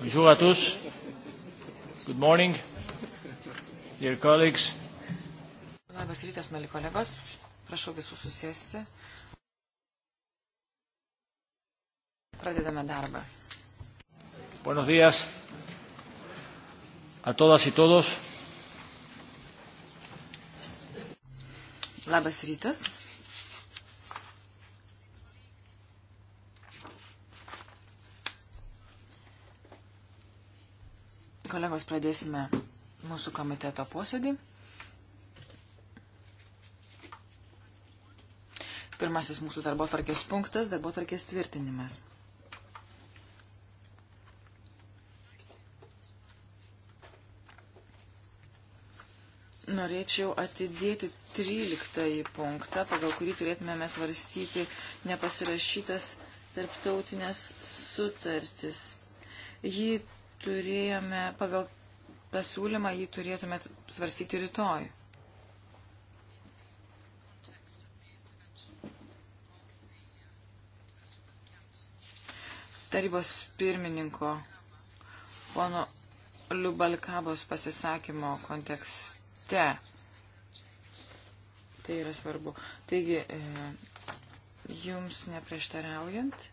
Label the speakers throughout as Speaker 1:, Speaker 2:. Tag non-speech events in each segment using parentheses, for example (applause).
Speaker 1: Bonjour à tous.
Speaker 2: Good morning. Dear colleagues.
Speaker 1: Labas rytas, mėly kolegos. Prašau visus susėsti. Pradedame darbą.
Speaker 2: Buenos días a todas y todos.
Speaker 1: Labas rytas. Kolegos, pradėsime mūsų komiteto posėdį. Pirmasis mūsų darbo tvarkės punktas - darbo tvarkės tvirtinimas. Norėčiau atidėti 13 punktą, pagal kurį turėtumėme svarstyti nepasirašytas tarptautinės sutartis. Jį turėjome pagal pasiūlymą, jį turėtume svarstyti rytoj. Tarybos pirmininko pono Liubalkabos pasisakymo kontekste. Tai yra svarbu. Taigi, e, jums neprieštaraujant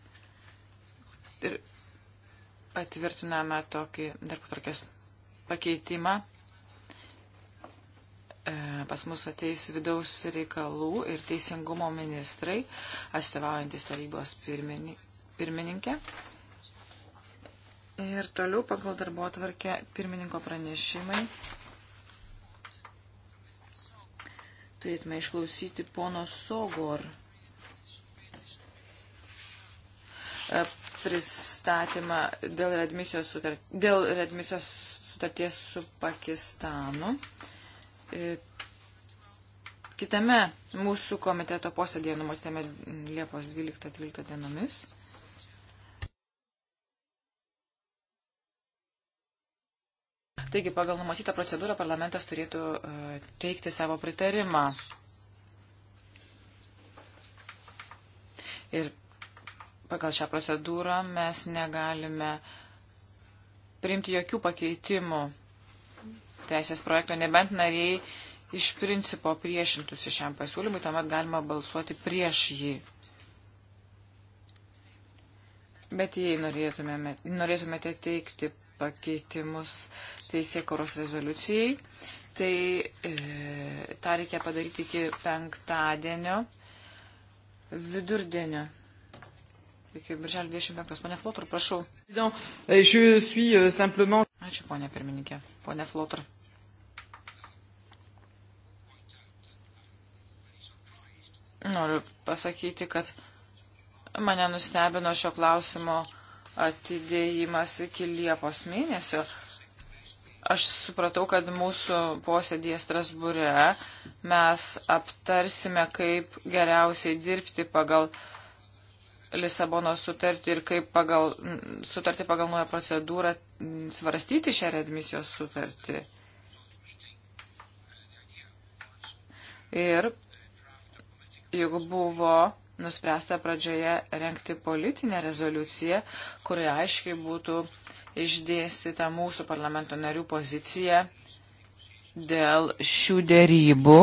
Speaker 1: ir patvirtiname tokį darbo tvarkės pakeitimą. E, pas mus ateis vidaus reikalų ir teisingumo ministrai, atstovaujantis tarybos pirmini, pirmininkė. Ir toliau pagal darbo tvarkę pirmininko pranešimai. Turėtume išklausyti pono Sogor e, pristatymą dėl redmisijos, sutar, dėl redmisijos sutarties su Pakistanu. E, kitame mūsų komiteto posėdėje numatytame Liepos 12-13 dienomis. Taigi, pagal numatytą procedūrą parlamentas turėtų e, teikti savo pritarimą. Ir pagal šią procedūrą mes negalime priimti jokių pakeitimų teisės projekto, nebent nariai iš principo priešintųsi šiam pasiūlymui, tuomet galima balsuoti prieš jį. Bet jei norėtumėte teikti pakeitimus teisėkoros rezoliucijai, tai e, tą reikia padaryti iki penktadienio vidurdienio iki birželio 25. Pone Flotur, prašau. Euh, euh, Ačiū, ponė pirmininkė. Pone Flotur. Noriu pasakyti, kad mane nustebino šio klausimo atidėjimas iki Liepos mėnesio. Aš supratau, kad mūsų posėdėje Strasbūre mes aptarsime, kaip geriausiai dirbti pagal uh, Lisabono sutartį ir kaip pagal, sutartį pagal nuoją procedūrą svarstyti šią redmisijos sutartį. Ir jeigu buvo nuspręsta pradžioje renkti politinę rezoliuciją, kuri aiškiai būtų išdėstyta mūsų parlamento narių pozicija dėl šių dėrybų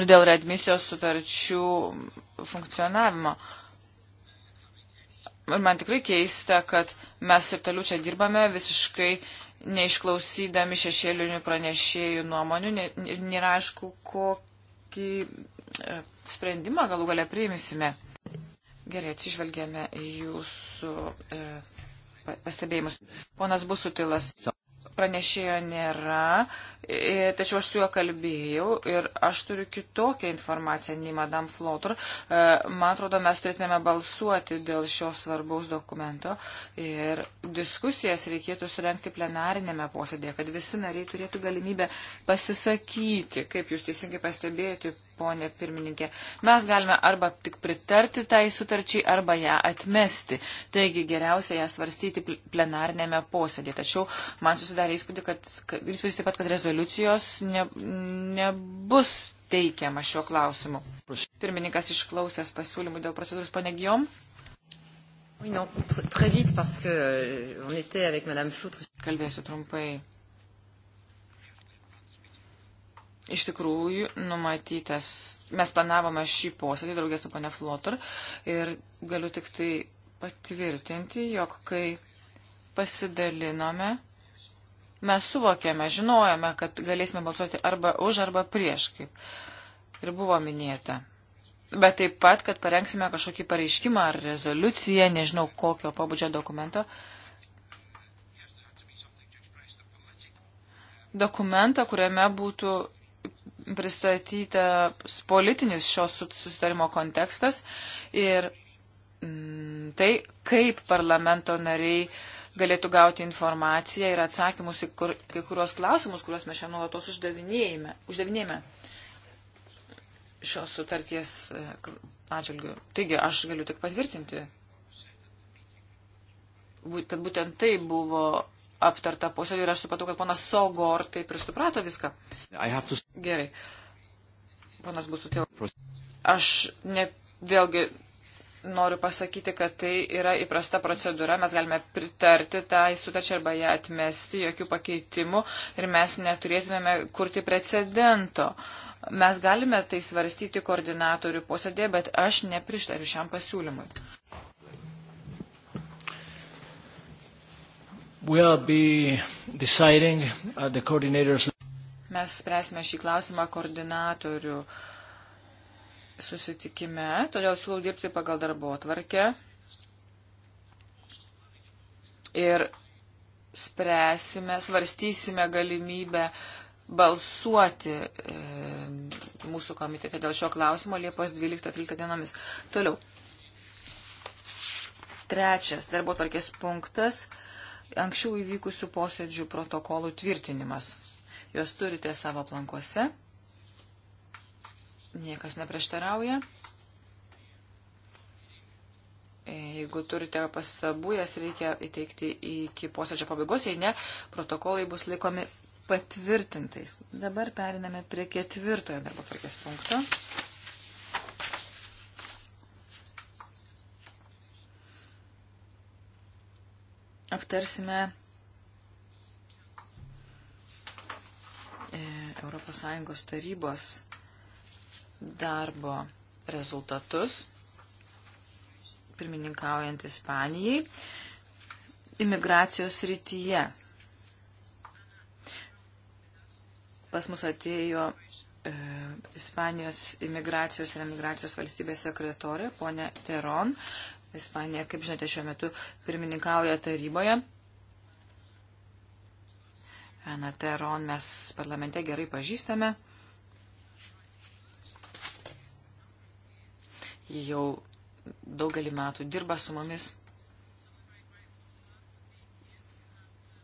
Speaker 1: ir dėl redmisijos sutarčių funkcionavimo. Uh, man tikrai keista, kad mes ir toliau čia dirbame visiškai neišklausydami šešėlinių pranešėjų nuomonių ir nėra aišku, kokį e, sprendimą galų galę priimsime. Gerai, atsižvelgėme į jūsų e, pastebėjimus. Ponas Busutilas pranešėjo nėra, e, tačiau aš su juo kalbėjau ir aš turiu kitokią informaciją nei Madame Flotor. E, man atrodo, mes turėtume balsuoti dėl šio svarbaus dokumento ir diskusijas reikėtų surenkti plenarinėme posėdėje, kad visi nariai turėtų galimybę pasisakyti, kaip jūs teisingai pastebėjote, ponė pirmininkė. Mes galime arba tik pritarti tai sutarčiai, arba ją atmesti. Taigi geriausia ją svarstyti plenarinėme posėdėje. Tačiau man susidarė susidarė įspūdį, kad, kad įspūdis taip pat, kad rezoliucijos ne, nebus teikiama šiuo klausimu. Pirmininkas išklausęs pasiūlymų dėl procedūros panegijom. Euh, Kalbėsiu trumpai. Iš tikrųjų, numatytas, mes planavome šį posėdį draugės su ponia Flotur ir galiu tik tai patvirtinti, jog kai pasidalinome Mes suvokėme, žinojame, kad galėsime balsuoti arba už, arba prieš, kaip ir buvo minėta. Bet taip pat, kad parengsime kažkokį pareiškimą ar rezoliuciją, nežinau kokio pabudžio dokumento, dokumentą, kuriame būtų pristatytas politinis šios susitarimo kontekstas ir mm, tai, kaip parlamento nariai galėtų gauti informaciją ir atsakymus į kur, kai kurios klausimus, kuriuos mes šiandien nuolatos uždavinėjame, uždavinėjame šios sutarties e, atžvilgių. Taigi, aš galiu tik patvirtinti, kad būtent tai buvo aptarta posėdį ir aš supratau, kad ponas Sogor taip ir suprato viską. To... Gerai. Ponas Busutėl. Aš ne, vėlgi noriu pasakyti, kad tai yra įprasta procedūra, mes galime pritarti tai sutarčiai arba ją atmesti, jokių pakeitimų ir mes neturėtumėme kurti precedento. Mes galime tai svarstyti koordinatorių posėdėje, bet aš neprištariu šiam pasiūlymui. We'll Mes spręsime šį klausimą koordinatorių uh, susitikime, todėl siūlau dirbti pagal darbo atvarkę ir spręsime, svarstysime galimybę balsuoti e, mūsų komitete dėl šio klausimo Liepos 12-13 dienomis. Toliau. Trečias darbo tvarkės punktas - anksčiau įvykusių posėdžių protokolų tvirtinimas. Jos turite savo plankuose. Niekas neprieštarauja. E, jeigu turite pastabų, jas reikia įteikti iki posėdžio pabaigos, jei ne, protokolai bus laikomi patvirtintais. Dabar periname prie ketvirtojo darbo tvarkės punkto.
Speaker 3: Aptarsime
Speaker 1: ES tarybos darbo rezultatus, pirmininkaujant Ispanijai, imigracijos rytyje. Pas mus atėjo e, Ispanijos imigracijos ir emigracijos valstybės sekretorė, ponė Teron. Ispanija, kaip žinote, šiuo metu pirmininkauja taryboje. Ana Teron mes parlamente gerai pažįstame. Ji jau daugelį metų dirba su mumis.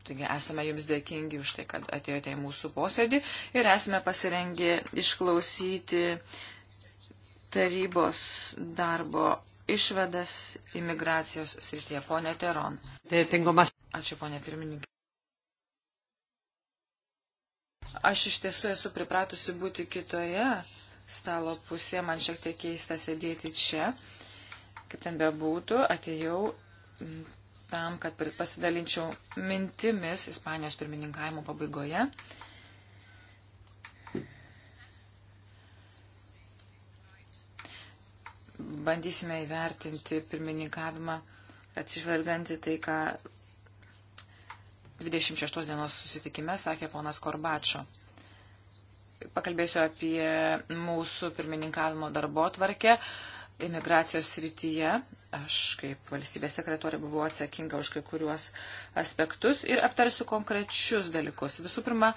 Speaker 1: Taigi esame jums dėkingi už tai, kad atėjote į mūsų posėdį ir esame pasirengę išklausyti tarybos darbo išvedas imigracijos srityje. Pone Teron. Ačiū, ponė pirmininkė. Aš iš tiesų esu pripratusi būti kitoje stalo pusėje, man šiek tiek keista sėdėti čia. Kaip ten bebūtų, atėjau tam, kad pasidalinčiau mintimis Ispanijos pirmininkavimo pabaigoje. Bandysime įvertinti pirmininkavimą atsižvelgianti tai, ką 26 dienos susitikime sakė ponas Korbačio pakalbėsiu apie mūsų pirmininkavimo darbo tvarkę imigracijos srityje. Aš kaip valstybės sekretorė buvau atsakinga už kai kuriuos aspektus ir aptarsiu konkrečius dalykus. Visų pirma,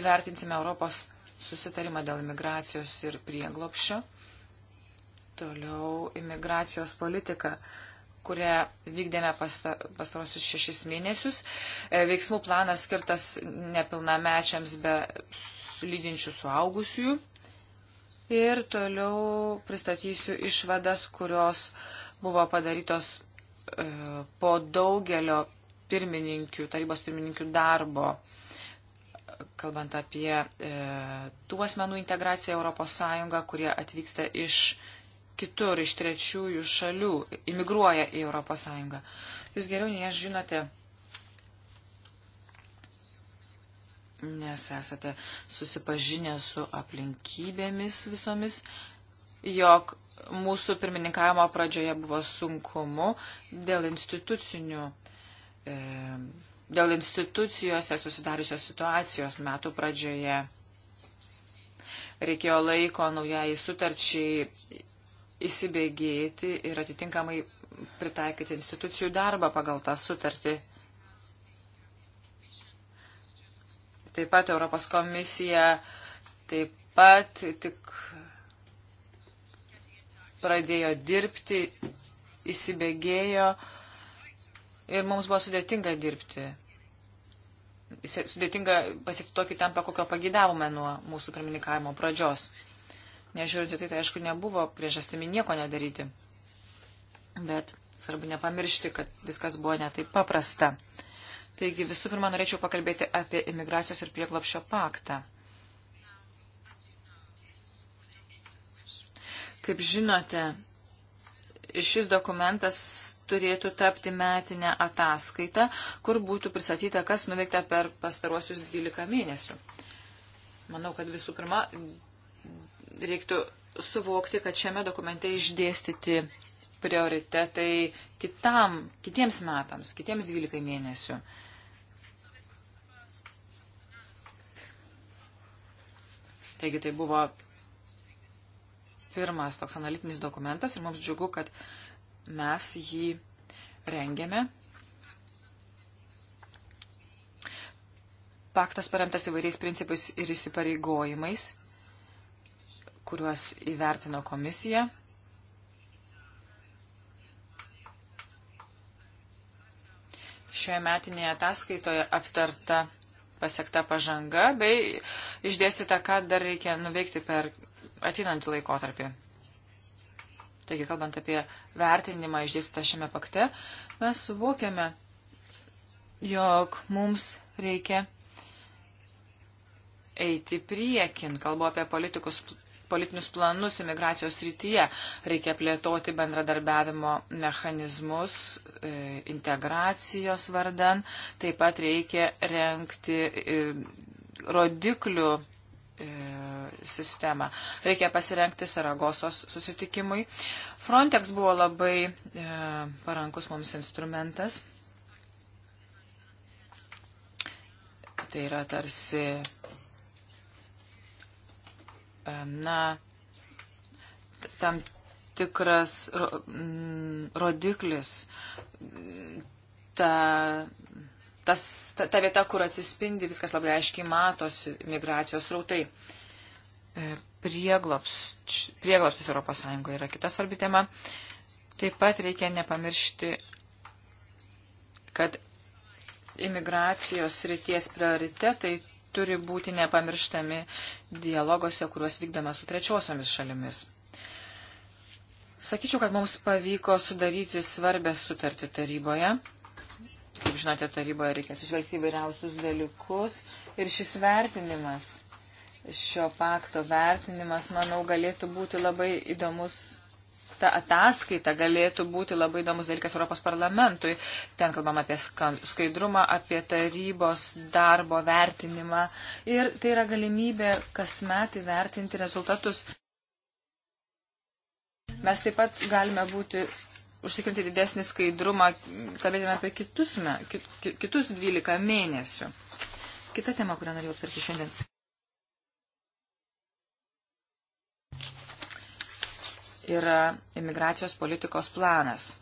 Speaker 1: įvertinsime Europos susitarimą dėl imigracijos ir prieglopščio. Toliau imigracijos politika kurią vykdėme pastarosius šešis mėnesius. E, veiksmų planas skirtas nepilnamečiams be lydinčių suaugusiųjų. Ir toliau pristatysiu išvadas, kurios buvo padarytos e, po daugelio pirmininkių, tarybos pirmininkių darbo, kalbant apie e, tų asmenų integraciją Europos Sąjungą, kurie atvyksta iš kitur, iš trečiųjų šalių, imigruoja į Europos Sąjungą. Jūs geriau nei aš žinote, nes esate susipažinę su aplinkybėmis visomis, jog mūsų pirmininkavimo pradžioje buvo sunkumu dėl institucinių. E, Dėl institucijose susidariusios situacijos metų pradžioje reikėjo laiko naujai sutarčiai įsibėgėti ir atitinkamai pritaikyti institucijų darbą pagal tą sutartį. Taip pat Europos komisija taip pat tik pradėjo dirbti, įsibėgėjo ir mums buvo sudėtinga dirbti. Sudėtinga pasiekti tokį tempą, kokio pagydavome nuo mūsų pirmininkavimo pradžios. Nežiūrėti, tai, tai aišku nebuvo priežastimi nieko nedaryti. Bet svarbu nepamiršti, kad viskas buvo netaip paprasta. Taigi visų pirma, norėčiau pakalbėti apie imigracijos ir prieglapšio paktą. Kaip žinote, šis dokumentas turėtų tapti metinę ataskaitą, kur būtų pristatyta, kas nuveikta per pastaruosius 12 mėnesių. Manau, kad visų pirma, reiktų suvokti, kad šiame dokumente išdėstyti prioritetai kitam, kitiems metams, kitiems 12 mėnesių. Taigi tai buvo pirmas toks analitinis dokumentas ir mums džiugu, kad mes jį rengėme. Paktas paremtas įvairiais principais ir įsipareigojimais, kuriuos įvertino komisija. Šioje metinėje ataskaitoje aptarta pasiekta pažanga, bei išdėstyta, ką dar reikia nuveikti per ateinantį laikotarpį. Taigi, kalbant apie vertinimą išdėstytą šiame pakte, mes suvokiame, jog mums reikia eiti priekin. Kalbu apie politikos politinius planus imigracijos rytyje. Reikia plėtoti bendradarbiavimo mechanizmus e, integracijos vardan. Taip pat reikia renkti e, rodiklių e, sistemą. Reikia pasirenkti Saragosos susitikimui. Frontex buvo labai parankus mums instrumentas. Tai yra tarsi na, tam tikras mm, rodiklis, ta, tas, ta, ta vieta, kur atsispindi, viskas labai aiškiai matosi migracijos rautai. E, Prieglopstis Prieglops, Europos Sąjungoje yra kita svarbi tema. Taip pat reikia nepamiršti, kad imigracijos ryties prioritetai turi būti nepamirštami dialogose, kuriuos vykdome su trečiosiomis šalimis. Sakyčiau, kad mums pavyko sudaryti svarbę sutartį taryboje. Kaip žinote, taryboje reikia atsižvelgti įvairiausius dalykus ir šis vertinimas, šio pakto vertinimas, manau, galėtų būti labai įdomus ta ataskaita galėtų būti labai įdomus dalykas Europos parlamentui. Ten kalbam apie skaidrumą, apie tarybos darbo vertinimą ir tai yra galimybė kasmet įvertinti rezultatus. Mes taip pat galime būti užsikrinti didesnį skaidrumą, kalbėtume apie kitus, me, kit, kitus 12 mėnesių. Kita tema, kurią norėjau aptarti šiandien. yra imigracijos politikos planas.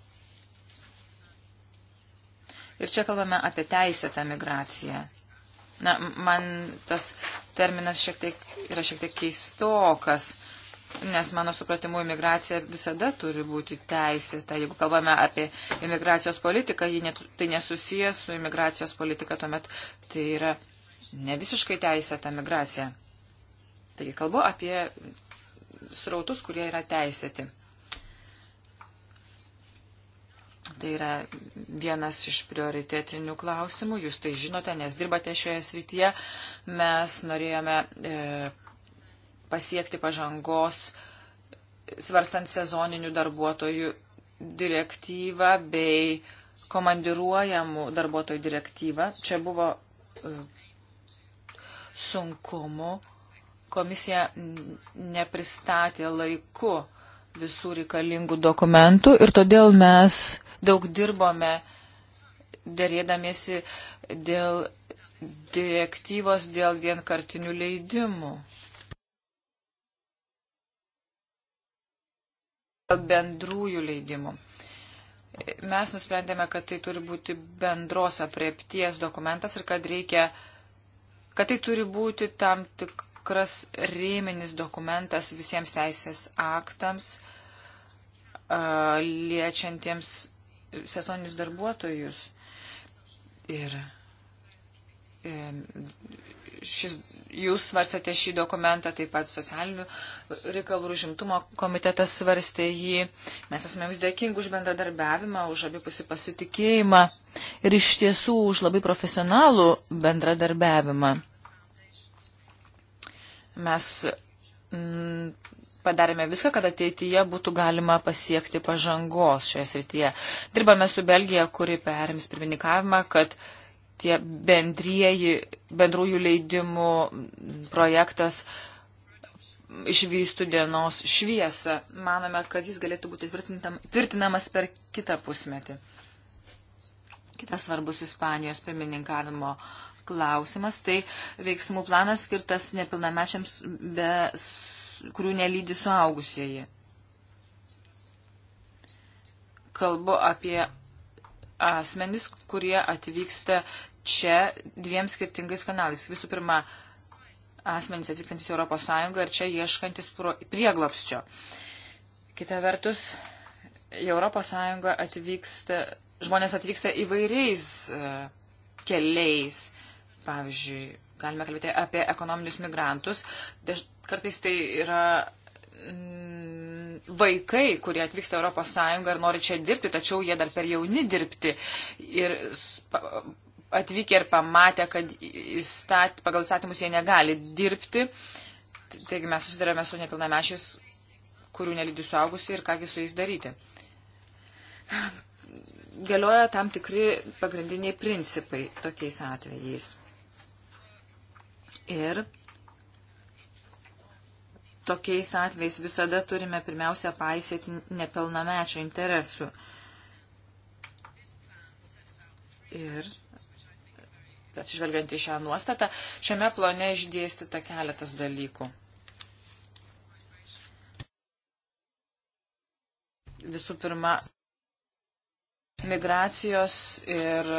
Speaker 1: Ir čia kalbame apie teisėtą migraciją. Na, man tas terminas šiek tiek, yra šiek tiek keistokas, nes mano supratimu imigracija visada turi būti teisėta. Jeigu kalbame apie imigracijos politiką, net, tai nesusijęs su imigracijos politika, tuomet tai yra ne visiškai teisėta migracija. Taigi kalbu apie srautus, kurie yra teisėti. Tai yra vienas iš prioritetinių klausimų, jūs tai žinote, nes dirbate šioje srityje. Mes norėjome e, pasiekti pažangos e, svarstant sezoninių darbuotojų direktyvą bei komandiruojamų darbuotojų direktyvą. Čia buvo e, sunkumu komisija nepristatė laiku visų reikalingų dokumentų ir todėl mes daug dirbome dėrėdamiesi dėl direktyvos dėl vienkartinių leidimų. Dėl bendrųjų leidimų. Mes nusprendėme, kad tai turi būti bendros apriepties dokumentas ir kad reikia, kad tai turi būti tam tik tikras rėminis dokumentas visiems teisės aktams liečiantiems sezoninius darbuotojus. Ir e, šis, jūs svarstate šį dokumentą, taip pat socialinių reikalų užimtumo komitetas svarstė jį. Mes esame vis dėkingi už bendradarbiavimą, už abipusį pasitikėjimą ir iš tiesų už labai profesionalų bendradarbiavimą. Mes mm, padarėme viską, kad ateityje būtų galima pasiekti pažangos šioje srityje. Dirbame su Belgija, kuri perims pirmininkavimą, kad tie bendrieji, bendrųjų leidimų projektas išvystų dienos šviesą. Manome, kad jis galėtų būti tvirtinamas per kitą pusmetį. Kitas svarbus Ispanijos pirmininkavimo klausimas, tai veiksmų planas skirtas nepilnamečiams, be, kurių nelydi suaugusieji. Kalbu apie asmenis, kurie atvyksta čia dviem skirtingais kanalais. Visų pirma, asmenys atvykstantis į Europos Sąjungą ir čia ieškantis prieglopsčio. Kita vertus, į Europos Sąjungą atvyksta, žmonės atvyksta įvairiais e, keliais. Pavyzdžiui, galime kalbėti apie ekonominius migrantus. Daž, kartais tai yra mm, vaikai, kurie atvyksta Europos Sąjungą ir nori čia dirbti, tačiau jie dar per jauni dirbti. Ir atvykę ir pamatę, kad įstat, pagal įstatymus jie negali dirbti. Taigi mes susidarėme su nepilnamešiais, kurių nelydi suaugusi ir kągi su jais daryti. Galioja tam tikri pagrindiniai principai tokiais atvejais. Ir tokiais atvejais visada turime pirmiausia paisėti nepilnamečio interesų. Ir atsižvelgiant į šią nuostatą, šiame plane išdėstyta keletas dalykų. Visų pirma, migracijos ir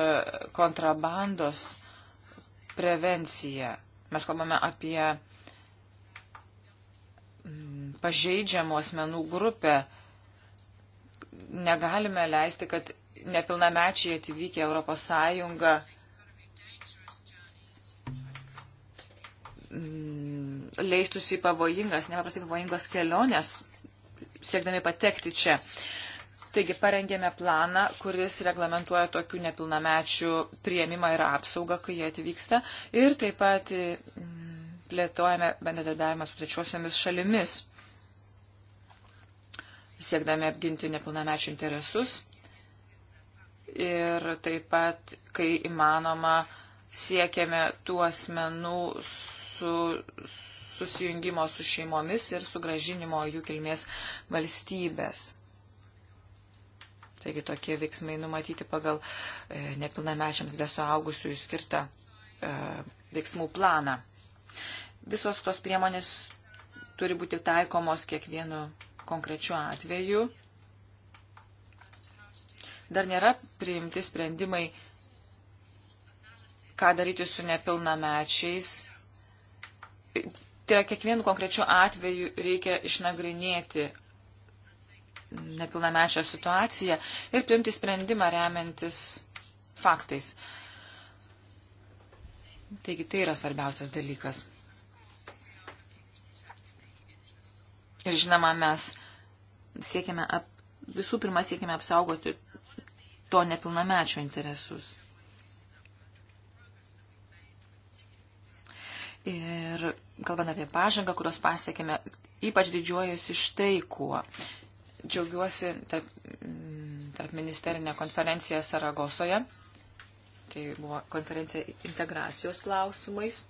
Speaker 1: kontrabandos prevencija Mes kalbame apie mm, pažeidžiamų asmenų grupę. Negalime leisti, kad nepilnamečiai atvykę Europos Sąjungą mm, leistųsi į pavojingas, nepaprastai pavojingas keliones, siekdami patekti čia. Taigi parengėme planą, kuris reglamentuoja tokių nepilnamečių prieimimą ir apsaugą, kai jie atvyksta. Ir taip pat mm, plėtojame bendradarbiavimą su trečiosiamis šalimis, siekdami apginti nepilnamečių interesus. Ir taip pat, kai įmanoma, siekiame tų asmenų su, susijungimo su šeimomis ir sugražinimo jų kilmės valstybės. Taigi tokie veiksmai numatyti pagal e, nepilnamečiams be suaugusiųjų skirtą e, veiksmų planą. Visos tos priemonės turi būti taikomos kiekvienu konkrečiu atveju. Dar nėra priimti sprendimai, ką daryti su nepilnamečiais. Tai yra kiekvienu konkrečiu atveju reikia išnagrinėti, nepilnamečio situaciją ir priimti sprendimą remiantis faktais. Taigi tai yra svarbiausias dalykas. Ir žinoma, mes siekime, ap, visų pirma siekime apsaugoti to nepilnamečio interesus. Ir kalbant apie pažangą, kurios pasiekime, ypač didžiuojasi štai kuo. Džiaugiuosi tarp, mm, tarp ministerinę konferenciją Saragosoje. Tai buvo konferencija integracijos klausimais.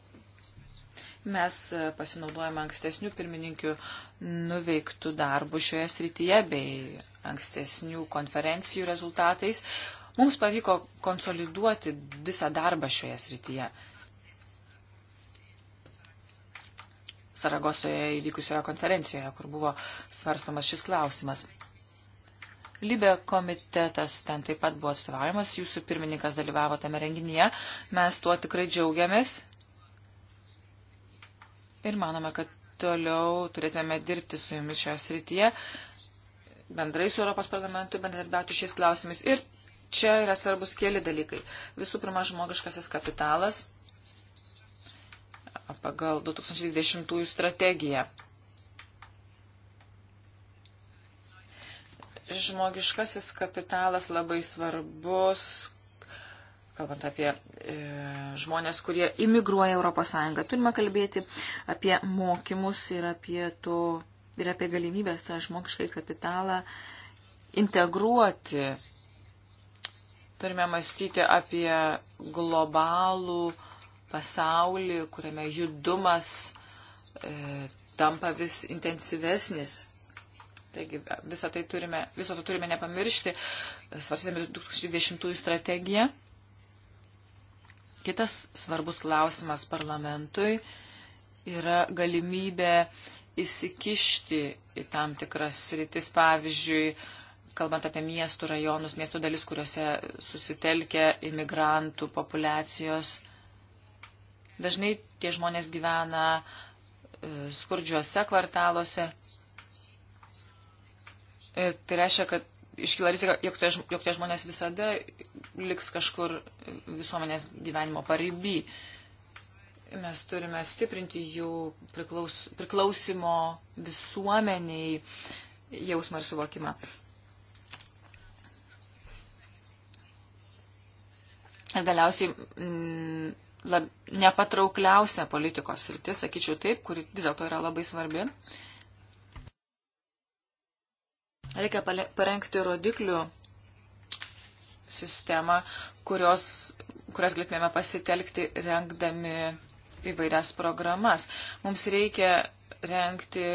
Speaker 1: Mes e, pasinaudojame ankstesnių pirmininkių nuveiktų darbų šioje srityje bei ankstesnių konferencijų rezultatais. Mums pavyko konsoliduoti visą darbą šioje srityje. Saragosoje įvykusioje konferencijoje, kur buvo svarstamas šis klausimas. Libė komitetas ten taip pat buvo atstovaujamas, jūsų pirmininkas dalyvavo tame renginyje, mes tuo tikrai džiaugiamės ir manome, kad toliau turėtume dirbti su jumis šioje srityje, bendrai su Europos parlamentu, bendradarbiauti šiais klausimais. Ir čia yra svarbus keli dalykai. Visų pirma, žmogiškasis kapitalas pagal 2020 strategiją. Žmogiškasis kapitalas labai svarbus, kalbant apie e, žmonės, kurie imigruoja Europos Sąjungą. Turime kalbėti apie mokymus ir apie, to, ir apie galimybės tą žmogiškai kapitalą integruoti. Turime mąstyti apie globalų pasaulį, kuriame judumas e, tampa vis intensyvesnis. Taigi visą tai turime, viso to turime nepamiršti, svarstydami 2020 strategiją. Kitas svarbus klausimas parlamentui yra galimybė įsikišti į tam tikras rytis, pavyzdžiui, kalbant apie miestų rajonus, miestų dalis, kuriuose susitelkia imigrantų populacijos, Dažnai tie žmonės gyvena e, skurdžiuose kvartaluose. Ir e, tai reiškia, kad iškyla rizika, jog tie, jog tie žmonės visada liks kažkur visuomenės gyvenimo pareiby. Mes turime stiprinti jų priklaus, priklausimo visuomeniai jausmą ir suvokimą. Ir galiausiai m, lab, nepatraukliausia politikos sritis, sakyčiau taip, kuri vis dėlto yra labai svarbi. Reikia parengti rodiklių sistemą, kurios, kurias galėtume pasitelkti rengdami įvairias programas. Mums reikia rengti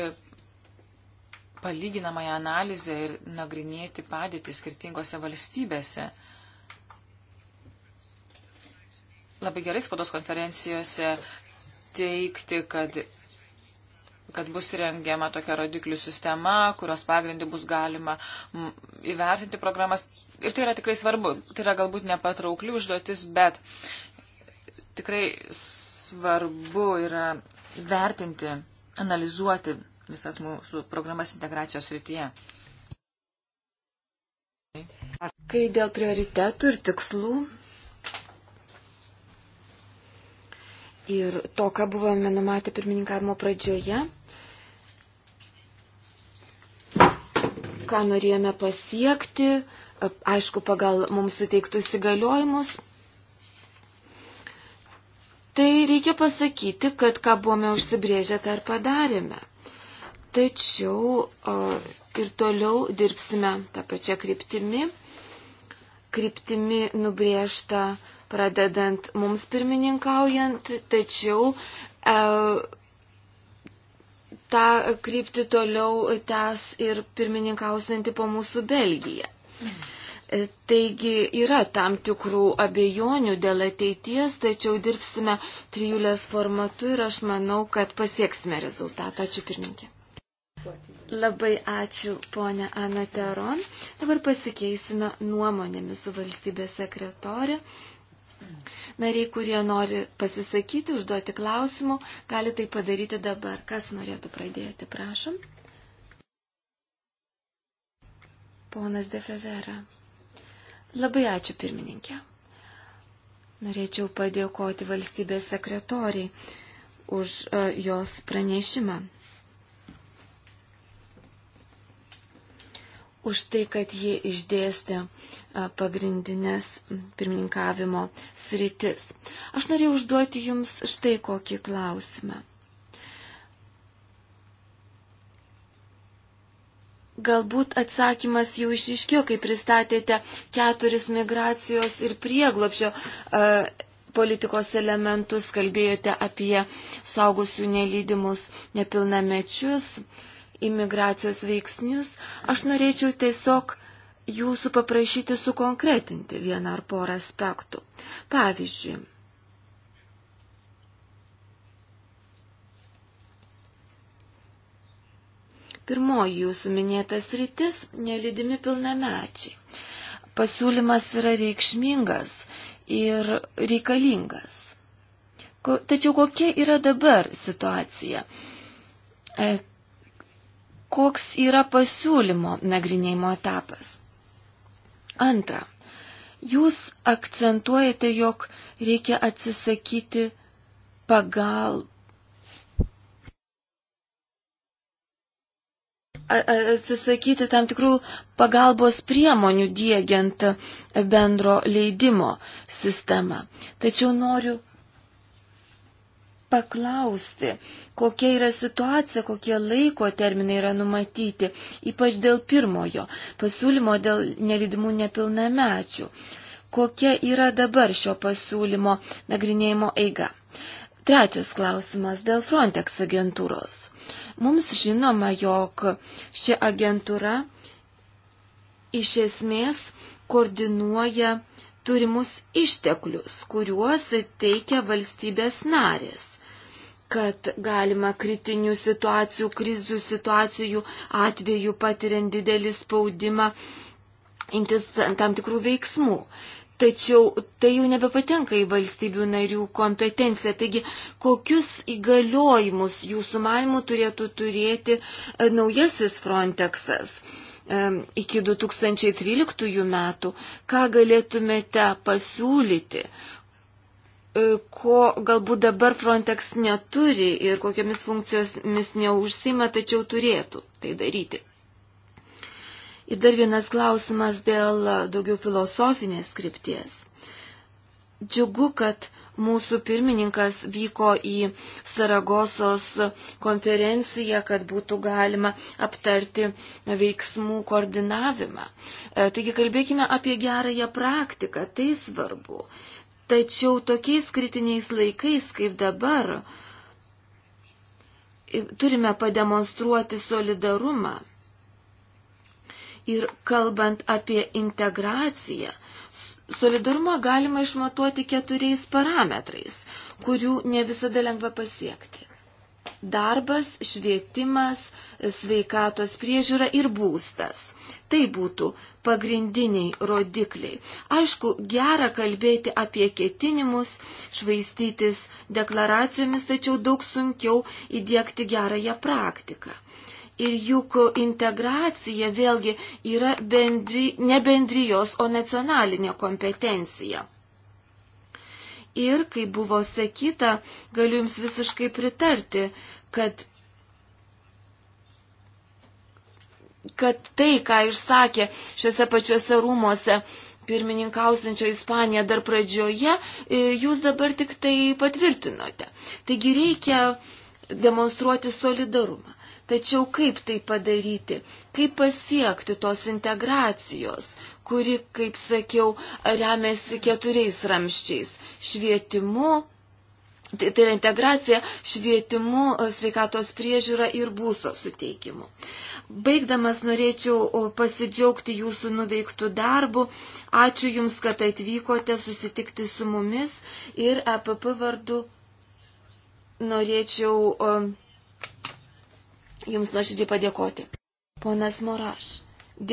Speaker 1: palyginamąją analizę ir nagrinėti padėtį skirtingose valstybėse. Uh, labai gerai spados konferencijose teikti, kad, kad bus rengiama tokia rodiklių sistema, kurios pagrindį bus galima įvertinti programas. Ir tai yra tikrai svarbu. Tai yra galbūt nepatraukli užduotis, bet tikrai svarbu yra vertinti, analizuoti visas mūsų programas integracijos rytyje. Kai dėl prioritetų ir tikslų
Speaker 4: ir to, ką buvome numatę pirmininkavimo pradžioje, ką norėjome pasiekti, aišku, pagal mums suteiktus įgaliojimus. Tai reikia pasakyti, kad ką buvome užsibrėžę, tą ir padarėme. Tačiau o, ir toliau dirbsime tą pačią kryptimį, kryptimį nubrėžtą pradedant mums pirmininkaujant, tačiau e, tą kryptį toliau tęs ir pirmininkausianti po mūsų Belgija. E, taigi yra tam tikrų abejonių dėl ateities, tačiau dirbsime trijulės formatu ir aš manau, kad pasieksime rezultatą. Ačiū pirmininkė. Labai ačiū, ponė Ana Teron. Dabar pasikeisime nuomonėmis su valstybės sekretorė. Nariai, kurie nori pasisakyti, užduoti klausimų, gali tai padaryti dabar. Kas norėtų pradėti, prašom. Ponas Defevera. Labai ačiū pirmininkė. Norėčiau padėkoti valstybės sekretoriai už uh, jos pranešimą. už tai, kad ji išdėstė pagrindinės pirmininkavimo sritis. Aš norėjau užduoti Jums štai kokį klausimą. Galbūt atsakymas jau išiškėjo, kai pristatėte keturis migracijos ir prieglopšio politikos elementus, kalbėjote apie saugusių nelydimus nepilnamečius, imigracijos veiksnius, aš norėčiau tiesiog jūsų paprašyti sukonkretinti vieną ar porą aspektų. Pavyzdžiui, pirmoji jūsų minėtas rytis - nelidimi pilnamečiai. Pasiūlymas yra reikšmingas ir reikalingas. Tačiau kokia yra dabar situacija? E, koks yra pasiūlymo nagrinėjimo etapas. Antra, jūs akcentuojate, jog reikia atsisakyti pagal. atsisakyti tam tikrų pagalbos priemonių diegiant bendro leidimo sistemą. Tačiau noriu paklausti, kokia yra situacija, kokie laiko terminai yra numatyti, ypač dėl pirmojo pasiūlymo dėl nelydimų nepilnamečių. Kokia yra dabar šio pasiūlymo nagrinėjimo eiga? Trečias klausimas dėl Frontex agentūros. Mums žinoma, jog ši agentūra iš esmės koordinuoja turimus išteklius, kuriuos teikia valstybės narės kad galima kritinių situacijų, krizių situacijų atveju patiriant didelį spaudimą imtis tam tikrų veiksmų. Tačiau tai jau nebepatenka į valstybių narių kompetenciją. Taigi, kokius įgaliojimus jūsų manimų turėtų turėti e, naujasis Frontexas e, iki 2013 metų? Ką galėtumėte pasiūlyti? E, ko galbūt dabar Frontex neturi ir kokiamis funkcijomis neužsima, tačiau turėtų tai daryti. Ir dar vienas klausimas dėl daugiau filosofinės skripties. Džiugu, kad mūsų pirmininkas vyko į Saragosos konferenciją, kad būtų galima aptarti veiksmų koordinavimą. E, taigi kalbėkime apie gerąją praktiką, tai svarbu. Tačiau tokiais kritiniais laikais kaip dabar turime pademonstruoti solidarumą. Ir kalbant apie integraciją, solidarumą galima išmatuoti keturiais parametrais, kurių ne visada lengva pasiekti. Darbas, švietimas, sveikatos priežiūra ir būstas – Tai būtų pagrindiniai rodikliai. Aišku, gera kalbėti apie ketinimus, švaistytis deklaracijomis, tačiau daug sunkiau įdėkti gerąją praktiką. Ir juk integracija vėlgi yra bendri, ne bendrijos, o nacionalinė kompetencija. Ir, kaip buvo sakyta, galiu Jums visiškai pritarti, kad kad tai, ką išsakė šiuose pačiuose rūmose pirmininkausinčio Ispanija dar pradžioje, e, jūs dabar tik tai patvirtinote. Taigi reikia demonstruoti solidarumą. Tačiau kaip tai padaryti, kaip pasiekti tos integracijos, kuri, kaip sakiau, remiasi keturiais ramščiais - švietimu, tai, tai yra integracija švietimu, sveikatos priežiūra ir būsto suteikimu. Baigdamas norėčiau pasidžiaugti jūsų nuveiktų darbų. Ačiū Jums, kad atvykote susitikti su mumis ir EPP vardu norėčiau Jums nuoširdžiai padėkoti. Ponas Moraš,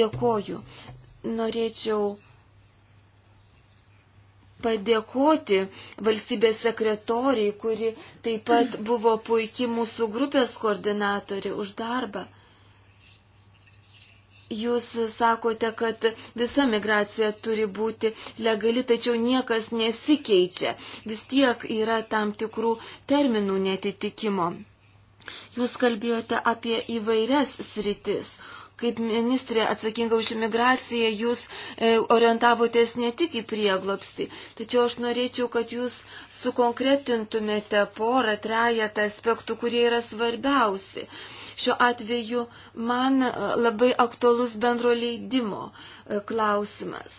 Speaker 4: dėkoju. Norėčiau padėkoti valstybės sekretoriai, kuri taip pat buvo puikiai mūsų grupės koordinatorė už darbą. Jūs sakote, kad visa migracija turi būti legali, tačiau niekas nesikeičia. Vis tiek yra tam tikrų terminų netitikimo. Jūs kalbėjote apie įvairias sritis. Kaip ministrė atsakinga už imigraciją, jūs e, orientavotės ne tik į prieglopstį, tačiau aš norėčiau, kad jūs sukonkretintumėte porą, trejatą aspektų, kurie yra svarbiausi. E, Šiuo atveju man e, labai aktualus bendro leidimo e, klausimas.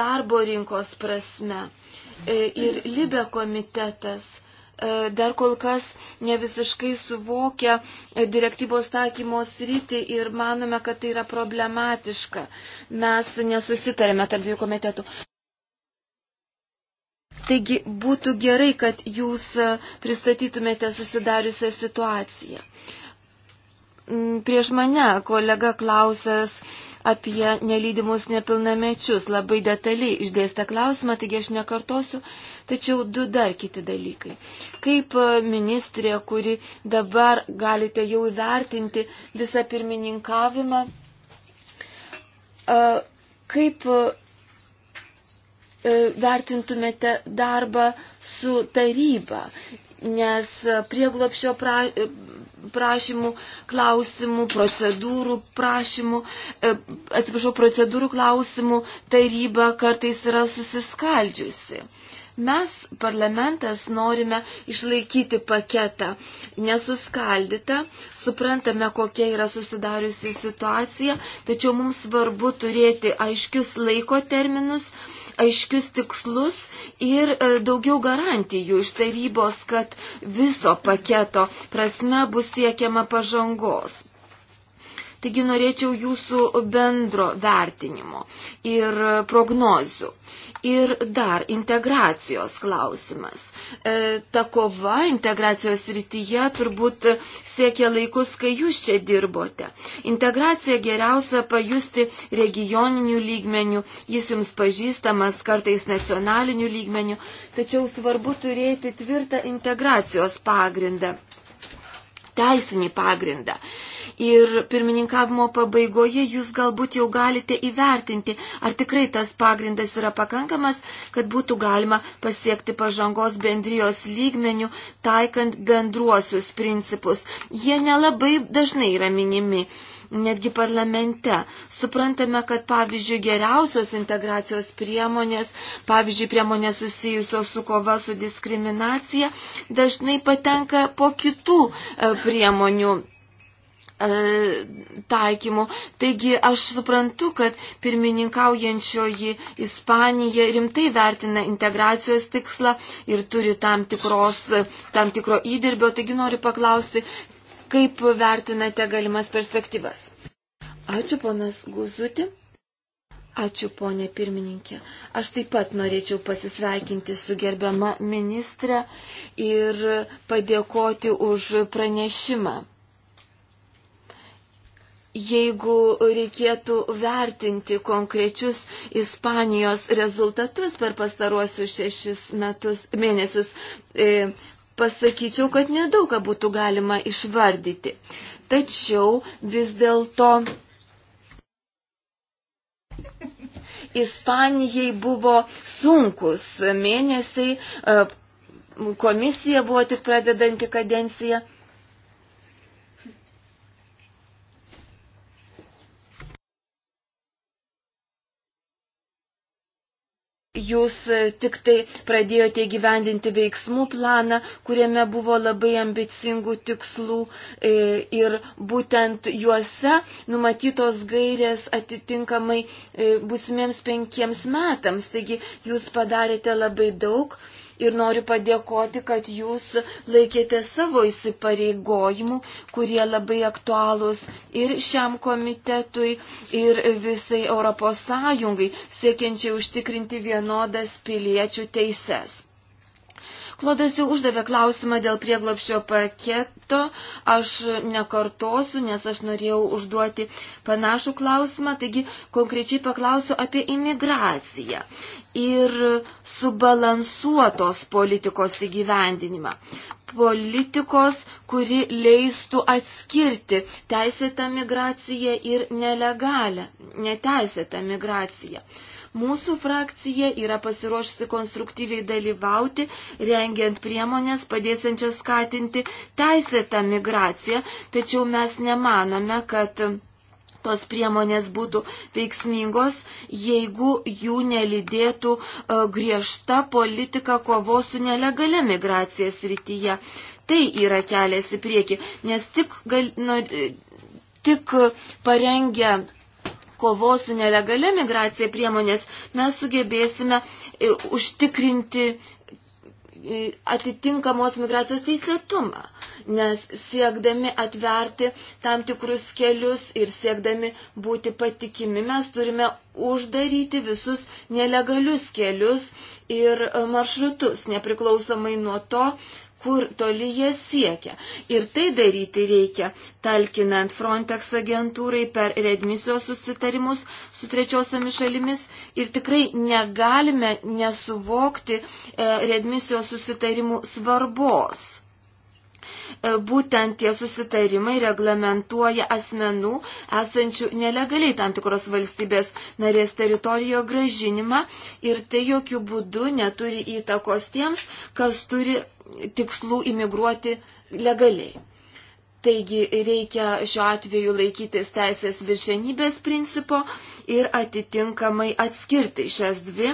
Speaker 4: Darbo rinkos prasme e, ir Libe komitetas dar kol kas ne visiškai suvokia direktyvos taikymo sritį ir manome, kad tai yra problematiška. Mes nesusitarėme tarp dviejų komitetų. Taigi būtų gerai, kad jūs e, pristatytumėte susidariusią situaciją. Mm, prieš mane kolega klausęs apie nelydimus nepilnamečius labai detaliai išdėstę klausimą, taigi aš nekartosiu, tačiau du dar kiti dalykai. Kaip e, ministrė, kuri dabar galite jau įvertinti visą pirmininkavimą, e, kaip E, vertintumėte darbą su taryba, nes prieglopšio pra, e, prašymų, klausimų, procedūrų prašymų, e, atsiprašau, procedūrų klausimų taryba kartais yra susiskaldžiusi. Mes, parlamentas, norime išlaikyti paketą nesuskaldytą, suprantame, kokia yra susidariusi situacija, tačiau mums svarbu turėti aiškius laiko terminus, aiškius tikslus ir e, daugiau garantijų iš tarybos, kad viso paketo prasme bus siekiama pažangos. Taigi norėčiau jūsų bendro vertinimo ir prognozių. Ir dar integracijos klausimas. E, ta kova integracijos rytyje turbūt siekia laikus, kai jūs čia dirbote. Integracija geriausia pajusti regioninių lygmenių, jis jums pažįstamas kartais nacionalinių lygmenių, tačiau svarbu turėti tvirtą integracijos pagrindą teisinį pagrindą. Ir pirmininkavimo pabaigoje jūs galbūt jau galite įvertinti, ar tikrai tas pagrindas yra pakankamas, kad būtų galima pasiekti pažangos bendrijos lygmenių, taikant bendruosius principus. Jie nelabai dažnai yra minimi netgi parlamente. Suprantame, kad pavyzdžiui geriausios integracijos priemonės, pavyzdžiui priemonės susijusios su kova su diskriminacija, dažnai patenka po kitų e, priemonių e, taikymu. Taigi aš suprantu, kad pirmininkaujančioji Ispanija rimtai vertina integracijos tikslą ir turi tam, tikros, tam tikro įdirbio. Taigi noriu paklausti, Kaip vertinate galimas perspektyvas? Ačiū, ponas Guzuti. Ačiū, ponė pirmininkė. Aš taip pat norėčiau pasisveikinti su gerbiama ministrė ir padėkoti už pranešimą. Jeigu reikėtų vertinti konkrečius Ispanijos rezultatus per pastaruosius šešis metus, mėnesius, e, pasakyčiau, kad nedaug ką būtų galima išvardyti. Tačiau vis dėlto Ispanijai buvo sunkus mėnesiai, e, komisija buvo tik pradedanti kadenciją. jūs e, tik tai pradėjote gyvendinti veiksmų planą, kuriame buvo labai ambicingų tikslų e, ir būtent juose numatytos gairės atitinkamai e, busimiems penkiems metams. Taigi jūs padarėte labai daug ir noriu padėkoti, kad jūs laikėte savo įsipareigojimų, kurie labai aktualūs ir šiam komitetui, ir visai Europos Sąjungai, siekiančiai užtikrinti vienodas piliečių teises. Klodas jau uždavė klausimą dėl prieglopšio paketo. Aš nekartosiu, nes aš norėjau užduoti panašų klausimą. Taigi konkrečiai paklausiu apie imigraciją ir subalansuotos politikos įgyvendinimą. Politikos, kuri leistų atskirti teisėtą migraciją ir nelegalę, neteisėtą migraciją. Uh, Mūsų frakcija yra pasiruošusi konstruktyviai dalyvauti, rengiant priemonės padėsiančias skatinti teisėtą migraciją, tačiau mes nemanome, kad tos priemonės būtų veiksmingos, jeigu jų nelidėtų e, griežta politika kovos su nelegalia migracija srityje. Tai yra kelias į priekį, nes tik, gal, nu, e, tik parengę kovos su nelegalia migracija priemonės mes sugebėsime e, užtikrinti e, atitinkamos migracijos teisėtumą, nes siekdami atverti tam tikrus kelius ir siekdami būti patikimi, mes turime uždaryti visus nelegalius kelius ir e, maršrutus, nepriklausomai nuo to, kur toli jie siekia. Ir tai daryti reikia, talkinant Frontex agentūrai per redmisijos susitarimus su trečiosiomis šalimis. Ir tikrai negalime nesuvokti e, redmisijos susitarimų svarbos. E, būtent tie susitarimai reglamentuoja asmenų esančių nelegaliai tam tikros valstybės narės teritorijoje gražinimą ir tai jokių būdų neturi įtakos tiems, kas turi tikslų imigruoti legaliai. Taigi reikia šiuo atveju laikytis teisės viršenybės principo ir atitinkamai atskirti šias dvi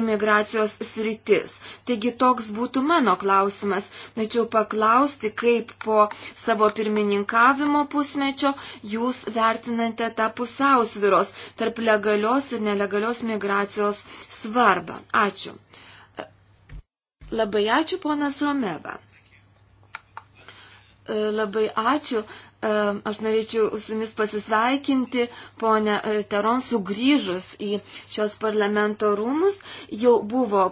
Speaker 4: imigracijos sritis. Taigi toks būtų mano klausimas. Norėčiau paklausti, kaip po savo pirmininkavimo pusmečio jūs vertinate tą pusiausviros tarp legalios ir nelegalios migracijos svarbą. Ačiū. Labai ačiū, ponas Romeva. E, labai ačiū. E, aš norėčiau su jumis pasisveikinti, ponė e, Teron, sugrįžus į šios parlamento rūmus. Jau buvo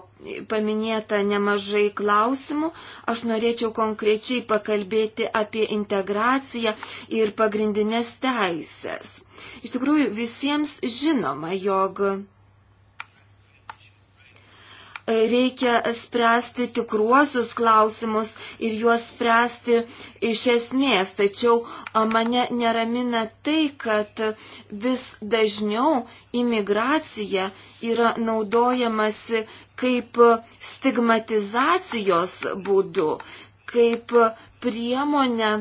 Speaker 4: paminėta nemažai klausimų. Aš norėčiau konkrečiai pakalbėti apie integraciją ir pagrindinės teisės. Iš tikrųjų, visiems žinoma, jog reikia spręsti tikruosius klausimus ir juos spręsti iš esmės. Tačiau mane neramina tai, kad vis dažniau imigracija yra naudojamasi kaip stigmatizacijos būdu, kaip priemonė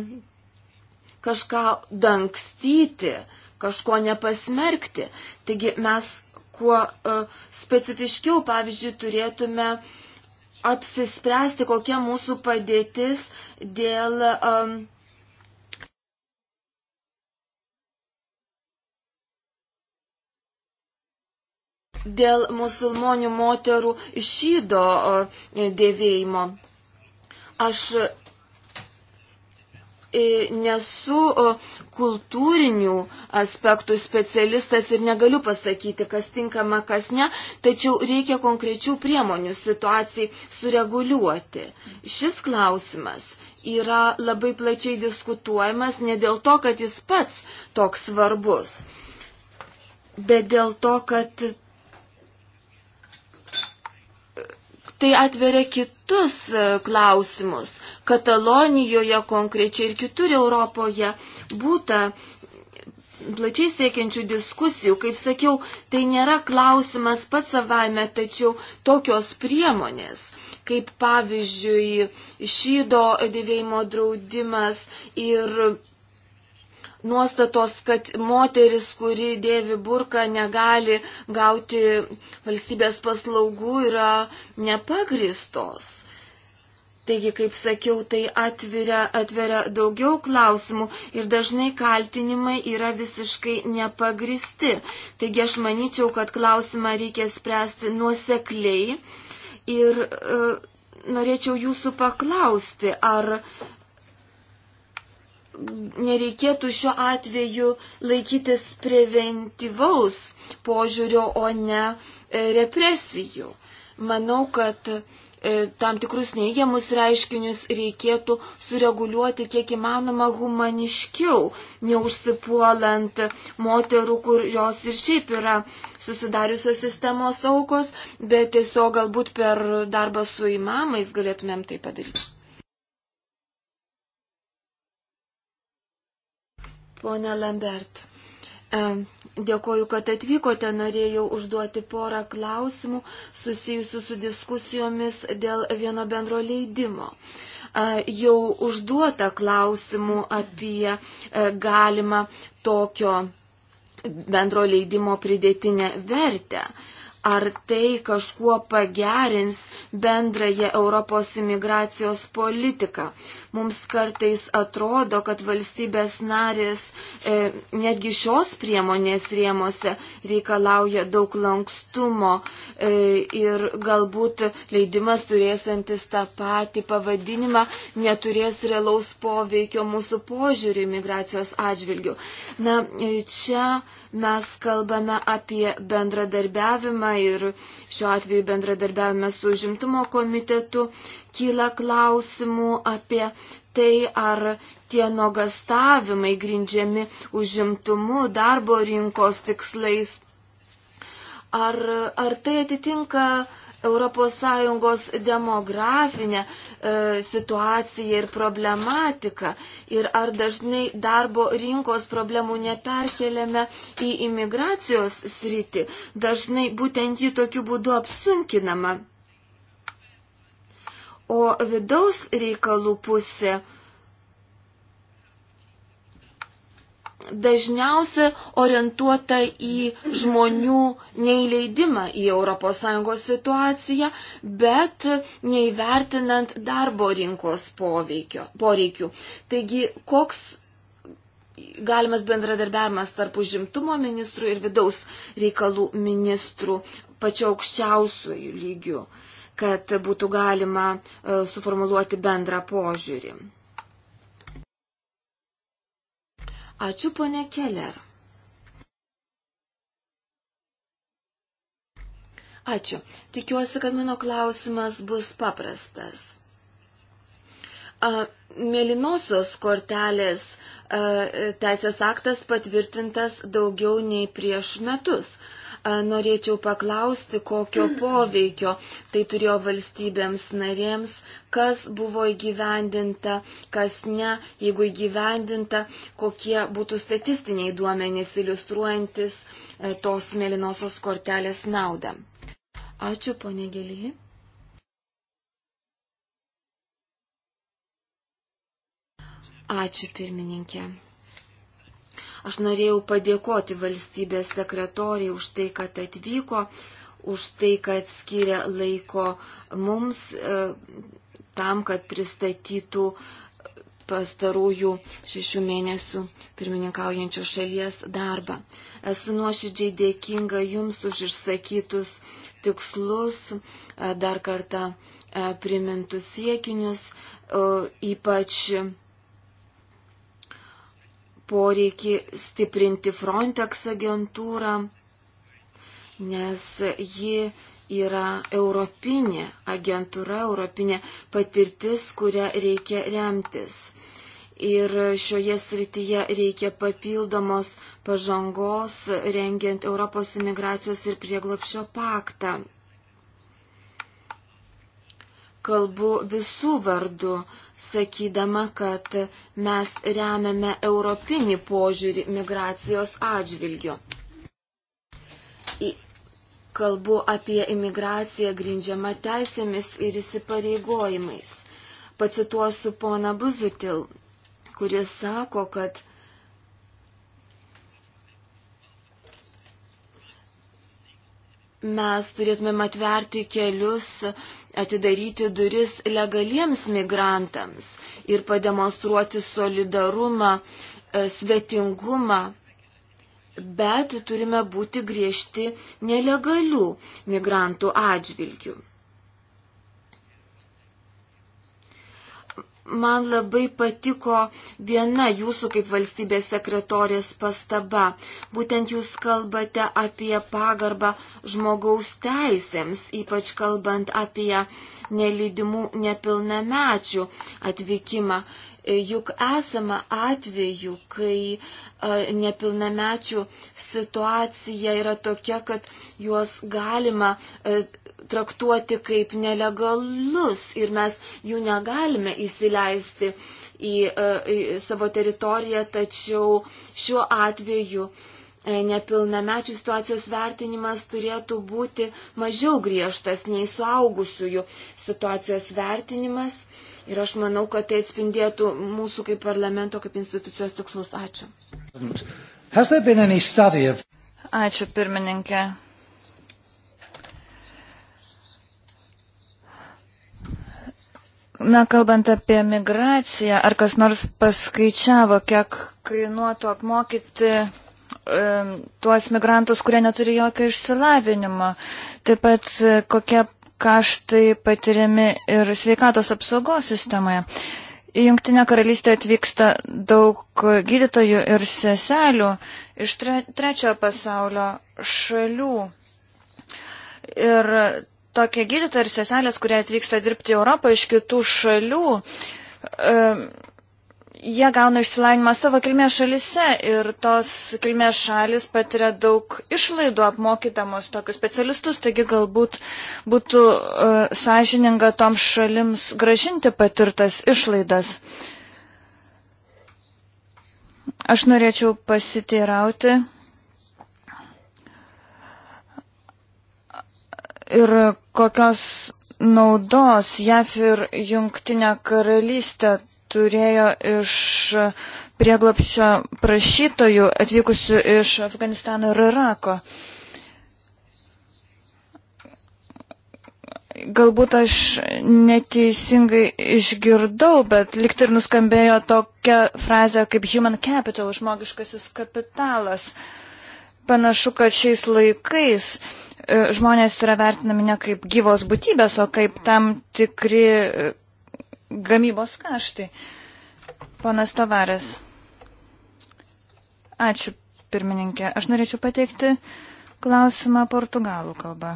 Speaker 4: kažką dangstyti, kažko nepasmerkti. Taigi mes kuo e, specifiškiau, pavyzdžiui, turėtume apsispręsti, kokia mūsų padėtis dėl. Um, dėl musulmonių moterų šydo e, dėvėjimo. Aš E, nesu e, kultūrinių aspektų specialistas ir negaliu pasakyti, kas tinkama, kas ne, tačiau reikia konkrečių priemonių situacijai sureguliuoti. Šis klausimas yra labai plačiai diskutuojamas ne dėl to, kad jis pats toks svarbus, bet dėl to, kad tai atveria kitus e, klausimus. Katalonijoje konkrečiai ir kitur Europoje būta plačiai siekiančių diskusijų. Kaip sakiau, tai nėra klausimas pats savaime, tačiau tokios priemonės kaip pavyzdžiui šydo dėvėjimo draudimas ir nuostatos, kad moteris, kuri dėvi burką, negali gauti valstybės paslaugų, yra nepagristos. Taigi, kaip sakiau, tai atveria, atveria daugiau klausimų ir dažnai kaltinimai yra visiškai nepagristi. Taigi, aš manyčiau, kad klausimą reikia spręsti nuosekliai ir e, norėčiau jūsų paklausti, ar nereikėtų šiuo atveju laikytis preventyvaus požiūrio, o ne e, represijų. Manau, kad e, tam tikrus neigiamus reiškinius reikėtų sureguliuoti kiek įmanoma humaniškiau, neužsipuolant moterų, kurios ir šiaip yra susidariusios sistemos aukos, bet tiesiog galbūt per darbą su įmamais galėtumėm tai padaryti. Pone Lambert, e, dėkoju, kad atvykote. Norėjau užduoti porą klausimų susijusių su diskusijomis dėl vieno bendro leidimo e, jau užduota klausimų apie e, galimą tokio bendro leidimo pridėtinę vertę. Ar tai kažkuo pagerins bendrąją Europos imigracijos politiką? Mums kartais atrodo, kad valstybės narės e, netgi šios priemonės rėmose reikalauja daug lankstumo e, ir galbūt leidimas turėsantis tą patį pavadinimą neturės realaus poveikio mūsų požiūrį imigracijos atžvilgių. Na, e, čia mes kalbame apie bendradarbiavimą ir šiuo atveju bendradarbiavime su žimtumo komitetu kyla klausimų apie tai, ar tie nuogastavimai grindžiami užimtumu, darbo rinkos tikslais, ar, ar tai atitinka ES demografinė e, situacija ir problematika ir ar dažnai darbo rinkos problemų neperkeliame į imigracijos sritį. Dažnai būtent jį tokiu būdu apsunkinama. O vidaus reikalų pusė dažniausia orientuota į žmonių neįleidimą į ES situaciją, bet neįvertinant darbo rinkos poveikio, poreikių. Taigi, koks galimas bendradarbiavimas tarp užimtumo ministrų ir vidaus reikalų ministrų pačiu aukščiausiųjų lygių, kad būtų galima e, suformuluoti bendrą požiūrį. Ačiū, ponė Keller. Ačiū. Tikiuosi, kad mano klausimas bus paprastas. A, mėlynosios kortelės a, teisės aktas patvirtintas daugiau nei prieš metus. A, norėčiau paklausti, kokio poveikio tai turėjo valstybėms narėms, kas buvo įgyvendinta, kas ne, jeigu įgyvendinta, kokie būtų statistiniai duomenys iliustruojantis e, tos mėlynosios kortelės naudą. Ačiū, ponė Gelyji. Ačiū, pirmininkė. Aš norėjau padėkoti valstybės sekretoriai už tai, kad atvyko, už tai, kad skiria laiko mums e, tam, kad pristatytų pastarųjų šešių mėnesių pirmininkaujančių šalies darbą. Esu nuoširdžiai dėkinga Jums už išsakytus tikslus, e, dar kartą e, primintus siekinius, ypač poreikį stiprinti Frontex agentūrą, nes ji yra europinė agentūra, europinė patirtis, kurią reikia remtis. Ir šioje srityje reikia papildomos pažangos, rengiant Europos imigracijos ir prieglopšio paktą. Kalbu visų vardų, sakydama, kad mes remiame europinį požiūrį migracijos atžvilgiu. Kalbu apie imigraciją grindžiamą teisėmis ir įsipareigojimais. Pacituosiu pona Buzutil, kuris sako, kad mes turėtumėm atverti kelius atidaryti duris legaliems migrantams ir pademonstruoti solidarumą, e, svetingumą. Bet turime būti griežti nelegalių migrantų atžvilgių. Man labai patiko viena jūsų kaip valstybės sekretorės pastaba. Būtent jūs kalbate apie pagarbą žmogaus teisėms, ypač kalbant apie nelydimų nepilnamečių atvykimą. Juk esama atveju, kai nepilnamečių situacija yra tokia, kad juos galima traktuoti kaip nelegalus ir mes jų negalime įsileisti į, e, į savo teritoriją, tačiau šiuo atveju e, nepilnamečių situacijos vertinimas turėtų būti mažiau griežtas nei suaugusiųjų situacijos vertinimas. Ir aš manau, kad tai atspindėtų mūsų kaip parlamento, kaip institucijos tikslus. Ačiū.
Speaker 3: Ačiū pirmininkė. Na, kalbant apie migraciją, ar kas nors paskaičiavo, kiek kainuotų apmokyti e, tuos migrantus, kurie neturi jokio išsilavinimo. Taip pat e, kokie kaštai patiriami ir sveikatos apsaugos sistemoje. Į Junktinę karalystę atvyksta daug gydytojų ir seselių iš tre, trečiojo pasaulio šalių. Ir tokie gydytojai ir seselės, kurie atvyksta dirbti į Europą iš kitų šalių, jie gauna išsilavinimą savo kilmės šalise ir tos kilmės šalis patiria daug išlaidų apmokydamos tokius specialistus, taigi galbūt būtų e, sąžininga toms šalims gražinti patirtas išlaidas. Aš norėčiau pasiteirauti ir kokios naudos JAF ir Jungtinė karalystė turėjo iš prieglapščio prašytojų atvykusių iš Afganistano ir Irako. Galbūt aš neteisingai išgirdau, bet likt tai ir nuskambėjo tokia frazė kaip human capital, žmogiškasis kapitalas. Panašu, kad šiais laikais E, žmonės yra vertinami ne kaip gyvos būtybės, o kaip tam tikri e, gamybos kaštai. Ponas Tovaras. Ačiū, pirmininkė. Aš norėčiau pateikti klausimą portugalų kalbą.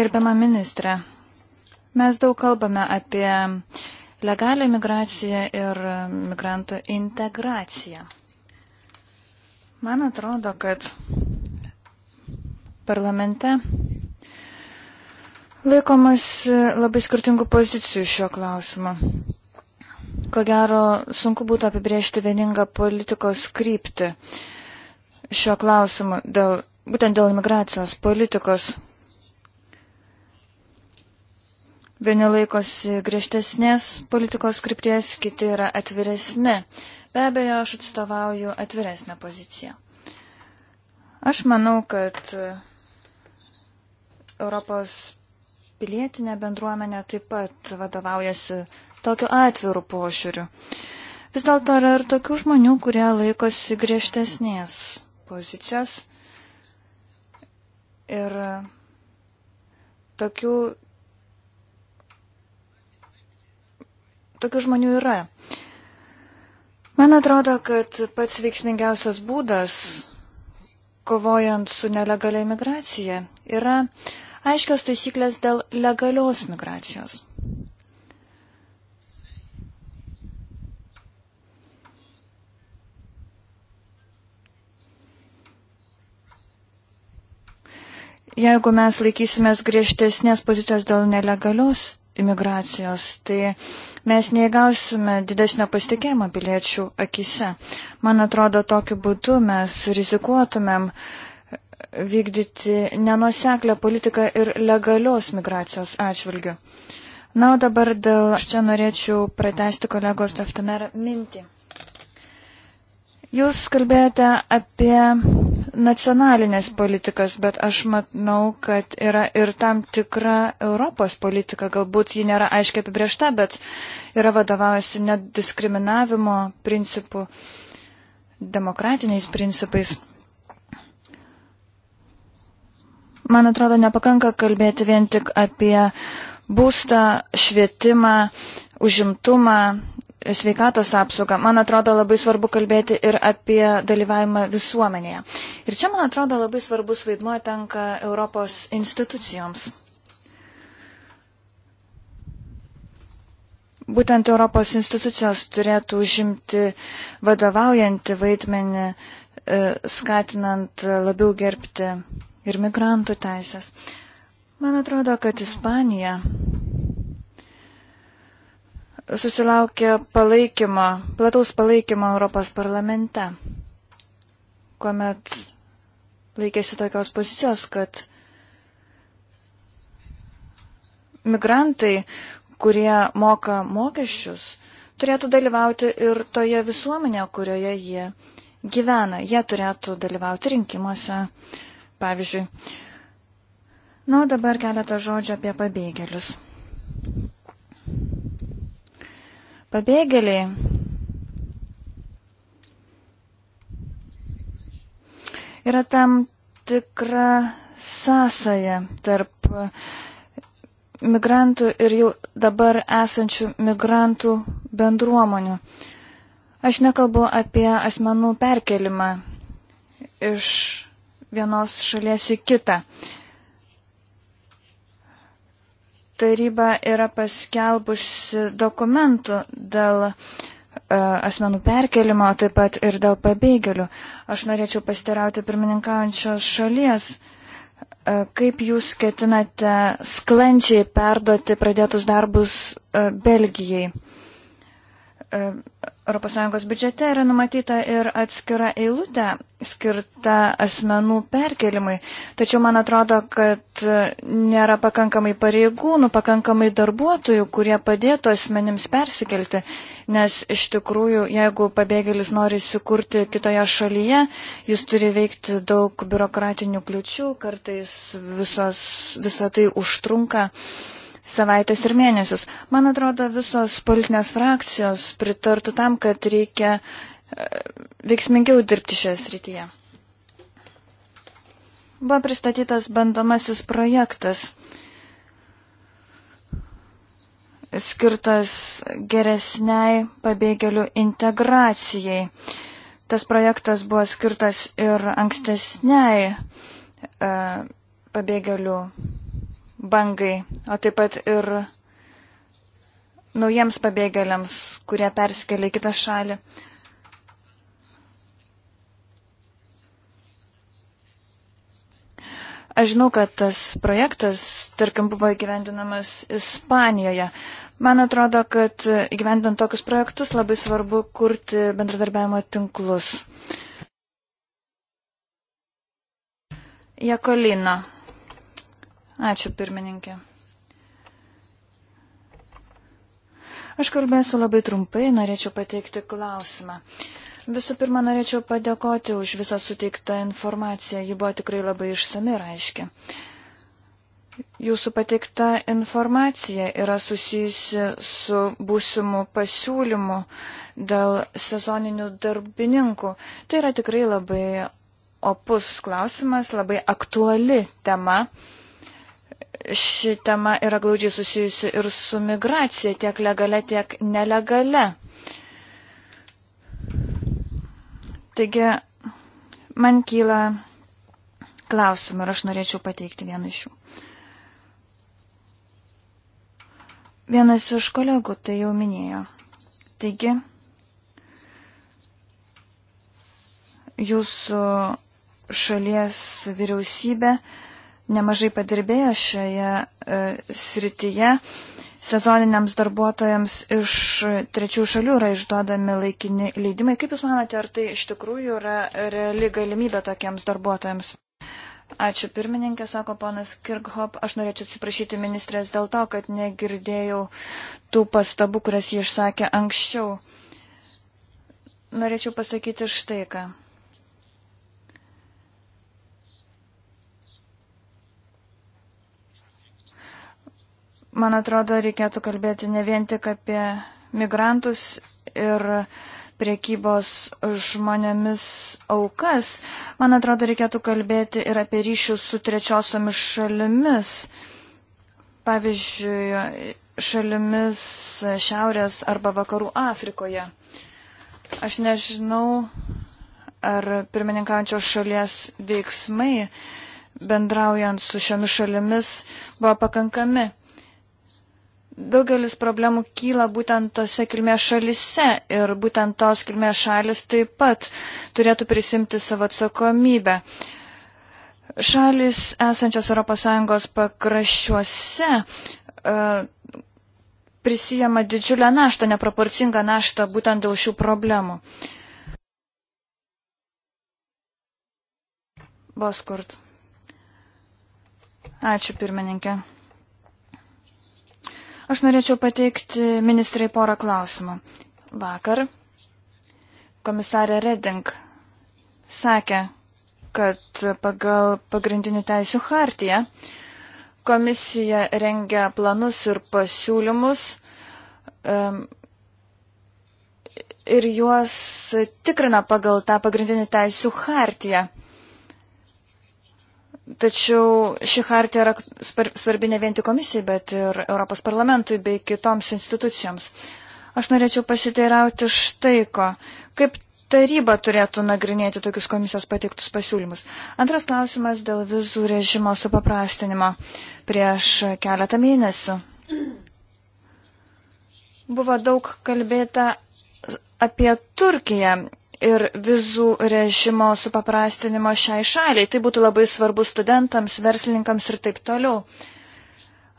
Speaker 3: Gerbiama ministrė, mes daug kalbame apie legalią migraciją ir migrantų integraciją. Man atrodo, kad parlamente laikomas labai skirtingų pozicijų šiuo klausimu. Ko gero, sunku būtų apibriežti vieningą politikos kryptį šiuo klausimu, dėl, būtent dėl imigracijos politikos. Vieni laikosi griežtesnės politikos krypties, kiti yra atviresni. Ne Be abejo, aš atstovauju atviresnę poziciją. Aš manau, kad Europos pilietinė bendruomenė taip pat vadovaujasi tokiu atviru pošiūriu. Vis dėlto yra ir tokių žmonių, kurie laikosi griežtesnės pozicijos ir tokių, tokių žmonių yra. Uh, Man atrodo, kad pats veiksmingiausias būdas, kovojant su nelegalia migracija, yra aiškios taisyklės dėl legalios migracijos. Jeigu mes laikysimės griežtesnės pozicijos dėl nelegalios imigracijos, tai mes neįgausime didesnio pasitikėjimo piliečių akise. Man atrodo, tokiu būdu mes rizikuotumėm vykdyti nenuseklę politiką ir legalios migracijos atžvilgių. Na, o dabar dėl, aš čia norėčiau pratesti kolegos Toftamerą mintį. Jūs kalbėjote apie nacionalinės politikas, bet aš matau, kad yra ir tam tikra Europos politika. Galbūt ji nėra aiškiai apibriešta, bet yra vadovaujasi net diskriminavimo principų, demokratiniais principais. Man atrodo, nepakanka kalbėti vien tik apie būstą, švietimą, užimtumą, sveikatos apsaugą, man atrodo labai svarbu kalbėti ir apie dalyvavimą visuomenėje. Ir čia, man atrodo, labai svarbus vaidmuo tenka Europos institucijoms. Būtent Europos institucijos turėtų užimti vadovaujantį vaidmenį, e, skatinant labiau gerbti ir migrantų teisės. Man atrodo, kad Ispanija susilaukė palaikymo, plataus palaikymo Europos parlamente, kuomet laikėsi tokios pozicijos, kad migrantai, kurie moka mokesčius, turėtų dalyvauti ir toje visuomenėje, kurioje jie gyvena. Jie turėtų dalyvauti rinkimuose, pavyzdžiui. Na, o dabar keletą žodžių apie pabėgėlius. Pabėgėliai. Yra tam tikra sąsaja tarp migrantų ir jau dabar esančių migrantų bendruomonių. Aš nekalbu apie asmenų perkelimą iš vienos šalies į kitą taryba yra paskelbusi dokumentų dėl e, asmenų perkelimo, taip pat ir dėl pabėgėlių. Aš norėčiau pasitirauti pirmininkaujančios šalies. E, kaip jūs ketinate sklandžiai perduoti pradėtus darbus e, Belgijai? E, ES biudžete yra numatyta ir atskira eilutė skirta asmenų perkelimui. Tačiau man atrodo, kad nėra pakankamai pareigūnų, pakankamai darbuotojų, kurie padėtų asmenims persikelti. Nes iš tikrųjų, jeigu pabėgėlis nori įsikurti kitoje šalyje, jis turi veikti daug biurokratinių kliučių, kartais visos, visą tai užtrunka. Uh, savaitės ir mėnesius. Man atrodo, visos politinės frakcijos pritartų tam, kad reikia e, veiksmingiau dirbti šioje srityje. Buvo pristatytas bandomasis projektas skirtas geresniai pabėgėlių integracijai. Tas projektas buvo skirtas ir ankstesniai e, pabėgėlių bangai, o taip pat ir naujiems pabėgėliams, kurie perskelia į kitą šalį. Aš žinau, kad tas projektas, tarkim, buvo įgyvendinamas Ispanijoje. Man atrodo, kad įgyvendinant tokius projektus labai svarbu kurti bendradarbiavimo tinklus. Jakolina. Ačiū pirmininkė. Aš kalbėsiu labai trumpai, norėčiau pateikti klausimą. Visų pirma, norėčiau padėkoti už visą suteiktą informaciją, ji buvo tikrai labai išsami ir aiški. Jūsų pateikta informacija yra susijusi su būsimu pasiūlymu dėl sezoninių darbininkų. Tai yra tikrai labai opus klausimas, labai aktuali tema ši tema yra glaudžiai susijusi ir su migracija, tiek legale, tiek nelegale. Taigi, man kyla klausimų ir aš norėčiau pateikti vieną iš jų. Vienas iš kolegų tai jau minėjo. Taigi, jūsų šalies vyriausybė uh, nemažai padirbėjo šioje e, srityje. Sezoniniams darbuotojams iš trečių šalių yra išduodami laikini leidimai. Kaip Jūs manote, ar tai iš tikrųjų yra reali galimybė tokiems darbuotojams? Ačiū pirmininkė, sako ponas Kirkhop. Aš norėčiau atsiprašyti ministrės dėl to, kad negirdėjau tų pastabų, kurias jie išsakė anksčiau. Norėčiau pasakyti štai ką. man atrodo, reikėtų kalbėti ne vien tik apie migrantus ir priekybos žmonėmis aukas. Man atrodo, reikėtų kalbėti ir apie ryšius su trečiosiomis šalimis. Pavyzdžiui, šalimis Šiaurės arba Vakarų Afrikoje. Aš nežinau, ar pirmininkaujančios šalies veiksmai bendraujant su šiomis šalimis buvo pakankami. Daugelis problemų kyla būtent tose kilmės šalise ir būtent tos kilmės šalis taip pat turėtų prisimti savo atsakomybę. Šalis esančios ES pakraščiuose e, prisijama didžiulę naštą, neproporcingą naštą būtent dėl šių problemų. Boskurt. Ačiū pirmininkė. Aš norėčiau pateikti ministrai porą klausimų. Vakar komisarė Reding sakė, kad pagal pagrindinių teisų hartiją komisija rengia planus ir pasiūlymus um, ir juos tikrina pagal tą pagrindinių teisų hartiją. Tačiau ši chartija yra svarbi ne vien tik komisijai, bet ir Europos parlamentui bei kitoms institucijoms. Aš norėčiau pasiteirauti štai ko. Kaip taryba turėtų nagrinėti tokius komisijos pateiktus pasiūlymus? Antras klausimas dėl vizų režimo supaprastinimo prieš keletą mėnesių. Buvo daug kalbėta apie Turkiją ir vizų režimo supaprastinimo šiai šaliai. Tai būtų labai svarbu studentams, verslininkams ir taip toliau.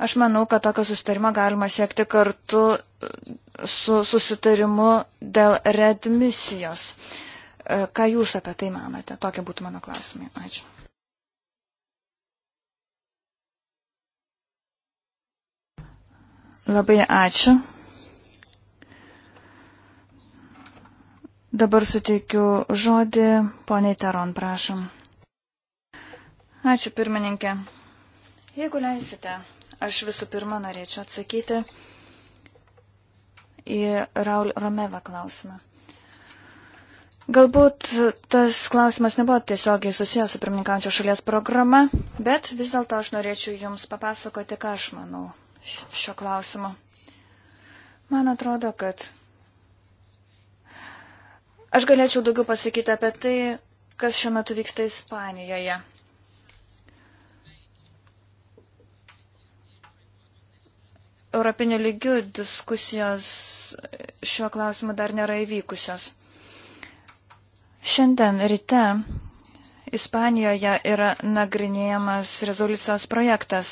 Speaker 3: Aš manau, kad tokio susitarimo galima siekti kartu e, su susitarimu dėl redmisijos. E, ką Jūs apie tai manote? Tokie būtų mano klausimai. Ačiū. Labai ačiū. Dabar suteikiu žodį poniai Taron, prašom. Ačiū pirmininkė. Jeigu leisite, aš visų pirma norėčiau atsakyti į Raul Romeva klausimą. Galbūt tas klausimas nebuvo tiesiogiai susijęs su pirmininkaujančio šalies programa, bet vis dėlto aš norėčiau Jums papasakoti, ką aš manau šio klausimu. Man atrodo, kad Aš galėčiau daugiau pasakyti apie tai, kas šiuo metu vyksta Ispanijoje. Europinio lygių diskusijos šiuo klausimu dar nėra įvykusios. Šiandien ryte Ispanijoje yra nagrinėjamas rezoliucijos projektas.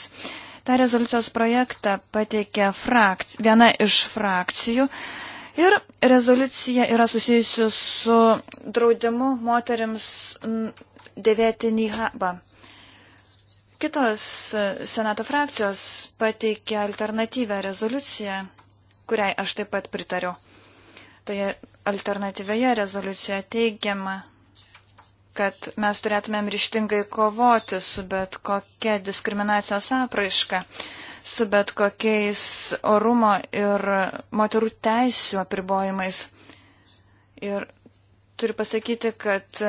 Speaker 3: Ta rezoliucijos projektą pateikė frakci... viena iš frakcijų. Uh, Ir rezoliucija yra susijusi su draudimu moteriams dėvėti nihabą. Kitos senato frakcijos pateikė alternatyvę rezoliuciją, kuriai aš taip pat pritariu. Toje alternatyvėje rezoliucijoje teigiama, kad mes turėtumėm ryštingai kovoti su bet kokia diskriminacijos apraiška su bet kokiais orumo ir moterų teisų apribojimais. Ir turiu pasakyti, kad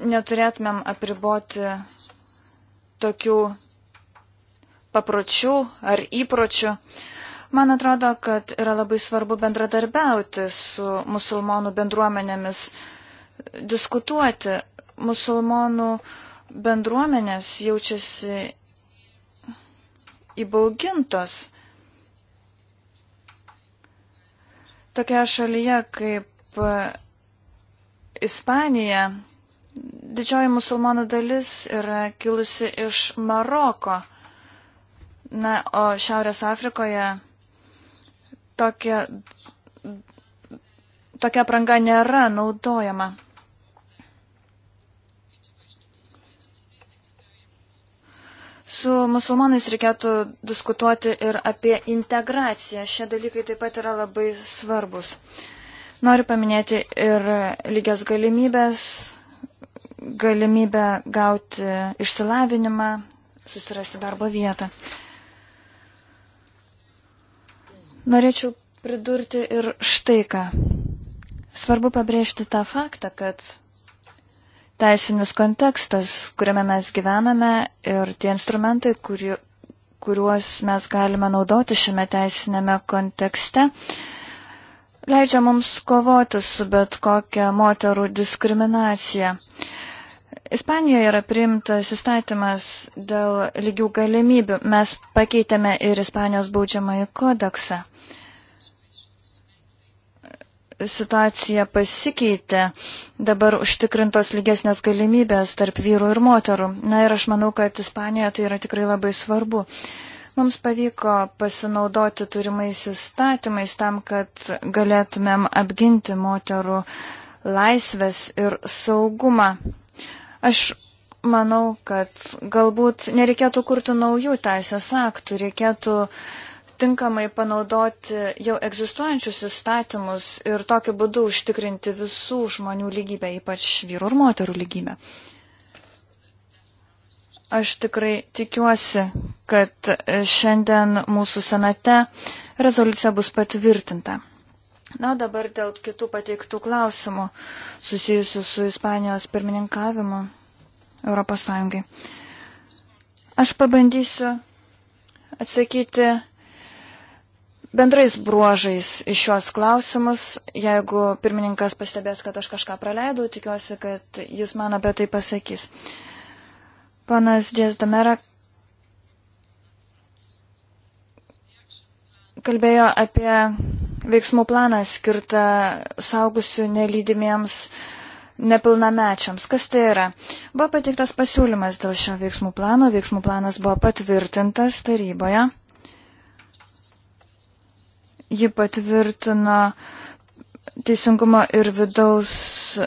Speaker 3: neturėtumėm apriboti tokių papročių ar įpročių. Man atrodo, kad yra labai svarbu bendradarbiauti su musulmonų bendruomenėmis, diskutuoti musulmonų bendruomenės jaučiasi įbaugintos. Tokia šalyje kaip e, Ispanija, didžioji musulmonų dalis yra kilusi iš Maroko. Na, o Šiaurės Afrikoje tokia, tokia pranga nėra naudojama. Su musulmonais reikėtų diskutuoti ir apie integraciją. Šie dalykai taip pat yra labai svarbus. Noriu paminėti ir lygias galimybės, galimybę gauti išsilavinimą, susirasti darbo vietą. Norėčiau pridurti ir štai ką. Svarbu pabrėžti tą faktą, kad teisinis kontekstas, kuriame mes gyvename ir tie instrumentai, kuriu, kuriuos mes galime naudoti šiame teisinėme kontekste, leidžia mums kovoti su bet kokia moterų diskriminacija. Ispanijoje yra priimtas įstatymas dėl lygių galimybių. Mes pakeitėme ir Ispanijos baudžiamąjį kodeksą situacija pasikeitė, dabar užtikrintos lygesnės galimybės tarp vyrų ir moterų. Na ir aš manau, kad Ispanija tai yra tikrai labai svarbu. Mums pavyko pasinaudoti turimais įstatymais tam, kad galėtumėm apginti moterų laisvės ir saugumą. Aš manau, kad galbūt nereikėtų kurti naujų teisės aktų, reikėtų uh, tinkamai panaudoti jau egzistuojančius įstatymus ir tokiu būdu užtikrinti visų žmonių lygybę, ypač vyrų ir moterų lygybę. Aš tikrai tikiuosi, kad šiandien mūsų senate rezoliucija bus patvirtinta. Na, dabar dėl kitų pateiktų klausimų susijusių su Ispanijos pirmininkavimu Europos Sąjungai. Aš pabandysiu atsakyti bendrais bruožais iš šios klausimus. Jeigu pirmininkas pastebės, kad aš kažką praleidau, tikiuosi, kad jis man apie tai pasakys. Panas Dėsdomera kalbėjo apie veiksmų planą skirtą saugusių nelydimiems nepilnamečiams. Kas tai yra? Buvo pateiktas pasiūlymas dėl šio veiksmų plano, veiksmų planas buvo patvirtintas taryboje. Ji patvirtino Teisingumo ir vidaus e,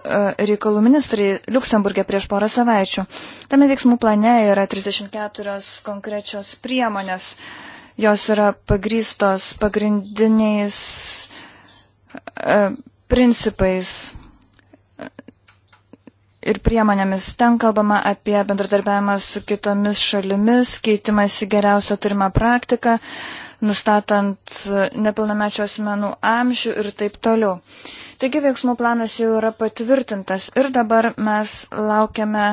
Speaker 3: reikalų ministrai Luksemburgė prieš porą savaičių. Tame veiksmų plane yra 34 konkrečios priemonės. Jos yra pagrystos pagrindiniais e, principais e, ir priemonėmis. Ten kalbama apie bendradarbiavimą su kitomis šalimis, keitimąsi geriausią turimą praktiką, nustatant nepilnamečio asmenų amžių ir taip toliau. Taigi veiksmų planas jau yra patvirtintas ir dabar mes laukiame,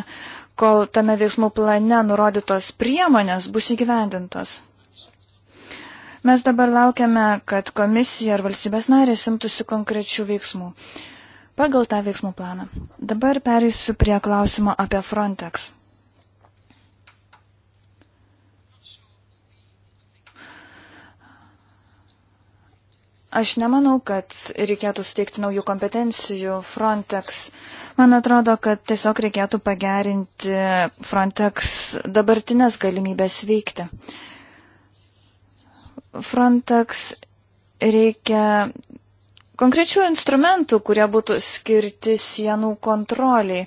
Speaker 3: kol tame veiksmų plane nurodytos priemonės bus įgyvendintos. Mes dabar laukiame, kad komisija ar valstybės narės imtųsi konkrečių veiksmų pagal tą veiksmų planą. Dabar perėsiu prie klausimo apie Frontex. Aš nemanau, kad reikėtų suteikti naujų kompetencijų Frontex. Man atrodo, kad tiesiog reikėtų pagerinti Frontex dabartinės galimybės veikti. Frontex reikia konkrečių instrumentų, kurie būtų skirti sienų kontroliai.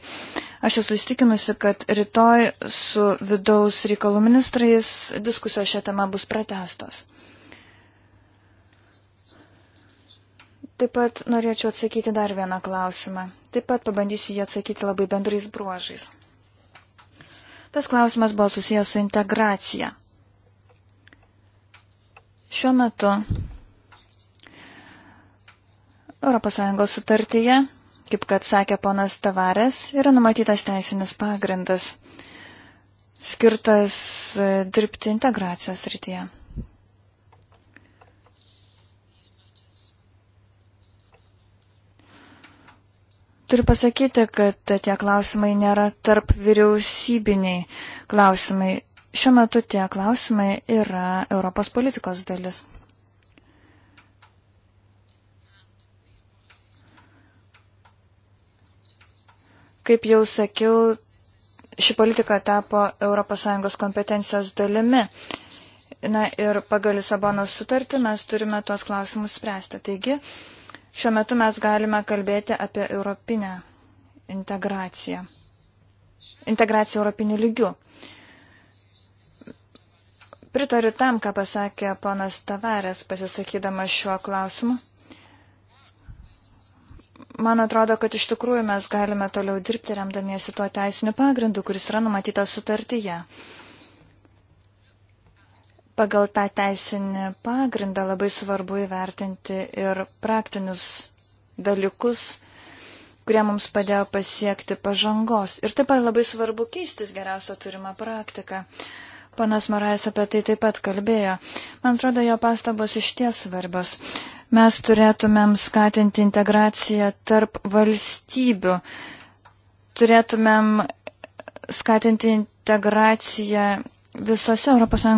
Speaker 3: Aš esu įstikinusi, kad rytoj su vidaus reikalų ministrais diskusijos šią temą bus pratestos. Taip pat norėčiau atsakyti dar vieną klausimą. Taip pat pabandysiu jį atsakyti labai bendrais bruožais. Tas klausimas buvo susijęs su integracija. Šiuo metu ES sutartyje, kaip kad sakė ponas Tavarės, yra numatytas teisinis pagrindas skirtas dirbti integracijos rytyje. Turiu pasakyti, kad tie klausimai nėra tarp vyriausybiniai klausimai. Šiuo metu tie klausimai yra Europos politikos dalis. Kaip jau sakiau, ši politika tapo ES kompetencijos dalimi. Na ir pagal Lisabonos sutartį mes turime tuos klausimus spręsti. Taigi, uh, Šiuo metu mes galime kalbėti apie europinę integraciją. Integraciją europinių lygių. Pritariu tam, ką pasakė ponas Tavarės pasisakydamas šiuo klausimu. Man atrodo, kad iš tikrųjų mes galime toliau dirbti remdamiesi tuo teisiniu pagrindu, kuris yra numatytas sutartyje pagal tą teisinį pagrindą labai svarbu įvertinti ir praktinius dalykus, kurie mums padėjo pasiekti pažangos. Ir taip pat labai svarbu keistis geriausią turimą praktiką. Panas Marais apie tai taip pat kalbėjo. Man atrodo, jo pastabos iš ties svarbios. Mes turėtumėm skatinti integraciją tarp valstybių. Turėtumėm skatinti integraciją visose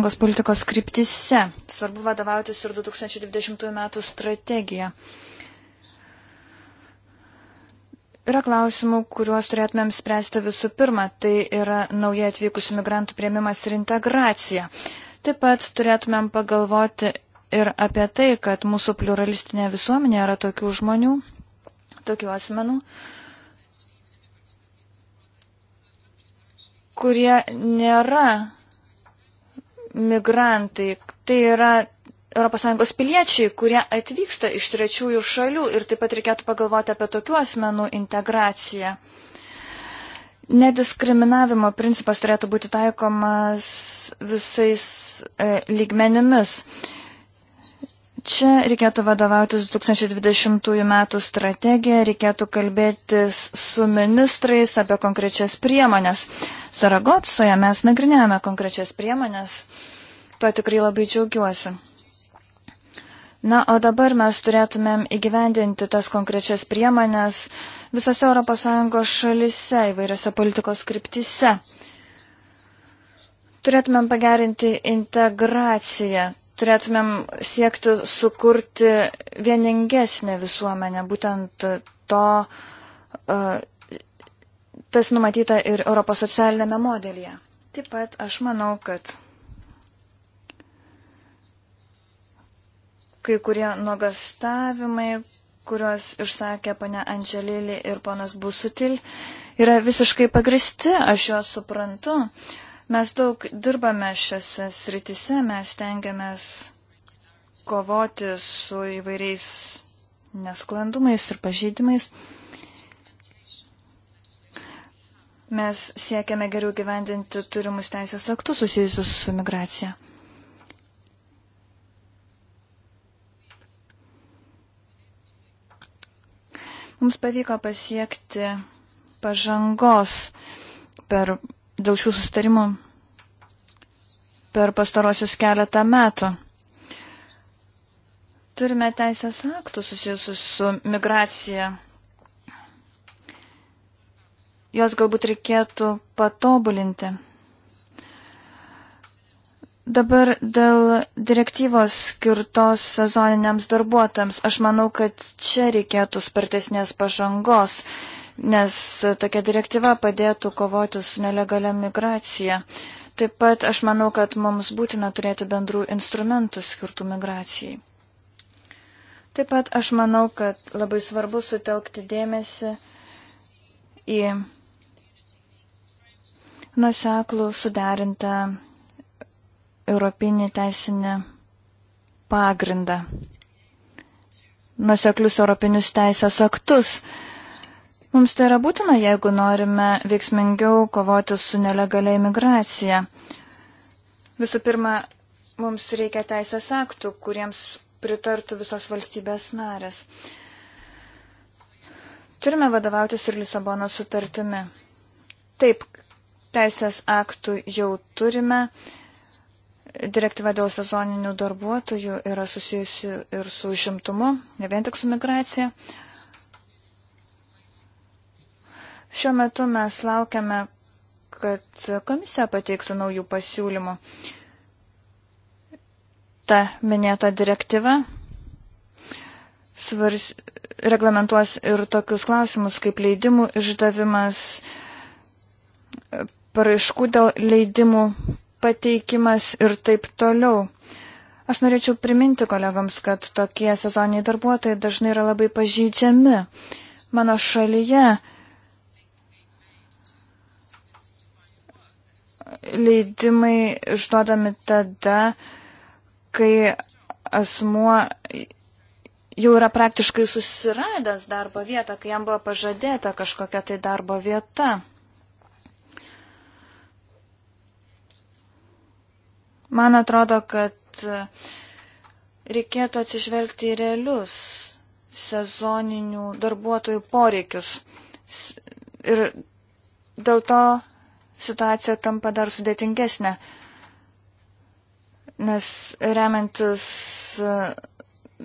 Speaker 3: ES politikos kryptise. Svarbu vadovautis ir 2020 metų strategija. Yra klausimų, kuriuos turėtumėm spręsti visų pirma. Tai yra naujai atvykusių migrantų prieimimas ir integracija. Taip pat turėtumėm pagalvoti ir apie tai, kad mūsų pluralistinė visuomenė yra tokių žmonių, tokių asmenų, kurie nėra migrantai. Tai yra ES piliečiai, kurie atvyksta iš trečiųjų šalių ir taip pat reikėtų pagalvoti apie tokių asmenų integraciją. Nediskriminavimo principas turėtų būti taikomas visais e, lygmenimis. E, Čia reikėtų vadovautis 2020 metų strategija, reikėtų kalbėtis su ministrais apie konkrečias priemonės. Saragotsoje mes nagrinėjame konkrečias priemonės, tuo tikrai labai džiaugiuosi. Na, o dabar mes turėtumėm įgyvendinti tas konkrečias priemonės visose ES šalise, įvairiose politikos kryptise turėtumėm pagerinti integraciją turėtumėm siekti sukurti vieningesnę visuomenę, būtent to, e, tas numatyta ir Europos socialinėme modelyje. Taip pat aš manau, kad kai kurie nuogastavimai, kuriuos išsakė pane Angelėlį ir ponas Busutil, yra visiškai pagristi, aš juos suprantu. Uh, Mes daug dirbame šiose sritise, mes tengiamės kovoti su įvairiais nesklandumais ir pažeidimais. Mes siekiame geriau gyvendinti turimus teisės aktus susijusius su migracija. Mums pavyko pasiekti pažangos per dėl šių sustarimų per pastarosius keletą metų. Turime teisės aktų susijusius su migracija. Jos galbūt reikėtų patobulinti. Dabar dėl direktyvos skirtos sezoniniams darbuotojams, aš manau, kad čia reikėtų spartesnės pažangos nes tokia direktyva padėtų kovoti su nelegalia migracija. Taip pat aš manau, kad mums būtina turėti bendrų instrumentų skirtų migracijai. Taip pat aš manau, kad labai svarbu sutelkti dėmesį į nuseklų suderintą europinį teisinį pagrindą, nuseklius europinius teisės aktus. Mums tai yra būtina, jeigu norime veiksmingiau kovoti su nelegalia imigracija. Visų pirma, mums reikia teisės aktų, kuriems pritartų visos valstybės narės. Turime vadovautis ir Lisabono sutartimi. Taip, teisės aktų jau turime. Direktyva dėl sezoninių darbuotojų yra susijusi ir su užimtumu, ne vien tik su migracija. Šiuo metu mes laukiame, kad komisija pateiktų naujų pasiūlymų. Ta minėta direktyva svars, reglamentuos ir tokius klausimus kaip leidimų išdavimas, paraiškų dėl leidimų pateikimas ir taip toliau. Aš norėčiau priminti kolegams, kad tokie sezoniniai darbuotojai dažnai yra labai pažydžiami. Mano šalyje leidimai išduodami tada, kai asmuo jau yra praktiškai susiradęs darbo vietą, kai jam buvo pažadėta kažkokia tai darbo vieta. Man atrodo, kad reikėtų atsižvelgti į realius sezoninių darbuotojų poreikius. Ir dėl to situacija tampa dar sudėtingesnė, nes remiantis e,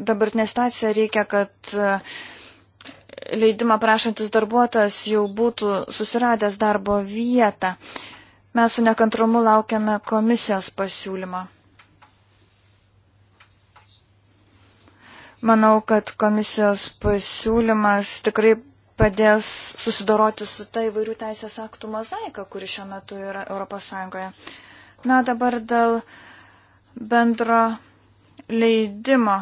Speaker 3: dabartinė situacija reikia, kad e, leidimą prašantis darbuotojas jau būtų susiradęs darbo vietą. Mes su nekantrumu laukiame komisijos pasiūlymą. Manau, kad komisijos pasiūlymas tikrai padės susidoroti su ta įvairių teisės aktų mozaika, kuri šiuo metu yra ES. Na, dabar dėl bendro leidimo.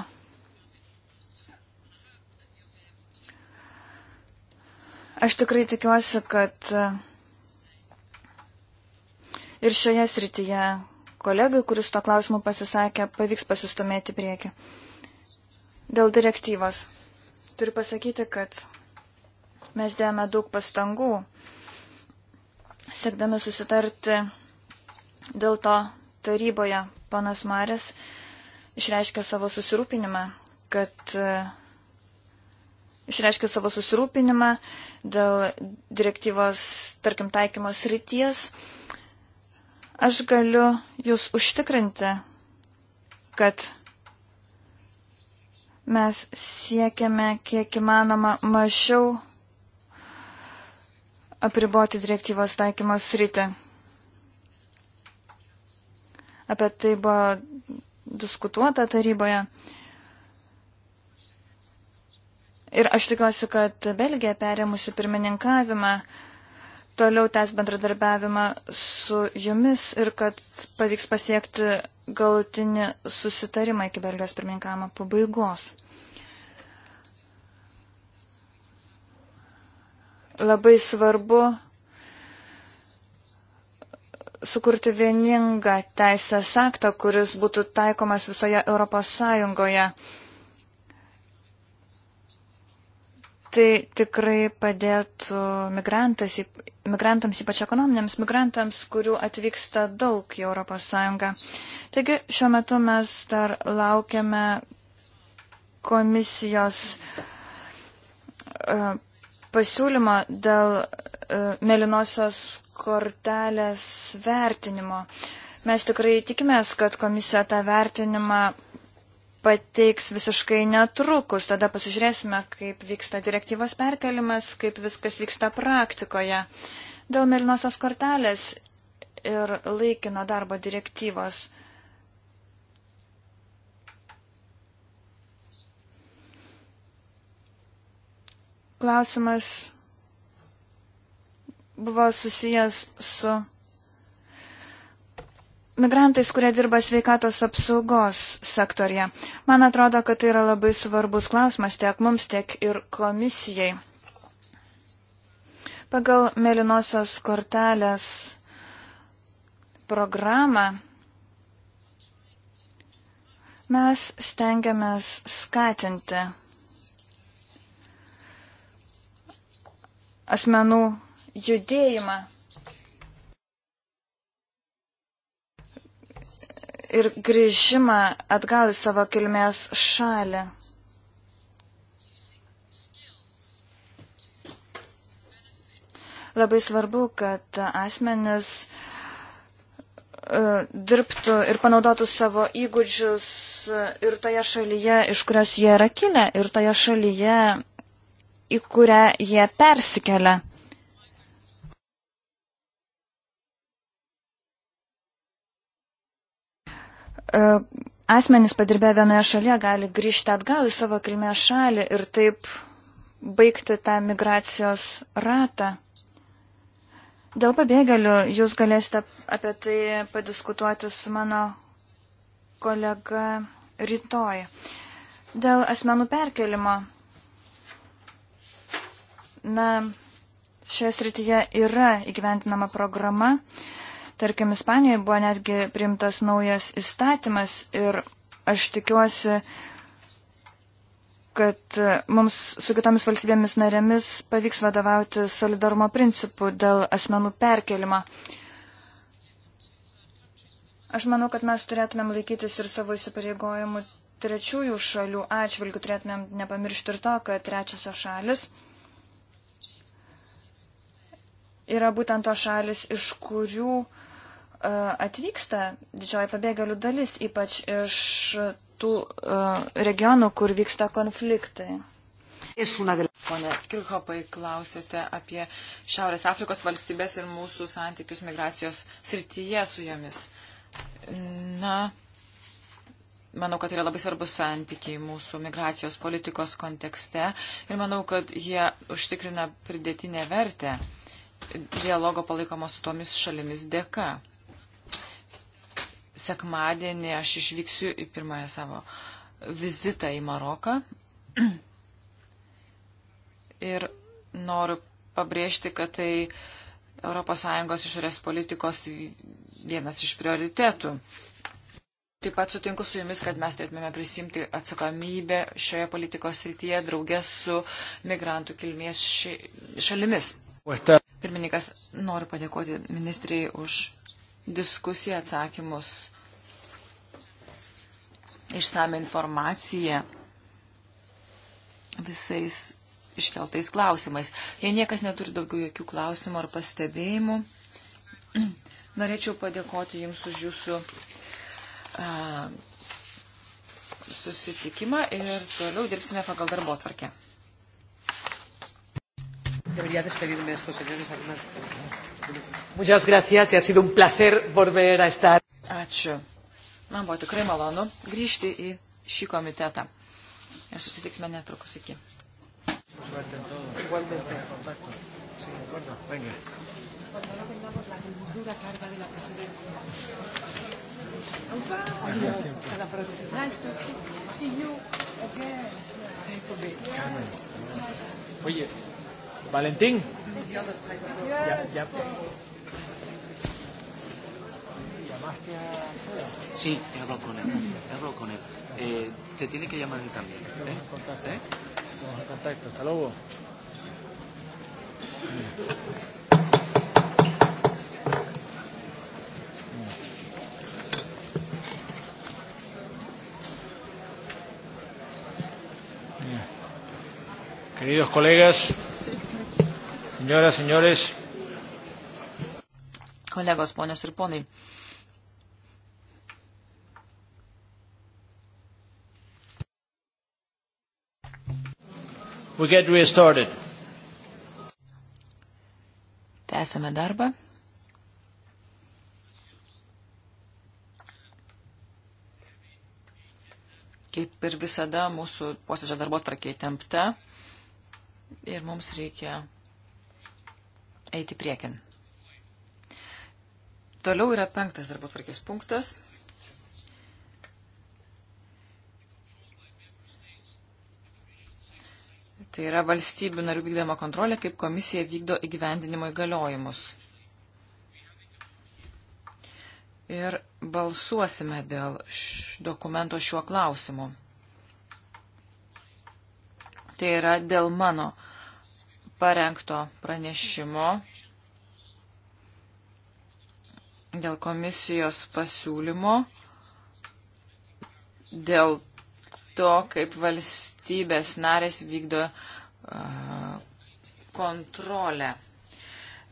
Speaker 3: Aš tikrai tikiuosi, kad ir šioje srityje kolegai, kuris to klausimu pasisakė, pavyks pasistumėti prieki. Dėl direktyvos. Turiu pasakyti, kad Mes dėjome daug pastangų, siekdami susitarti dėl to taryboje. Panas Marės išreiškė savo susirūpinimą, kad e, išreiškė savo susirūpinimą dėl direktyvos, tarkim, taikymos ryties. Aš galiu jūs užtikrinti, kad mes siekiame kiek įmanoma mažiau apriboti direktyvos taikymos sritį. Apie tai buvo diskutuota taryboje. Ir aš tikiuosi, kad Belgija perėmusi pirmininkavimą toliau tęs bendradarbiavimą su jumis ir kad pavyks pasiekti galutinį susitarimą iki Belgijos pirmininkavimo pabaigos. Labai svarbu sukurti vieningą teisės aktą, kuris būtų taikomas visoje Europos Sąjungoje. Tai tikrai padėtų migrantams, ypač ekonominiams migrantams, kurių atvyksta daug į Europos Sąjungą. Taigi šiuo metu mes dar laukiame komisijos e, pasiūlymo dėl e, melinosios kortelės vertinimo. Mes tikrai tikimės, kad komisija tą vertinimą pateiks visiškai netrukus. Tada pasižiūrėsime, kaip vyksta direktyvos perkelimas, kaip viskas vyksta praktikoje. Dėl melinosios kortelės ir laikino darbo direktyvos. klausimas buvo susijęs su migrantais, kurie dirba sveikatos apsaugos sektorija. Man atrodo, kad tai yra labai svarbus klausimas tiek mums, tiek ir komisijai. Pagal Melinosios kortelės programą mes stengiamės skatinti asmenų judėjimą. Ir grįžimą atgal į savo kilmės šalį. Labai svarbu, kad asmenis e, dirbtų ir panaudotų savo įgūdžius e, ir toje šalyje, iš kurios jie yra kilę, ir toje šalyje, į kurią jie persikelia. E, asmenys padirbę vienoje šalyje gali grįžti atgal į savo kilmės šalį ir taip baigti tą migracijos ratą. Dėl pabėgėlių jūs galėsite apie tai padiskutuoti su mano kolega rytoj. Dėl asmenų perkelimo Na, šioje srityje yra įgyventinama programa. Tarkim, Ispanijoje buvo netgi priimtas naujas įstatymas ir aš tikiuosi, kad mums su kitomis valstybėmis narėmis pavyks vadovauti solidarumo principų dėl asmenų perkelimo. Aš manau, kad mes turėtumėm laikytis ir savo įsipareigojimų trečiųjų šalių atžvilgių, turėtumėm nepamiršti ir to, kad trečiosios šalis yra būtent to šalis, iš kurių e, atvyksta didžioji pabėgėlių dalis, ypač iš tų e, regionų, kur vyksta konfliktai. Pone Kirchopai, klausėte
Speaker 1: apie Šiaurės Afrikos valstybės ir mūsų santykius migracijos srityje su jomis. Na, manau, kad yra labai svarbus santykiai mūsų migracijos politikos kontekste ir manau, kad jie užtikrina pridėtinę vertę dialogo palaikomo su tomis šalimis dėka. Sekmadienį aš išvyksiu į pirmąją savo vizitą į Maroką. Ir noriu pabrėžti, kad tai ES išorės politikos vienas iš prioritetų. Taip pat sutinku su jumis, kad mes turėtume prisimti atsakomybę šioje politikos srityje draugės su migrantų kilmės šalimis. Pirmininkas, noriu padėkoti ministrijai už diskusiją, atsakymus, išsame informaciją visais iškeltais klausimais. Jei niekas neturi daugiau jokių klausimų ar pastebėjimų, (clears throat) norėčiau padėkoti Jums už Jūsų uh, susitikimą ir toliau dirbsime pagal darbo tvarkę debería despedirme de estos señores. Algunas... Muchas gracias y ha sido un placer volver a estar. Ačiū. Man buvo tikrai malonu grįžti į šį komitetą. Ir susitiksime netrukus iki. Igualmente. Sí, de acuerdo. Venga. Cuando no tengamos la dura carga de la presidencia.
Speaker 2: Oye, Valentin? Yes. Ya, ya. Sí, he hablado con él. He hablado con él. Eh, te tiene que llamar él también. ¿eh? ¿Eh? Estamos en contacto. Hasta luego. Queridos colegas, Señoras, señores.
Speaker 1: Kolegos, ponios ir ponai.
Speaker 2: We get restarted.
Speaker 1: Tęsame darbą. Kaip ir visada, mūsų posėdžio darbo tvarkiai tempta ir mums reikia eiti priekin. Toliau yra penktas darbo tvarkės punktas. Tai yra valstybių narių vykdama kontrolė, kaip komisija vykdo įgyvendinimo įgaliojimus. Ir balsuosime dėl dokumento šiuo klausimu. Tai yra dėl mano parengto pranešimo dėl komisijos pasiūlymo, dėl to, kaip valstybės narės vykdo uh, kontrolę.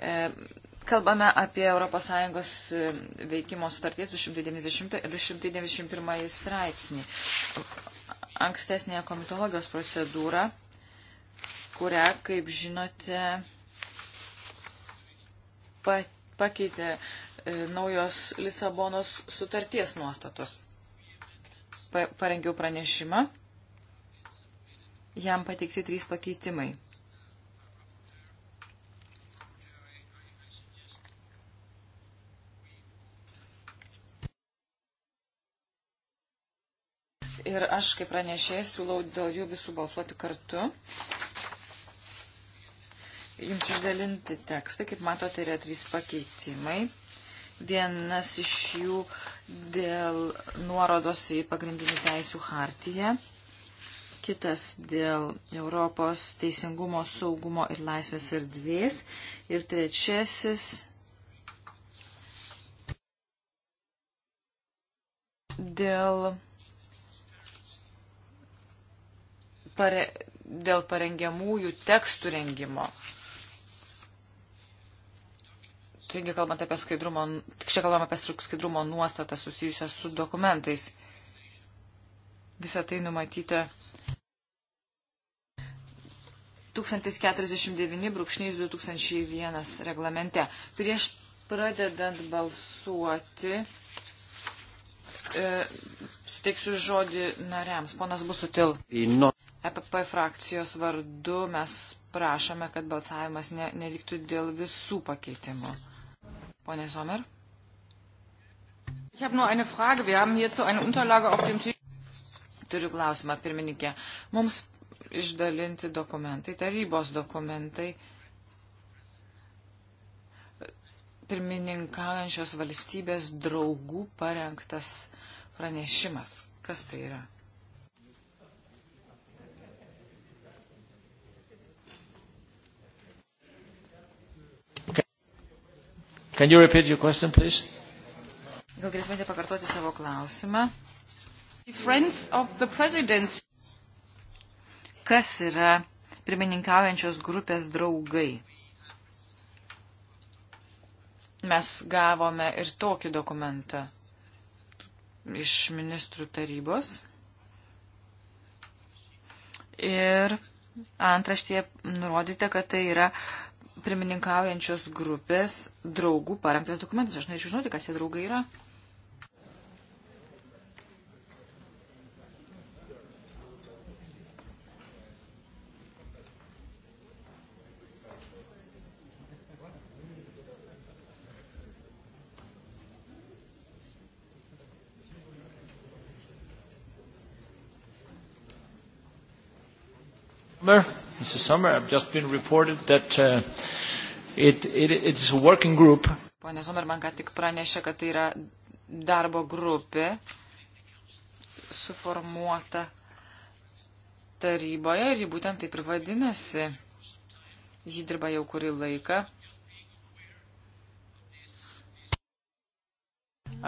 Speaker 1: E, kalbame apie ES e, veikimo sutarties 290 ir 291 straipsnį. Ankstesnėje komitologijos procedūra kurią, kaip žinote, pakeitė e, naujos Lisabonos sutarties nuostatos. Pa parengiau pranešimą. Jam pateikti trys pakeitimai. Ir aš, kaip pranešėjai, siūlau dėl jų visų balsuoti kartu. Jums išdalinti tekstai, kaip matote, yra trys pakeitimai. Vienas iš jų dėl nuorodos į pagrindinių teisų hartiją, kitas dėl Europos teisingumo, saugumo ir laisvės erdvės ir trečiasis dėl, pare, dėl parengiamųjų tekstų rengimo. Taigi, kalbant apie skaidrumo, čia kalbam apie skaidrumo nuostatą susijusią su dokumentais. Visą tai numatyta 1049-2001 reglamente. Prieš pradedant balsuoti, e, suteiksiu žodį nariams. Ponas Busutil. EPP frakcijos vardu mes prašome, kad balsavimas ne, nevyktų dėl visų pakeitimų. Pone Somer. Turiu klausimą, pirmininkė. Mums išdalinti dokumentai, tarybos dokumentai, pirmininkaujančios valstybės draugų parengtas pranešimas. Kas tai yra?
Speaker 2: Can you repeat your question, please?
Speaker 1: Gal galėtumėte pakartoti savo klausimą? Friends of the Presidents. Kas yra pirmininkaujančios grupės draugai? Mes gavome ir tokį dokumentą iš ministrų tarybos. Ir antraštėje nurodyta, kad tai yra uh, pirmininkaujančios grupės draugų parengtas dokumentas. Aš norėčiau žinoti, kas tie draugai yra.
Speaker 2: Mer. Mrs. Sommer, I've just been reported that uh, it, it, it's a working group.
Speaker 1: Pone Sommer, man ką tik pranešė, kad tai yra darbo grupė suformuota taryboje ir ji būtent taip ir vadinasi. Ji dirba jau kurį laiką.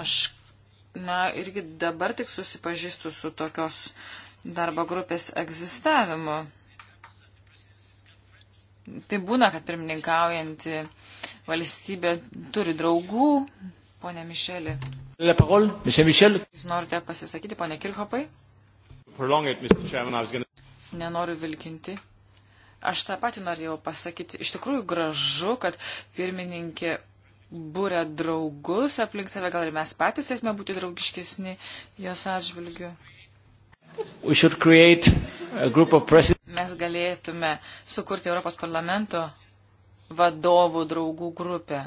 Speaker 1: Aš, na, irgi dabar tik susipažįstu su tokios darbo grupės egzistavimu tai būna, kad pirmininkaujanti valstybė turi draugų, ponė Mišelė.
Speaker 2: Jūs
Speaker 1: norite pasisakyti, ponė Kirchopai? Nenoriu vilkinti. Aš tą patį norėjau pasakyti. Iš tikrųjų gražu, kad pirmininkė būrė draugus aplink save, gal ir mes patys turėtume būti draugiškesni jos atžvilgiu mes galėtume sukurti Europos parlamento vadovų draugų grupę.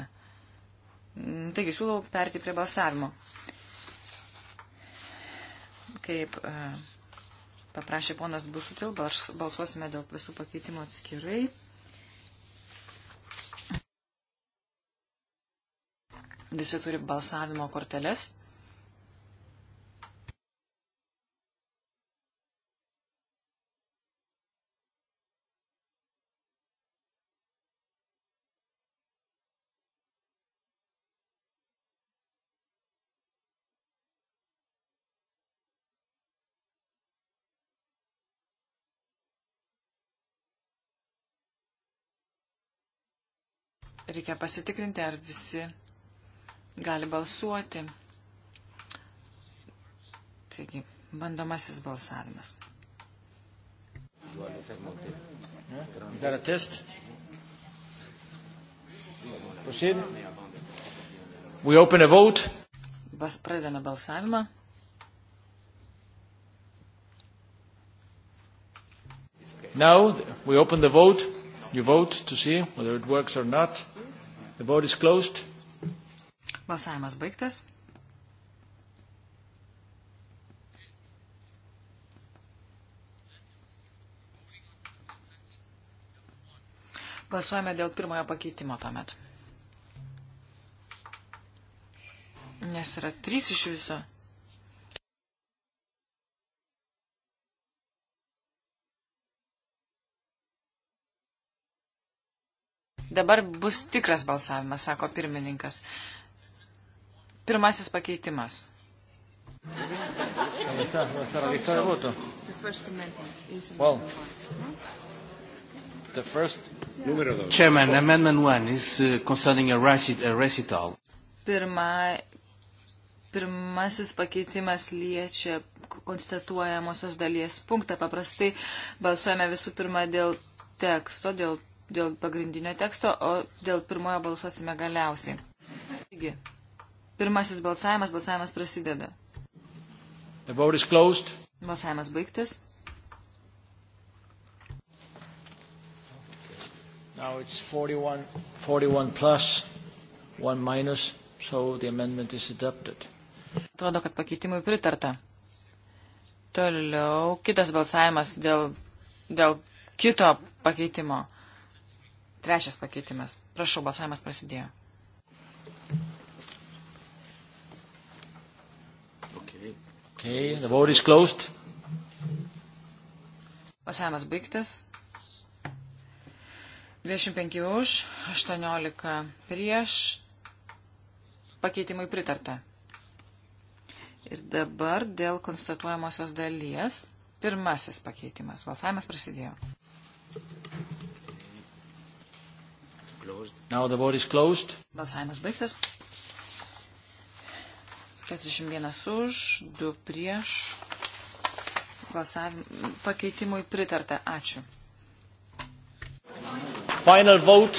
Speaker 1: Mm, Taigi siūlau perti prie balsavimo. Kaip e, paprašė ponas Busutil, balsuosime dėl visų pakeitimų atskirai. Visi turi balsavimo korteles. Reikia pasitikrinti, ar visi gali balsuoti. Taigi, bandomasis balsavimas.
Speaker 2: Is that a test? Proceed. We open a vote.
Speaker 1: Bas, pradedame balsavimą.
Speaker 2: Now we open the vote. You vote to see whether it works or not. The vote is closed.
Speaker 1: Balsavimas baigtas. Balsuojame dėl pirmojo pakeitimo tuomet. Nes yra trys iš viso. Dabar bus tikras balsavimas, sako pirmininkas. Pirmasis pakeitimas. Well,
Speaker 2: the first Chairman, Amendment 1 is uh, concerning a, recit a recital.
Speaker 1: Pirma, pirmasis pakeitimas liečia konstatuojamosios dalies punktą. Paprastai balsuojame visų pirma dėl teksto, dėl dėl pagrindinio teksto, o dėl pirmojo balsuosime galiausiai. Taigi, pirmasis balsavimas, balsavimas prasideda.
Speaker 2: The vote is closed.
Speaker 1: Balsavimas baigtas. Now it's 41,
Speaker 2: 41 plus, 1 minus, so the amendment is adopted.
Speaker 1: Atrodo, kad pakeitimui pritarta. Toliau kitas balsavimas dėl, dėl kito pakeitimo. Trečias pakeitimas. Prašau, balsavimas prasidėjo. Okay.
Speaker 2: Okay, the vote is closed.
Speaker 1: Balsavimas baigtas. 25 už, 18 prieš, pakeitimui pritarta. Ir dabar dėl konstatuojamosios dalies pirmasis pakeitimas. Valsavimas prasidėjo.
Speaker 2: Now the vote is closed.
Speaker 1: Balsavimas baigtas. 41 už, 2 prieš. Balsavim, pakeitimui pritarta. Ačiū.
Speaker 2: Final vote.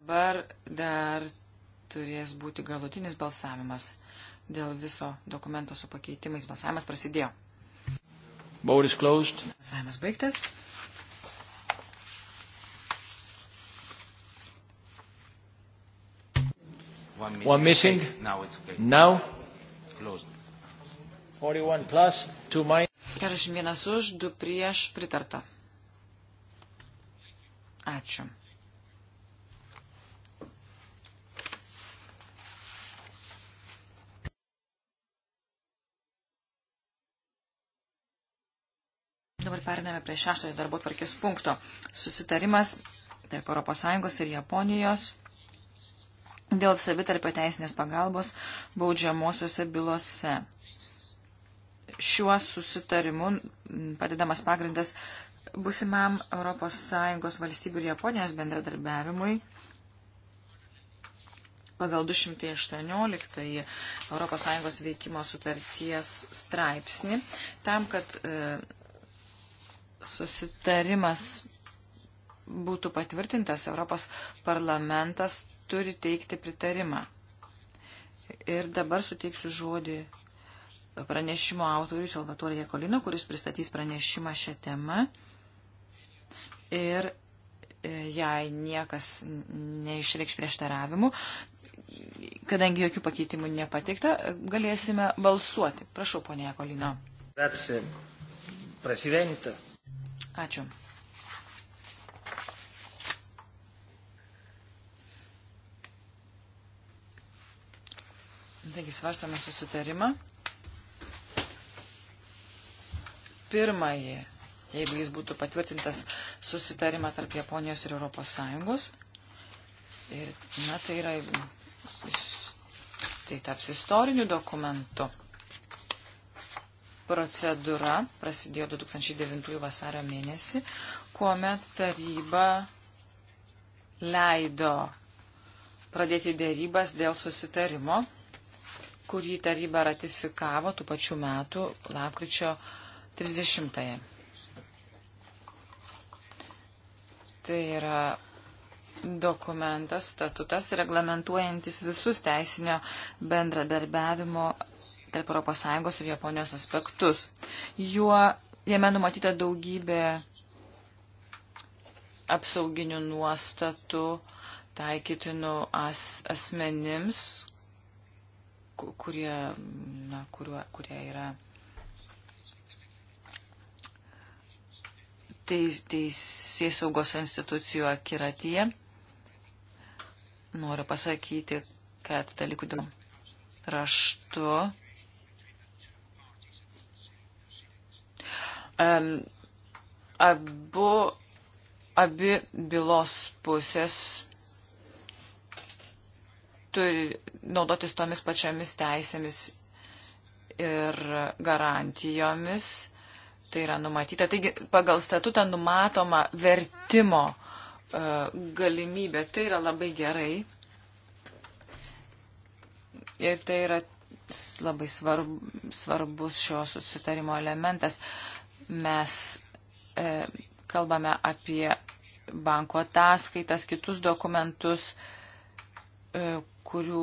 Speaker 1: Dabar dar turės būti galutinis balsavimas. Dėl viso dokumento su pakeitimais balsavimas prasidėjo.
Speaker 2: Vote is closed.
Speaker 1: Balsavimas baigtas.
Speaker 2: One missing. One missing. Now it's okay. Now. Closed.
Speaker 1: 41 plus, 2 minus. 41 už, 2 prieš, pritarta. Ačiū. Dabar periname prie šeštojo darbo tvarkės punkto. Susitarimas tarp ES ir Japonijos dėl savitarpio teisinės pagalbos baudžiamosiuose bylose. Šiuo susitarimu padedamas pagrindas busimam ES valstybių ir Japonijos bendradarbiavimui pagal 218 ES veikimo sutarties straipsnį, tam, kad e, susitarimas būtų patvirtintas, Europos parlamentas turi teikti pritarimą. Ir dabar suteiksiu žodį pranešimo autoriui Salvatore Jekolino, kuris pristatys pranešimą šią temą. Ir e, jei niekas neišreikš prieštaravimų, kadangi jokių pakeitimų nepatikta, galėsime balsuoti. Prašau, ponė Jekolino. Ačiū. Taigi svarstome susitarimą. Pirmąjį, jeigu jis būtų patvirtintas, susitarimą tarp Japonijos ir Europos Sąjungos. Ir, na, tai yra, tai taps istoriniu dokumentu. Procedūra prasidėjo 2009 vasario mėnesį, kuomet taryba leido pradėti dėrybas dėl susitarimo kurį taryba ratifikavo tų pačių metų, lapkričio 30-ąją. Tai yra dokumentas, statutas reglamentuojantis visus teisinio bendradarbiavimo tarp ES ir Japonijos aspektus. Juo, jame numatyta daugybė apsauginių nuostatų taikytinų as, asmenims, kurie, na, kuriuo, kurie yra teis, teisės saugos institucijų akiratyje. Noriu pasakyti, kad dalykų dėl raštu. Um, abu, abi bylos pusės turi naudotis tomis pačiomis teisėmis ir garantijomis. Tai yra numatyta. Taigi pagal statutą numatoma vertimo e, galimybė. Tai yra labai gerai. Ir tai yra labai svarb, svarbus šio susitarimo elementas. Mes e, kalbame apie banko ataskaitas, kitus dokumentus, e, kurių,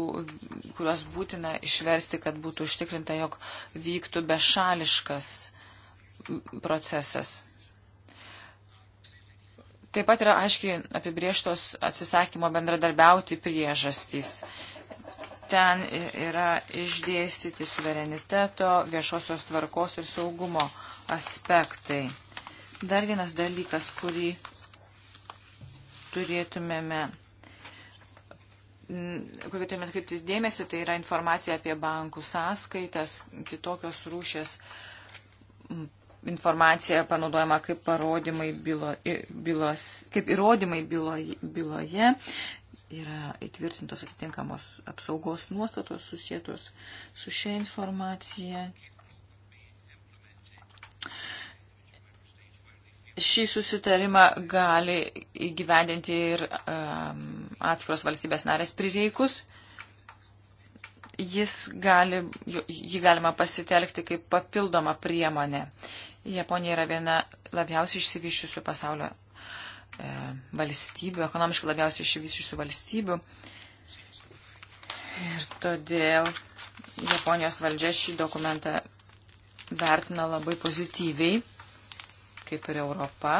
Speaker 1: kuriuos būtina išversti, kad būtų užtikrinta, jog vyktų bešališkas procesas. Taip pat yra aiškiai apibrieštos atsisakymo bendradarbiauti priežastys. Ten yra išdėstyti suvereniteto, viešosios tvarkos ir saugumo aspektai. Dar vienas dalykas, kurį turėtumėme kur turėtume atkreipti dėmesį, tai yra informacija apie bankų sąskaitas, kitokios rūšės informacija panaudojama kaip, bylo, bylos, kaip įrodymai byloje, byloje. Yra įtvirtintos atitinkamos apsaugos nuostatos susijėtos su šia informacija šį susitarimą gali įgyvendinti ir um, atskiros valstybės narės prireikus. Jis gali, jį galima pasitelkti kaip papildomą priemonę. Japonija yra viena labiausiai išsivyščiusių pasaulio e, valstybių, ekonomiškai labiausiai išsivyščiusių valstybių. Ir todėl Japonijos valdžia šį dokumentą vertina labai pozityviai kaip ir Europa,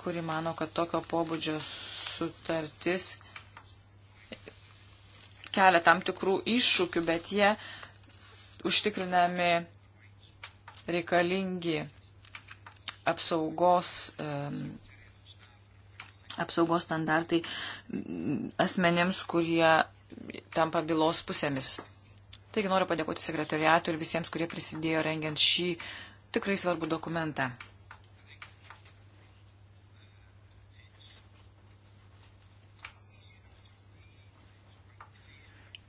Speaker 1: kuri mano, kad tokio pobūdžio sutartis kelia tam tikrų iššūkių, bet jie užtikrinami reikalingi apsaugos, apsaugos standartai asmenėms, kurie tampa bylos pusėmis. Taigi noriu padėkoti sekretariatui ir visiems, kurie prisidėjo rengiant šį tikrai svarbų dokumentą.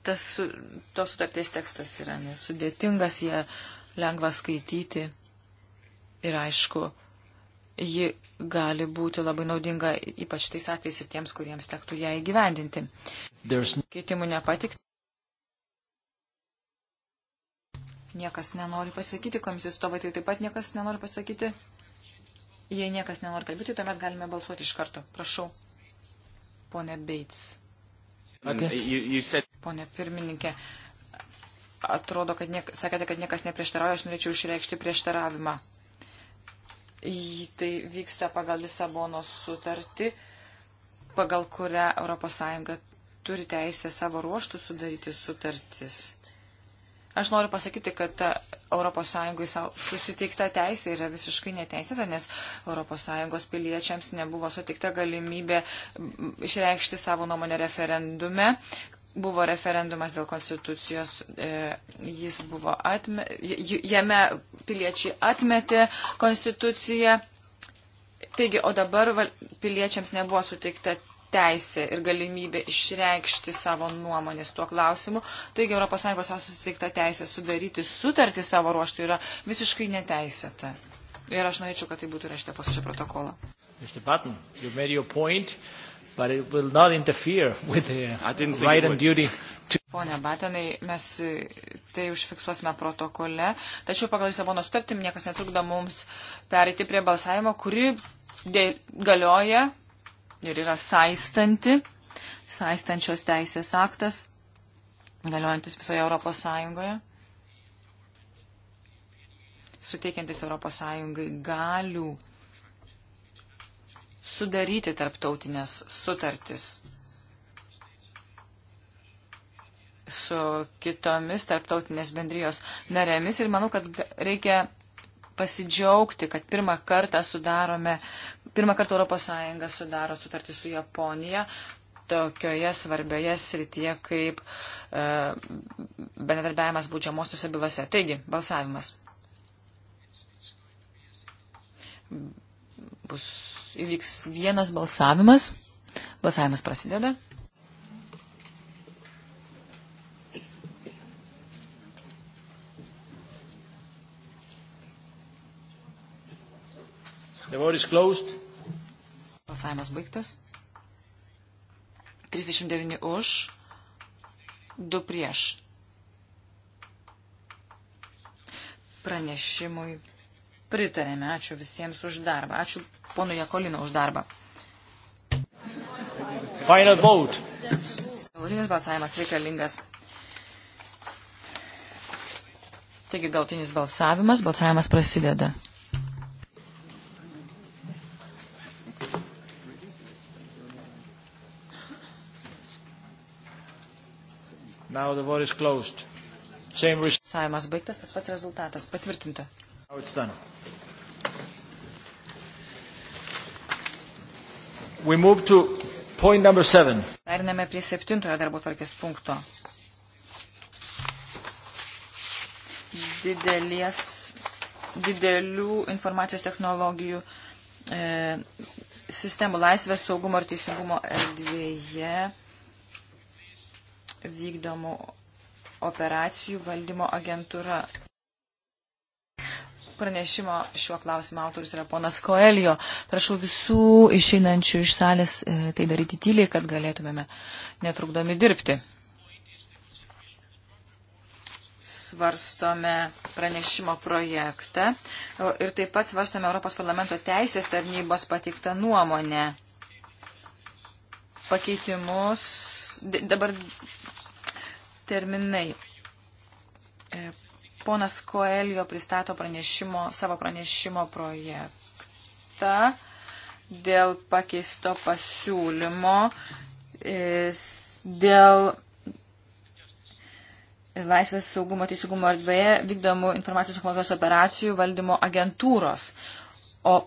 Speaker 1: tas, tos sutarties tekstas yra nesudėtingas, jie lengva skaityti ir aišku, ji gali būti labai naudinga ypač tais atvejais ir tiems, kuriems tektų ją įgyvendinti. There's... Keitimų nepatikti. Niekas nenori pasakyti, komisijos stovai tai taip pat niekas nenori pasakyti. Jei niekas nenori kalbėti, tuomet galime balsuoti iš karto. Prašau, ponė Beits. You, you said ponė pirmininkė. Atrodo, kad niek, sakėte, kad niekas neprieštarauja, aš norėčiau išreikšti prieštaravimą. Į tai vyksta pagal Lisabonos sutartį, pagal kurią ES turi teisę savo ruoštų sudaryti sutartis. Aš noriu pasakyti, kad ta ES susiteikta teisė yra visiškai neteisėta, nes ES piliečiams nebuvo suteikta galimybė išreikšti savo nuomonę referendume, buvo referendumas dėl konstitucijos, e, jis buvo atme, jame piliečiai atmetė konstituciją, taigi, o dabar piliečiams nebuvo suteikta teisė ir galimybė išreikšti savo nuomonės tuo klausimu. Taigi ES susitikta teisė sudaryti sutartį savo ruoštų yra visiškai neteisėta. Ir aš norėčiau, kad tai būtų rašta
Speaker 2: posėdžio protokolo. Mr. Button, you've made your point but it will not interfere with the right and duty. To...
Speaker 1: Pone Batenai, mes e, tai užfiksuosime protokole, tačiau pagal Lisabono sutartim niekas netrukdo mums pereiti prie balsavimo, kuri dė, galioja ir yra saistanti, saistančios teisės aktas, galiojantis visoje Europos Sąjungoje, suteikiantis Europos Sąjungai galių sudaryti tarptautinės sutartis su kitomis tarptautinės bendrijos narėmis ir manau, kad reikia pasidžiaugti, kad pirmą kartą sudarome, pirmą kartą ES sudaro sutartį su Japonija tokioje svarbioje srityje kaip e, bendradarbiavimas būdžiamosiuose bylose. Taigi, balsavimas bus įvyks vienas balsavimas. Balsavimas prasideda. The vote is closed. Balsavimas baigtas. 39 už, 2 prieš. Pranešimui pritarėme. Ačiū visiems už darbą. Ačiū ponu Jakolino už darbą. Final vote. Galutinis balsavimas reikalingas. Taigi gautinis balsavimas, balsavimas prasideda. Now the vote is closed. Same Balsavimas baigtas, tas pats rezultatas. Patvirtinta. Now it's done.
Speaker 2: Periname
Speaker 1: prie septintojo darbo tvarkės punkto. Didelės, didelių informacijos technologijų e, sistemų laisvės saugumo ir teisingumo erdvėje vykdomų operacijų valdymo agentūra. Pranešimo šiuo klausimu autorius yra ponas Koelio. Prašau visų išeinančių iš salės e, tai daryti tyliai, kad galėtumėme netrukdomi dirbti. Svarstome pranešimo projektą ir taip pat svarstome Europos parlamento teisės tarnybos pateiktą nuomonę. Pakeitimus dabar terminai e, Ponas Koelio pristato pranešimo, savo pranešimo projektą dėl pakeisto pasiūlymo, e, dėl Laisvės saugumo teisingumo erdvėje vykdomų informacijos technologijos operacijų valdymo agentūros. O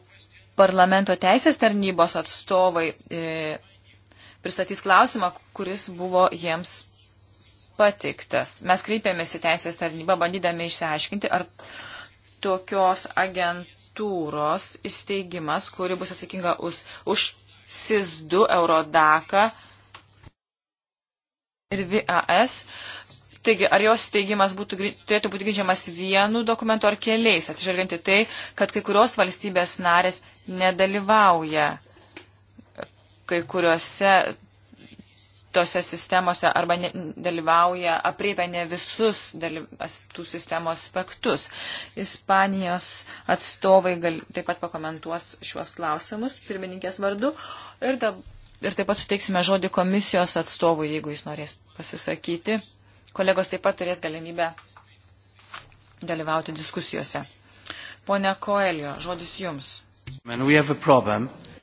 Speaker 1: parlamento teisės tarnybos atstovai e, pristatys klausimą, kuris buvo jiems pateiktas. Mes kreipėmės į teisės tarnybą, bandydami išsiaiškinti, ar tokios agentūros įsteigimas, kuri bus atsakinga už, už SIS2, Eurodaką ir VAS, Taigi, ar jos steigimas būtų, turėtų būti grindžiamas vienu dokumentu ar keliais, atsižvelgiant į tai, kad kai kurios valstybės narės nedalyvauja kai kuriuose tose sistemose arba ne, dalyvauja, apriepia ne visus dalyv, tų sistemos aspektus. Ispanijos atstovai gal, taip pat pakomentuos šiuos klausimus pirmininkės vardu ir, da, ir taip pat suteiksime žodį komisijos atstovui, jeigu jis norės pasisakyti. Kolegos taip pat turės galimybę dalyvauti diskusijose. Pone Koelio, žodis jums.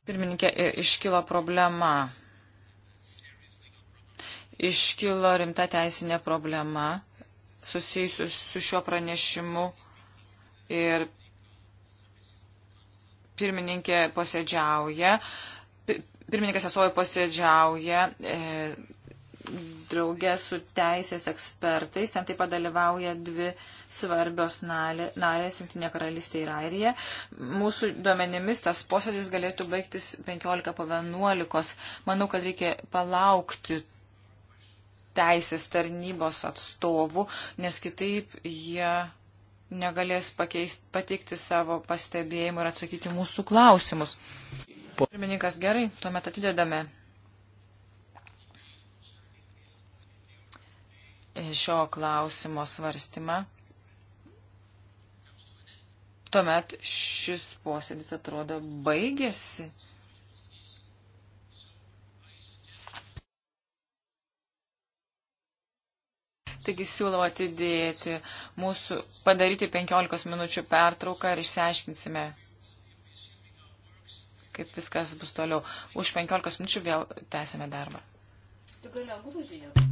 Speaker 1: Pirmininkė, iškilo problema iškilo rimta teisinė problema susijusiu su šiuo pranešimu ir pirmininkė posėdžiauja, pirmininkas esuoju posėdžiauja e, draugė su teisės ekspertais, ten taip pat dalyvauja dvi svarbios narės, Junktinė karalystė ir Airija. Mūsų duomenimis tas posėdis galėtų baigtis 15 po 11. Manau, kad reikia palaukti teisės tarnybos atstovų, nes kitaip jie negalės pakeist, pateikti savo pastebėjimų ir atsakyti mūsų klausimus. Pirmininkas gerai, tuomet atidedame šio klausimo svarstymą. Tuomet šis posėdis atrodo baigėsi. Taigi siūlau atidėti mūsų, padaryti 15 minučių pertrauką ir išsiaiškinsime, kaip viskas bus toliau. Už 15 minučių vėl tęsime darbą.
Speaker 3: Tu gali Gruziją.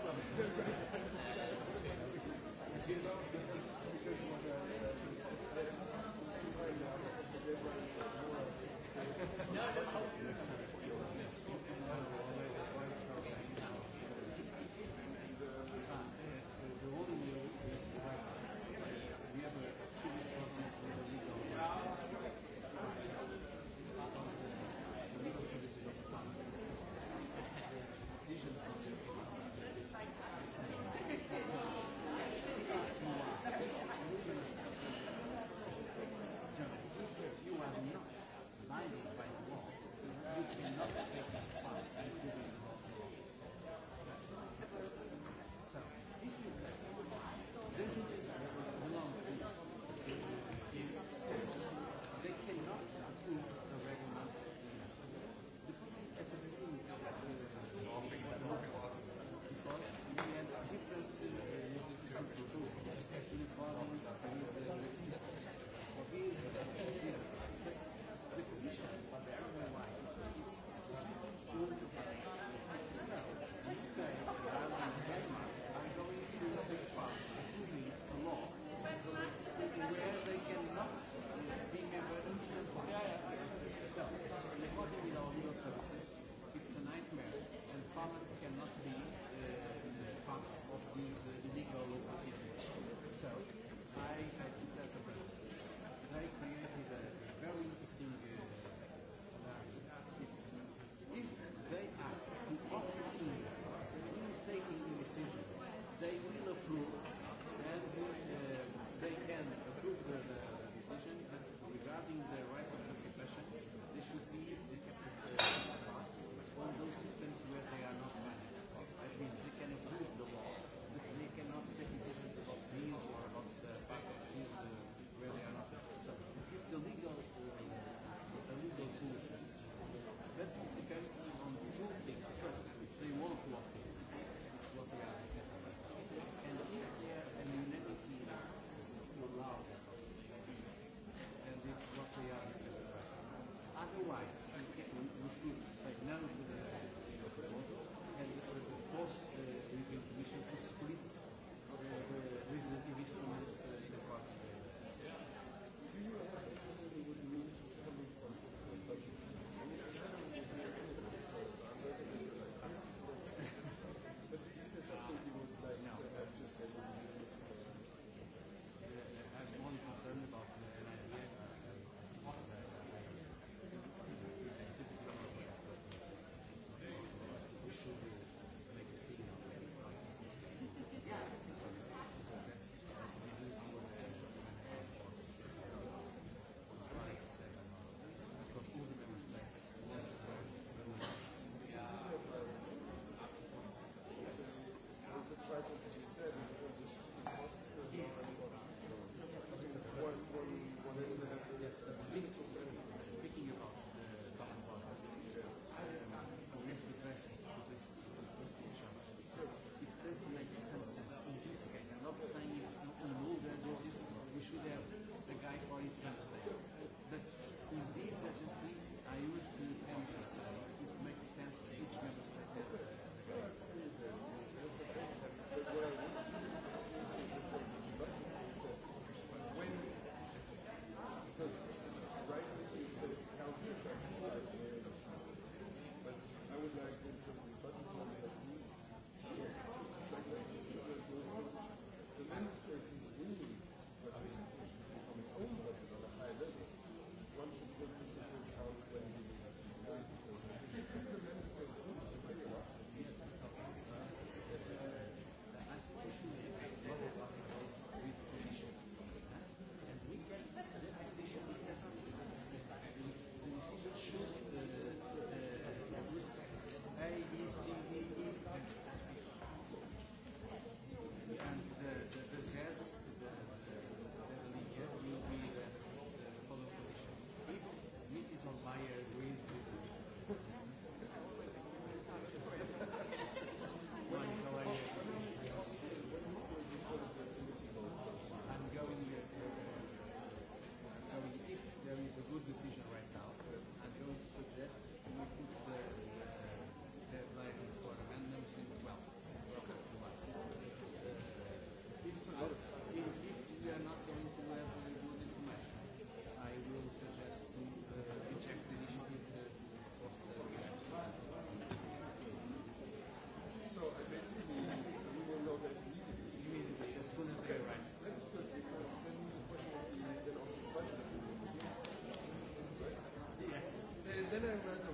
Speaker 2: problem. you know, because you want to, uh, no, no. tener una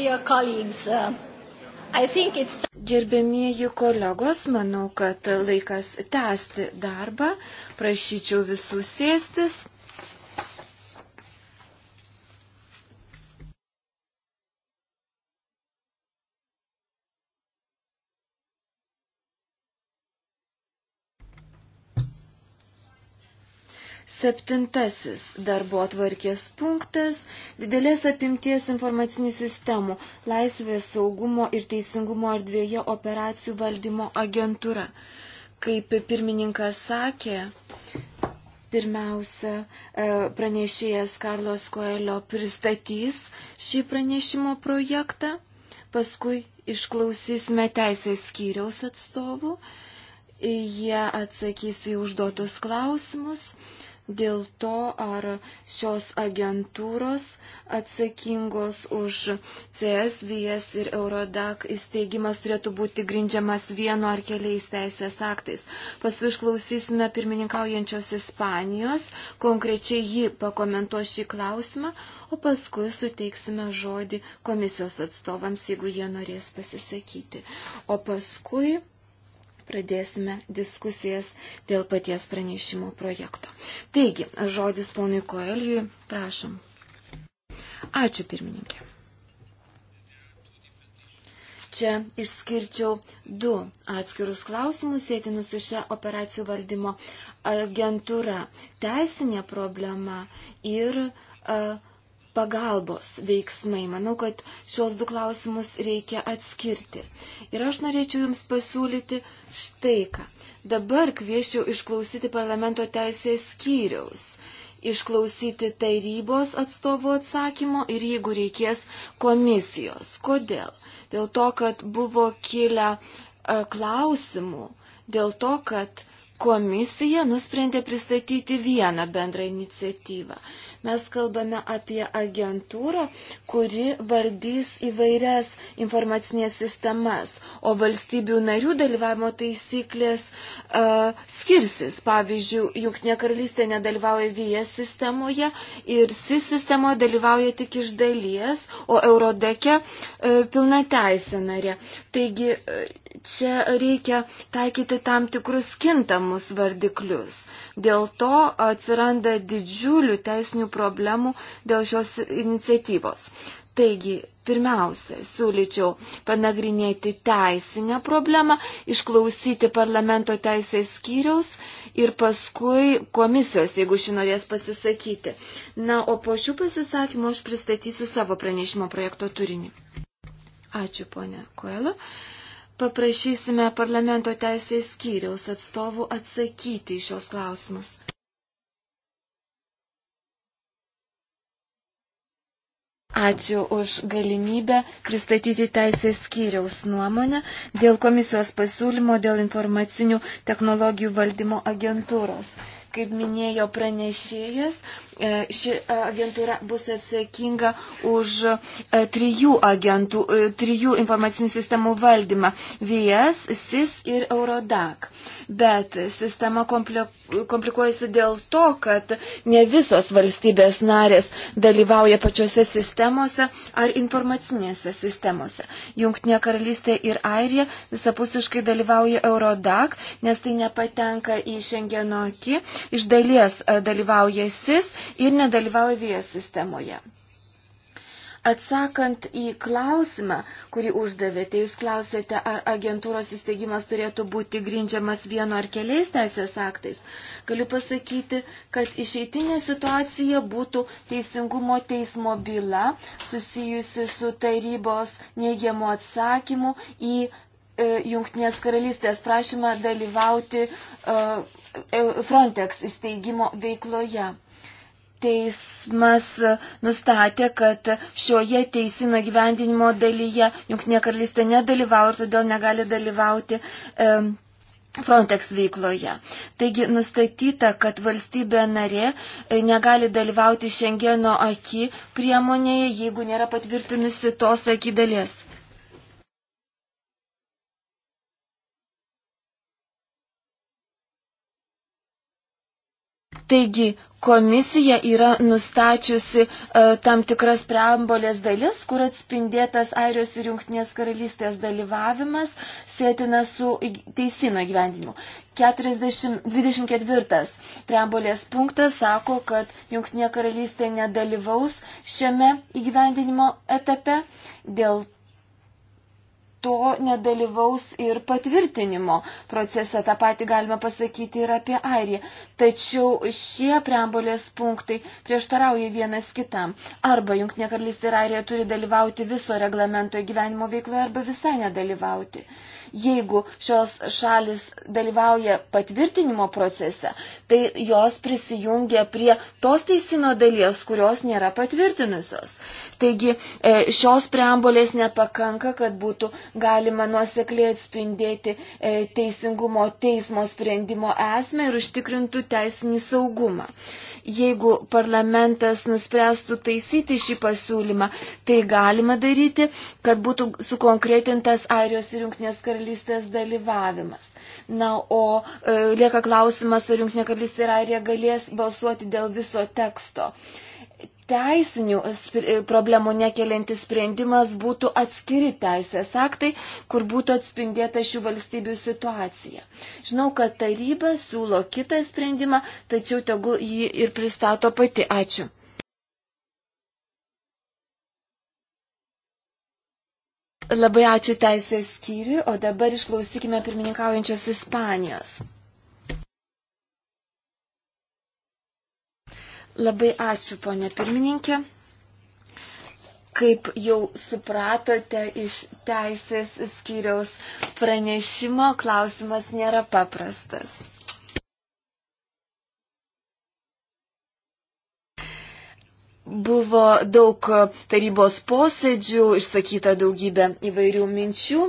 Speaker 4: Uh, Gerbėmieji kolegos, manau, kad laikas tęsti darbą. Prašyčiau visų sėstis. Septintasis darbo atvarkės punktas - didelės apimties informacinių sistemų laisvės saugumo ir teisingumo erdvėje operacijų valdymo agentūra. Kaip pirmininkas sakė, pirmiausia, e, pranešėjas Karlos Koelio pristatys šį pranešimo projektą, paskui išklausysime teisės skyriaus atstovų, jie atsakys į užduotus klausimus dėl to, ar šios agentūros atsakingos už CS, VS ir Eurodac įsteigimas turėtų būti grindžiamas vieno ar keliais teisės aktais. Paskui išklausysime pirmininkaujančios Ispanijos, konkrečiai ji pakomentuos šį klausimą, o paskui suteiksime žodį komisijos atstovams, jeigu jie norės pasisakyti. O paskui pradėsime diskusijas dėl paties pranešimo projekto. Taigi, žodis ponui Koeliui, prašom. Ačiū pirmininkė. Čia išskirčiau du atskirus klausimus sėtinus su šia operacijų valdymo agentūra. Teisinė problema ir uh, pagalbos veiksmai. Manau, kad šios du klausimus reikia atskirti. Ir aš norėčiau Jums pasiūlyti štai ką. Dabar kviečiu išklausyti parlamento teisės skyriaus, išklausyti tarybos atstovo atsakymo ir jeigu reikės komisijos. Kodėl? Dėl to, kad buvo kilę e, klausimų, dėl to, kad komisija nusprendė pristatyti vieną bendrą iniciatyvą. Mes kalbame apie agentūrą, kuri valdys įvairias informacinės sistemas, o valstybių narių dalyvavimo taisyklės uh, skirsis. Pavyzdžiui, Junktinė karalystė nedalyvauja VIES sistemoje ir SIS sistemoje dalyvauja tik iš dalies, o Eurodeke uh, pilna teisė narė. Taigi, uh, čia reikia taikyti tam tikrus kintamus vardiklius. Dėl to atsiranda didžiulių teisinių problemų dėl šios iniciatyvos. Taigi, pirmiausia, siūlyčiau panagrinėti teisinę problemą, išklausyti parlamento teisės skyriaus ir paskui komisijos, jeigu ši norės pasisakyti. Na, o po šių pasisakymų aš pristatysiu savo pranešimo projekto turinį. Ačiū, ponė Koelo. Uh, paprašysime parlamento teisės skyriaus atstovų atsakyti į šios klausimus. Ačiū už galimybę pristatyti teisės skyriaus nuomonę dėl komisijos pasiūlymo dėl informacinių technologijų valdymo agentūros. Kaip minėjo pranešėjas, e, ši agentūra bus atsakinga už e, trijų agentų, e, trijų informacinių sistemų valdymą - VIES, SIS ir Eurodac. Bet sistema komplikuojasi dėl to, kad ne visos valstybės narės dalyvauja pačiose sistemose ar informacinėse sistemose. Junktinė karalystė ir Airija visapusiškai dalyvauja Eurodac, nes tai nepatenka į Šengeno akį iš dalies e, dalyvauja SIS ir nedalyvauja vėjas sistemoje. Atsakant į klausimą, kurį uždavėte, jūs klausėte, ar agentūros įsteigimas turėtų būti grindžiamas vienu ar keliais teisės aktais. Galiu pasakyti, kad išeitinė situacija būtų teisingumo teismo byla susijusi su tarybos neigiamu atsakymu į e, Junktinės karalystės prašymą dalyvauti e, Frontex įsteigimo veikloje. Teismas nustatė, kad šioje teisino gyvendinimo dalyje Junktinė karalystė nedalyvauja ir todėl negali dalyvauti e, Frontex veikloje. Taigi nustatyta, kad valstybė narė e, negali dalyvauti Šengeno aki priemonėje, jeigu nėra patvirtinusi tos aki dalies. Taigi, komisija yra nustačiusi uh, tam tikras preambolės dalis, kur atspindėtas Airijos ir Junktinės karalystės dalyvavimas sėtina su teisino gyvendimu. 40, 24 preambolės punktas sako, kad Junktinė karalystė nedalyvaus šiame įgyvendinimo etape dėl to nedalyvaus ir patvirtinimo procese. Ta pati galima pasakyti ir apie Airiją. Tačiau šie preambulės punktai prieštarauja vienas kitam. Arba Junktinė karalystė ir Airija turi dalyvauti viso reglamento gyvenimo veikloje arba visai nedalyvauti. Jeigu šios šalis dalyvauja patvirtinimo procese, tai jos prisijungia prie tos teisino dalies, kurios nėra patvirtinusios. Taigi e, šios preambulės nepakanka, kad būtų galima nuosekliai atspindėti e, teisingumo teismo sprendimo esmę ir užtikrintų teisinį saugumą. Jeigu parlamentas nuspręstų taisyti šį pasiūlymą, tai galima daryti, kad būtų sukonkretintas Airijos ir Junktinės karalystės dalyvavimas. Na, o e, lieka klausimas, ar Junktinė karalystė ir Airija galės balsuoti dėl viso teksto. E, teisinių e, problemų nekeliantis sprendimas būtų atskiri teisės aktai, kur būtų atspindėta šių valstybių situacija. Žinau, kad taryba siūlo kitą sprendimą, tačiau tegul jį ir pristato pati. Ačiū. Labai ačiū teisės skyriui, o dabar išklausykime pirmininkaujančios Ispanijos. Labai ačiū, ponė pirmininkė. Kaip jau supratote iš teisės skyriaus pranešimo, klausimas nėra paprastas. Buvo daug tarybos posėdžių, išsakyta daugybė įvairių minčių.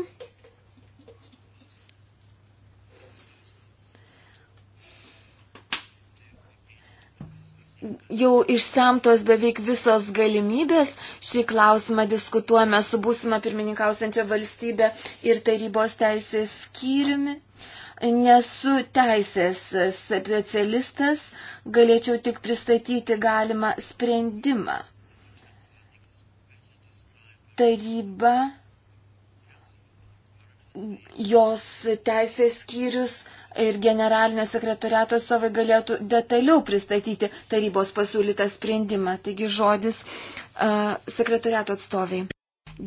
Speaker 4: jau išsemtos beveik visos galimybės. Šį klausimą diskutuojame su būsima pirmininkausiančia valstybė ir tarybos teisės skyriumi. Nesu teisės specialistas, galėčiau tik pristatyti galimą sprendimą. Taryba, jos teisės skyrius ir generalinės sekretoriato atstovai galėtų detaliau pristatyti tarybos pasiūlytą sprendimą. Taigi žodis uh, sekretoriato atstoviai.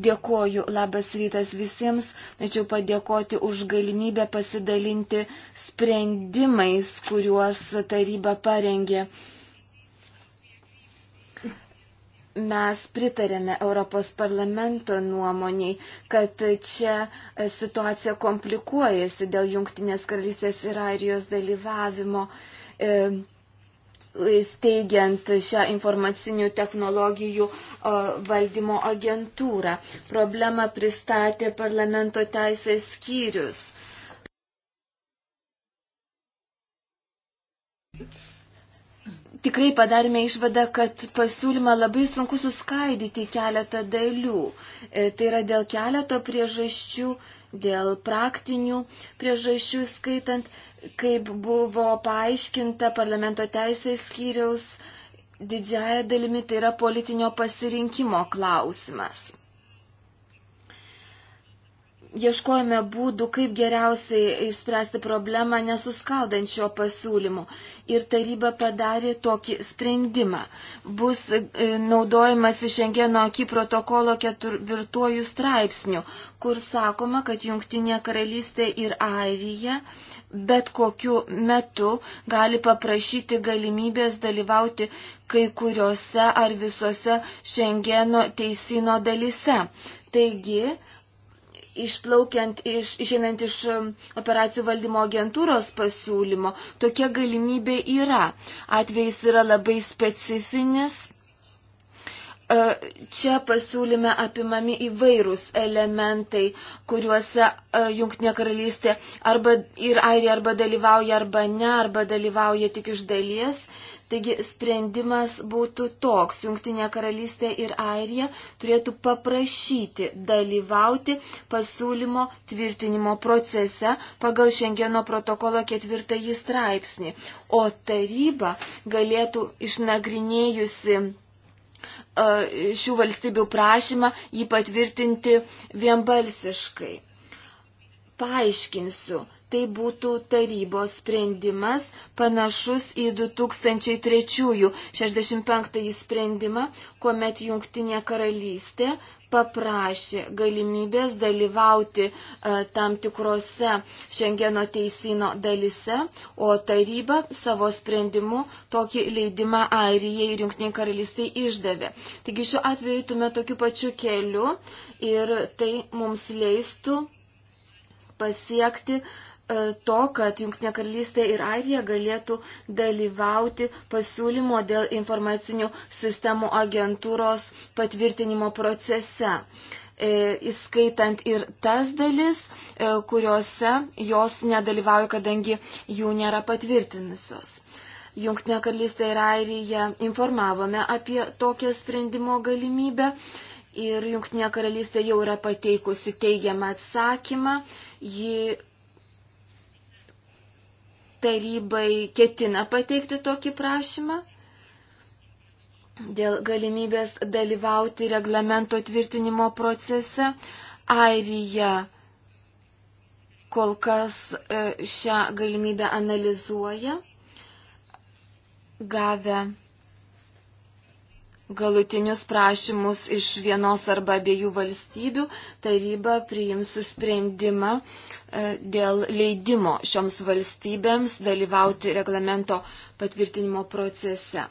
Speaker 4: Dėkoju, labas rytas visiems, tačiau padėkoti už galimybę pasidalinti sprendimais, kuriuos taryba parengė uh, mes pritarėme Europos parlamento nuomoniai, kad čia situacija komplikuojasi dėl Junktinės karalystės ir Airijos dalyvavimo e, steigiant šią informacinių technologijų e, valdymo agentūrą. Problemą pristatė parlamento teisės skyrius tikrai padarėme išvadą, kad pasiūlymą labai sunku suskaidyti į keletą dalių. E, tai yra dėl keleto priežasčių, dėl praktinių priežasčių, skaitant, kaip buvo paaiškinta parlamento teisės skyriaus didžiaja dalimi, tai yra politinio pasirinkimo klausimas ieškojome būdų, kaip geriausiai išspręsti problemą nesuskaldančio pasiūlymu. Ir taryba padarė tokį sprendimą. Bus e, naudojamas iš Engeno akį protokolo ketvirtuoju straipsniu, kur sakoma, kad Junktinė karalystė ir Airija bet kokiu metu gali paprašyti galimybės dalyvauti kai kuriuose ar visose Šengeno teisino dalise. Taigi, išplaukiant iš, išeinant iš um, operacijų valdymo agentūros pasiūlymo, tokia galimybė yra. Atvejs yra labai specifinis. E, čia pasiūlyme apimami įvairūs elementai, kuriuose e, Junktinė karalystė arba ir Airija arba dalyvauja arba ne, arba dalyvauja tik iš dalies. Taigi sprendimas būtų toks. Junktinė karalystė ir Airija turėtų paprašyti dalyvauti pasiūlymo tvirtinimo procese pagal Šengeno protokolo ketvirtąjį straipsnį. O taryba galėtų išnagrinėjusi šių valstybių prašymą jį patvirtinti vienbalsiškai. Paaiškinsiu, tai būtų tarybos sprendimas panašus į 2003-65 sprendimą, kuomet Junktinė karalystė paprašė galimybės dalyvauti e, tam tikrose Šengeno teisino dalise, o taryba savo sprendimu tokį leidimą Airijai ir Junktiniai karalystiai išdavė. Taigi šiuo atveju eitume tokiu pačiu keliu ir tai mums leistų pasiekti E, to, kad Junktinė karalystė ir Airija galėtų dalyvauti pasiūlymo dėl informacinių sistemų agentūros patvirtinimo procese, e, įskaitant ir tas dalis, e, kuriuose jos nedalyvauja, kadangi jų nėra patvirtinusios. Junktinė karalystė ir Airija informavome apie tokią sprendimo galimybę ir Junktinė karalystė jau yra pateikusi teigiamą atsakymą. Ji tarybai ketina pateikti tokį prašymą dėl galimybės dalyvauti reglamento tvirtinimo procese. Airija kol kas e, šią galimybę analizuoja, gavę galutinius prašymus iš vienos arba abiejų valstybių, taryba priims sprendimą e, dėl leidimo šioms valstybėms dalyvauti reglamento patvirtinimo procese.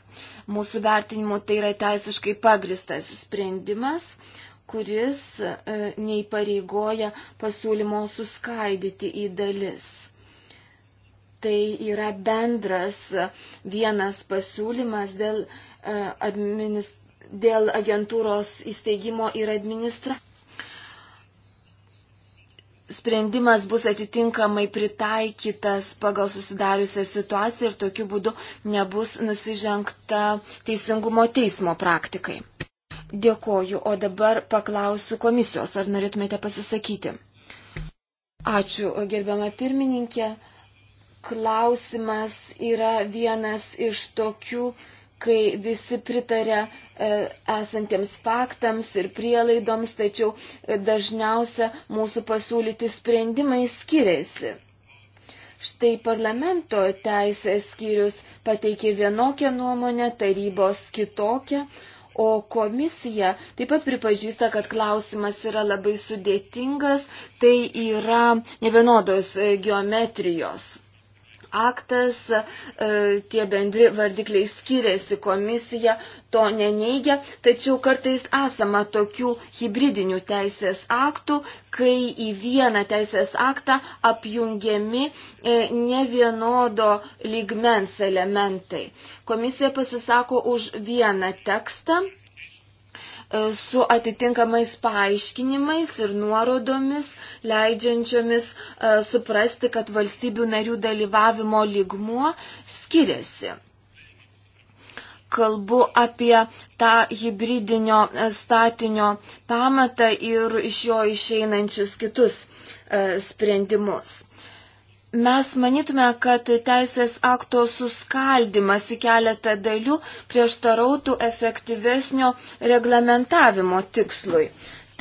Speaker 4: Mūsų vertinimu tai yra teisiškai pagristas sprendimas kuris e, neįpareigoja pasiūlymo suskaidyti į dalis tai yra bendras vienas pasiūlymas dėl E, administ... dėl agentūros įsteigimo ir administra. Sprendimas bus atitinkamai pritaikytas pagal susidariusią situaciją ir tokiu būdu nebus nusižengta teisingumo teismo praktikai. Dėkoju, o dabar paklausiu komisijos, ar norėtumėte pasisakyti. Ačiū, gerbiama pirmininkė klausimas yra vienas iš tokių kai visi pritarė e, esantiems faktams ir prielaidoms, tačiau e, dažniausia mūsų pasiūlyti sprendimai skiriasi. Štai parlamento teisės skyrius pateikė vienokią nuomonę, tarybos kitokią, o komisija taip pat pripažįsta, kad klausimas yra labai sudėtingas, tai yra nevienodos e, geometrijos aktas, e, tie bendri vardikliai skiriasi, komisija to neneigia, tačiau kartais esama tokių hybridinių teisės aktų, kai į vieną teisės aktą apjungiami e, ne vienodo lygmens elementai. Komisija pasisako už vieną tekstą E, su atitinkamais paaiškinimais ir nuorodomis, leidžiančiomis e, suprasti, kad valstybių narių dalyvavimo ligmuo skiriasi. Kalbu apie tą hybridinio e, statinio pamatą ir iš jo išeinančius kitus sprendimus. Mes manytume, kad teisės akto suskaldimas į keletą dalių prieštarautų efektyvesnio reglamentavimo tikslui.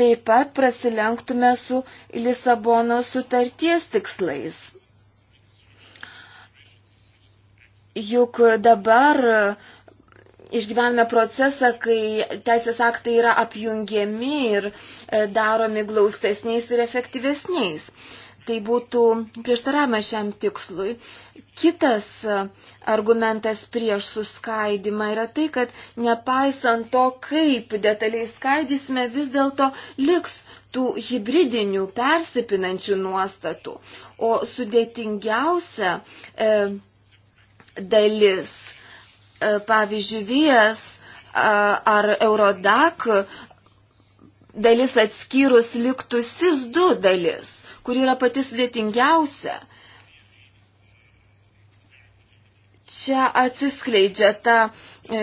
Speaker 4: Taip pat prasilenktume su Lisabono sutarties tikslais. Juk dabar išgyvename procesą, kai teisės aktai yra apjungiami ir e, daromi glaustesniais ir efektyvesniais tai būtų prieštaravimas šiam tikslui. Kitas e, argumentas prieš suskaidimą yra tai, kad nepaisant to, kaip detaliai skaidysime, vis dėlto liks tų hybridinių persipinančių nuostatų. O sudėtingiausia e, dalis, e, pavyzdžiui, vėjas ar Eurodak dalis atskyrus liktų SIS 2 dalis kuri yra pati sudėtingiausia. Čia atsiskleidžia ta e,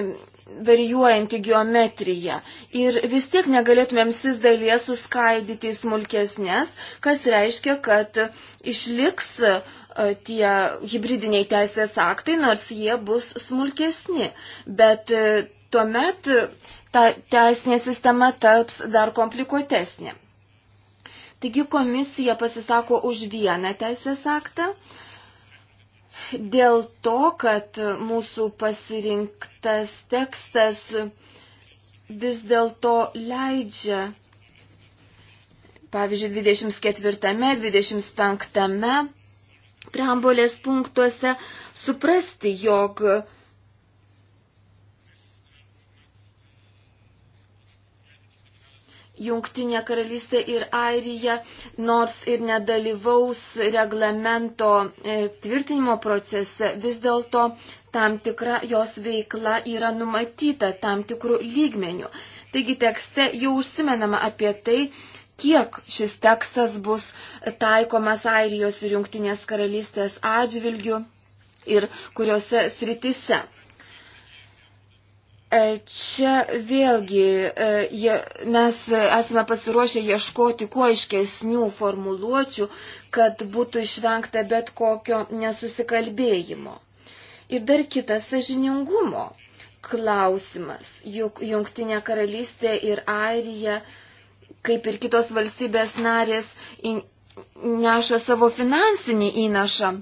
Speaker 4: varijuojanti geometrija. Ir vis tiek negalėtumėm sis dalies suskaidyti į smulkesnės, kas reiškia, kad išliks e, tie hybridiniai teisės aktai, nors jie bus smulkesni. Bet e, tuomet ta teisinė sistema taps dar komplikuotesnė. Taigi komisija pasisako už vieną teisės aktą dėl to, kad mūsų pasirinktas tekstas vis dėlto leidžia, pavyzdžiui, 24, 25 preambulės punktuose suprasti, jog Jungtinė karalystė ir Airija, nors ir nedalyvaus reglamento e, tvirtinimo procese, vis dėlto tam tikra jos veikla yra numatyta tam tikrų lygmenių. Taigi tekste jau užsimenama apie tai, kiek šis tekstas bus taikomas Airijos ir Jungtinės karalystės atžvilgių ir kuriuose sritise. E, čia vėlgi e, mes esame pasiruošę ieškoti kuo iškesnių formuluočių, kad būtų išvengta bet kokio nesusikalbėjimo. Ir dar kitas sažiningumo klausimas. Juk Jungtinė karalystė ir Airija, kaip ir kitos valstybės narės, neša savo finansinį įnašą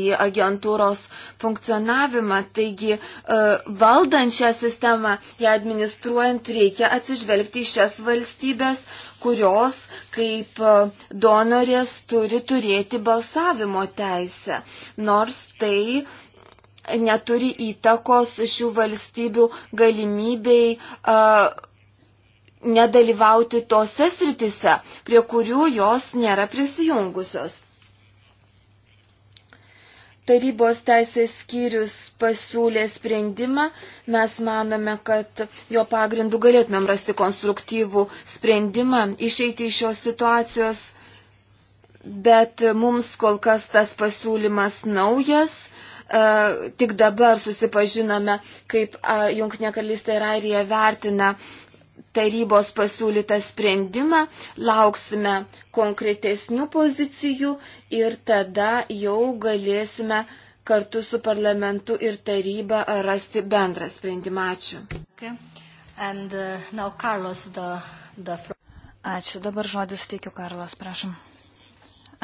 Speaker 4: į agentūros funkcionavimą. Taigi e, valdant šią sistemą, ją administruojant, reikia atsižvelgti į šias valstybės, kurios kaip e, donorės turi turėti balsavimo teisę. Nors tai neturi įtakos šių valstybių galimybei uh, nedalyvauti tose sritise, prie kurių jos nėra prisijungusios. Tarybos teisės skyrius pasiūlė sprendimą, mes manome, kad jo pagrindu galėtumėm rasti konstruktyvų sprendimą, išeiti iš šios situacijos, bet mums kol kas tas pasiūlymas naujas e, tik dabar susipažinome, kaip Junknė karalystė ir Airija vertina tarybos pasiūlytą sprendimą, lauksime konkretesnių pozicijų ir tada jau galėsime kartu su parlamentu ir taryba rasti bendrą sprendimą. Ačiū.
Speaker 3: Okay. And, uh, Carlos, the, the... Ačiū. Dabar žodis teikiu Karlos, prašom.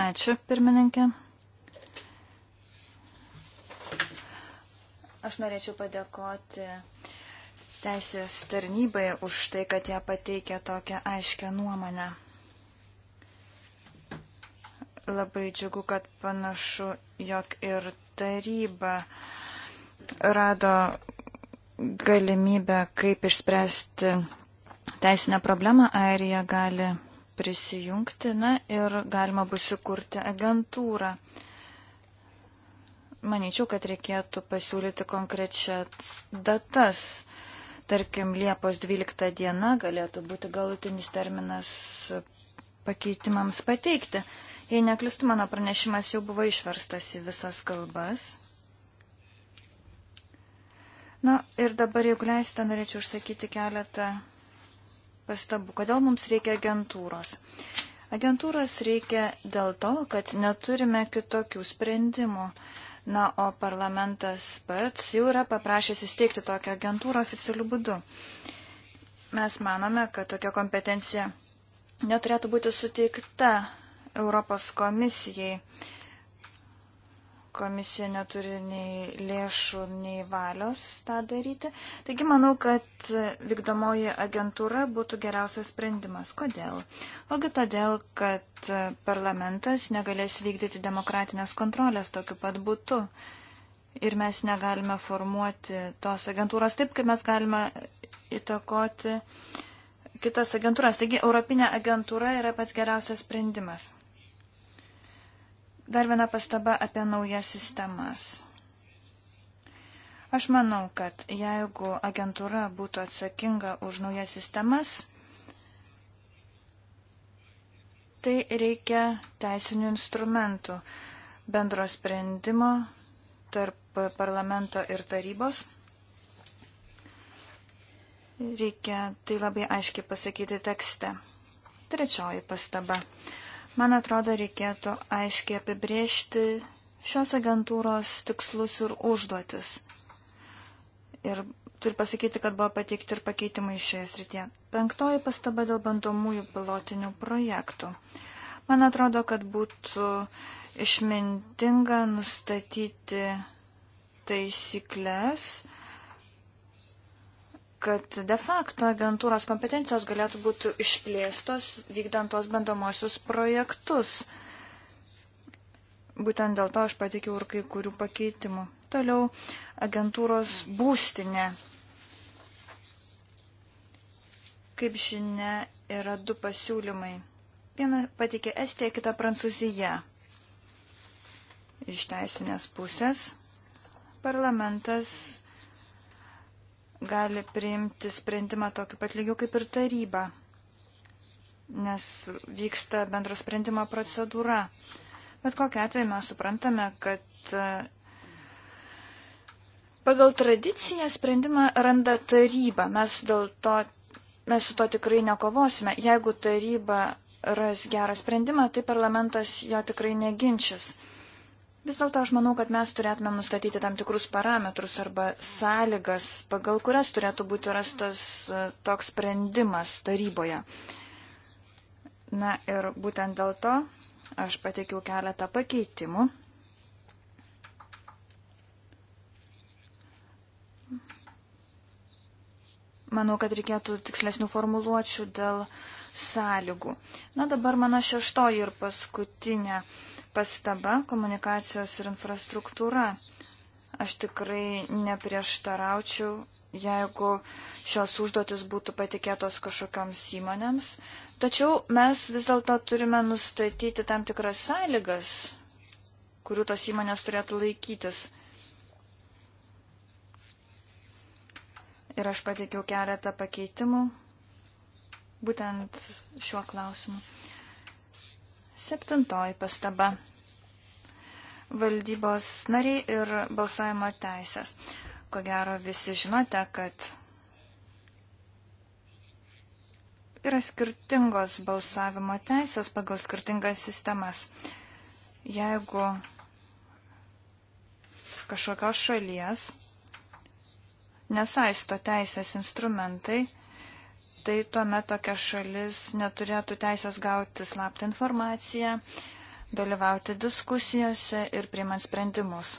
Speaker 3: Ačiū, pirmininkė. Aš norėčiau padėkoti Teisės tarnybai už tai, kad jie pateikė tokią aiškę nuomonę. Labai džiugu, kad panašu, jog ir taryba rado galimybę, kaip išspręsti teisinę problemą. Airija gali prisijungti na, ir galima bus įkurti agentūrą. Maničiau, kad reikėtų pasiūlyti konkrečias datas. Tarkim, Liepos 12 diena galėtų būti galutinis terminas pakeitimams pateikti. Jei neklistu, mano pranešimas jau buvo išverstas į visas kalbas. Na ir dabar, jeigu leisite, norėčiau užsakyti keletą pastabų. Kodėl mums reikia agentūros? Agentūros reikia dėl to, kad neturime kitokių sprendimų. Na, o parlamentas pats jau yra paprašęs įsteigti tokią agentūrą oficialiu būdu. Mes manome, kad tokia kompetencija neturėtų būti suteikta Europos komisijai. Komisija neturi nei lėšų, nei valios tą daryti. Taigi manau, kad vykdomoji agentūra būtų geriausias sprendimas. Kodėl? Ogi todėl, kad parlamentas negalės vykdyti demokratinės kontrolės tokiu pat būtų. Ir mes negalime formuoti tos agentūros taip, kaip mes galime įtakoti uh, kitas agentūras. Taigi, Europinė agentūra yra pats geriausias sprendimas. Dar viena pastaba apie naujas sistemas. Aš manau, kad jeigu agentūra būtų atsakinga už naujas sistemas, tai reikia teisinių instrumentų bendro sprendimo tarp parlamento ir tarybos. Reikia tai labai aiškiai pasakyti tekste. Trečioji pastaba. Man atrodo, reikėtų aiškiai apibriežti šios agentūros tikslus ir užduotis. Ir turiu pasakyti, kad buvo pateikti ir pakeitimai šioje srityje. Penktoji pastaba dėl bandomųjų pilotinių projektų. Man atrodo, kad būtų išmintinga nustatyti taisyklės, kad de facto agentūros kompetencijos galėtų būti išplėstos vykdant tos bandomosius projektus. Būtent dėl to aš patikiau ir kai kurių pakeitimų. Toliau agentūros būstinė. Kaip žinia, yra du pasiūlymai. Vieną patikė Estija, kitą Prancūzija. Iš teisinės pusės parlamentas gali priimti sprendimą tokiu pat lygiu kaip ir taryba, nes vyksta bendro sprendimo procedūra. Bet kokią atveju mes suprantame, kad e, pagal tradiciją sprendimą randa taryba. Mes, to, mes su to tikrai nekovosime. Jeigu taryba ras gerą sprendimą, tai parlamentas jo tikrai neginčis. Vis dėlto aš manau, kad mes turėtume nustatyti tam tikrus parametrus arba sąlygas, pagal kurias turėtų būti rastas e, toks sprendimas taryboje. Na ir būtent dėl to aš pateikiau keletą pakeitimų. Manau, kad reikėtų tikslesnių formuluočių dėl sąlygų. Na dabar mano šeštoji ir paskutinė pastaba komunikacijos ir infrastruktūra. Aš tikrai neprieštaraučiau, jeigu šios užduotis būtų patikėtos kažkokiams įmonėms. Tačiau mes vis dėlto turime nustatyti tam tikras sąlygas, kurių tos įmonės turėtų laikytis. Ir aš pateikiau keletą pakeitimų būtent šiuo klausimu. Septintoji pastaba valdybos nariai ir balsavimo teisės. Ko gero visi žinote, kad yra skirtingos balsavimo teisės pagal skirtingas sistemas. Jeigu kažkokios šalies nesaisto teisės instrumentai, tai tuomet tokia šalis neturėtų teisės gauti slaptą informaciją, dalyvauti diskusijose ir priimant sprendimus.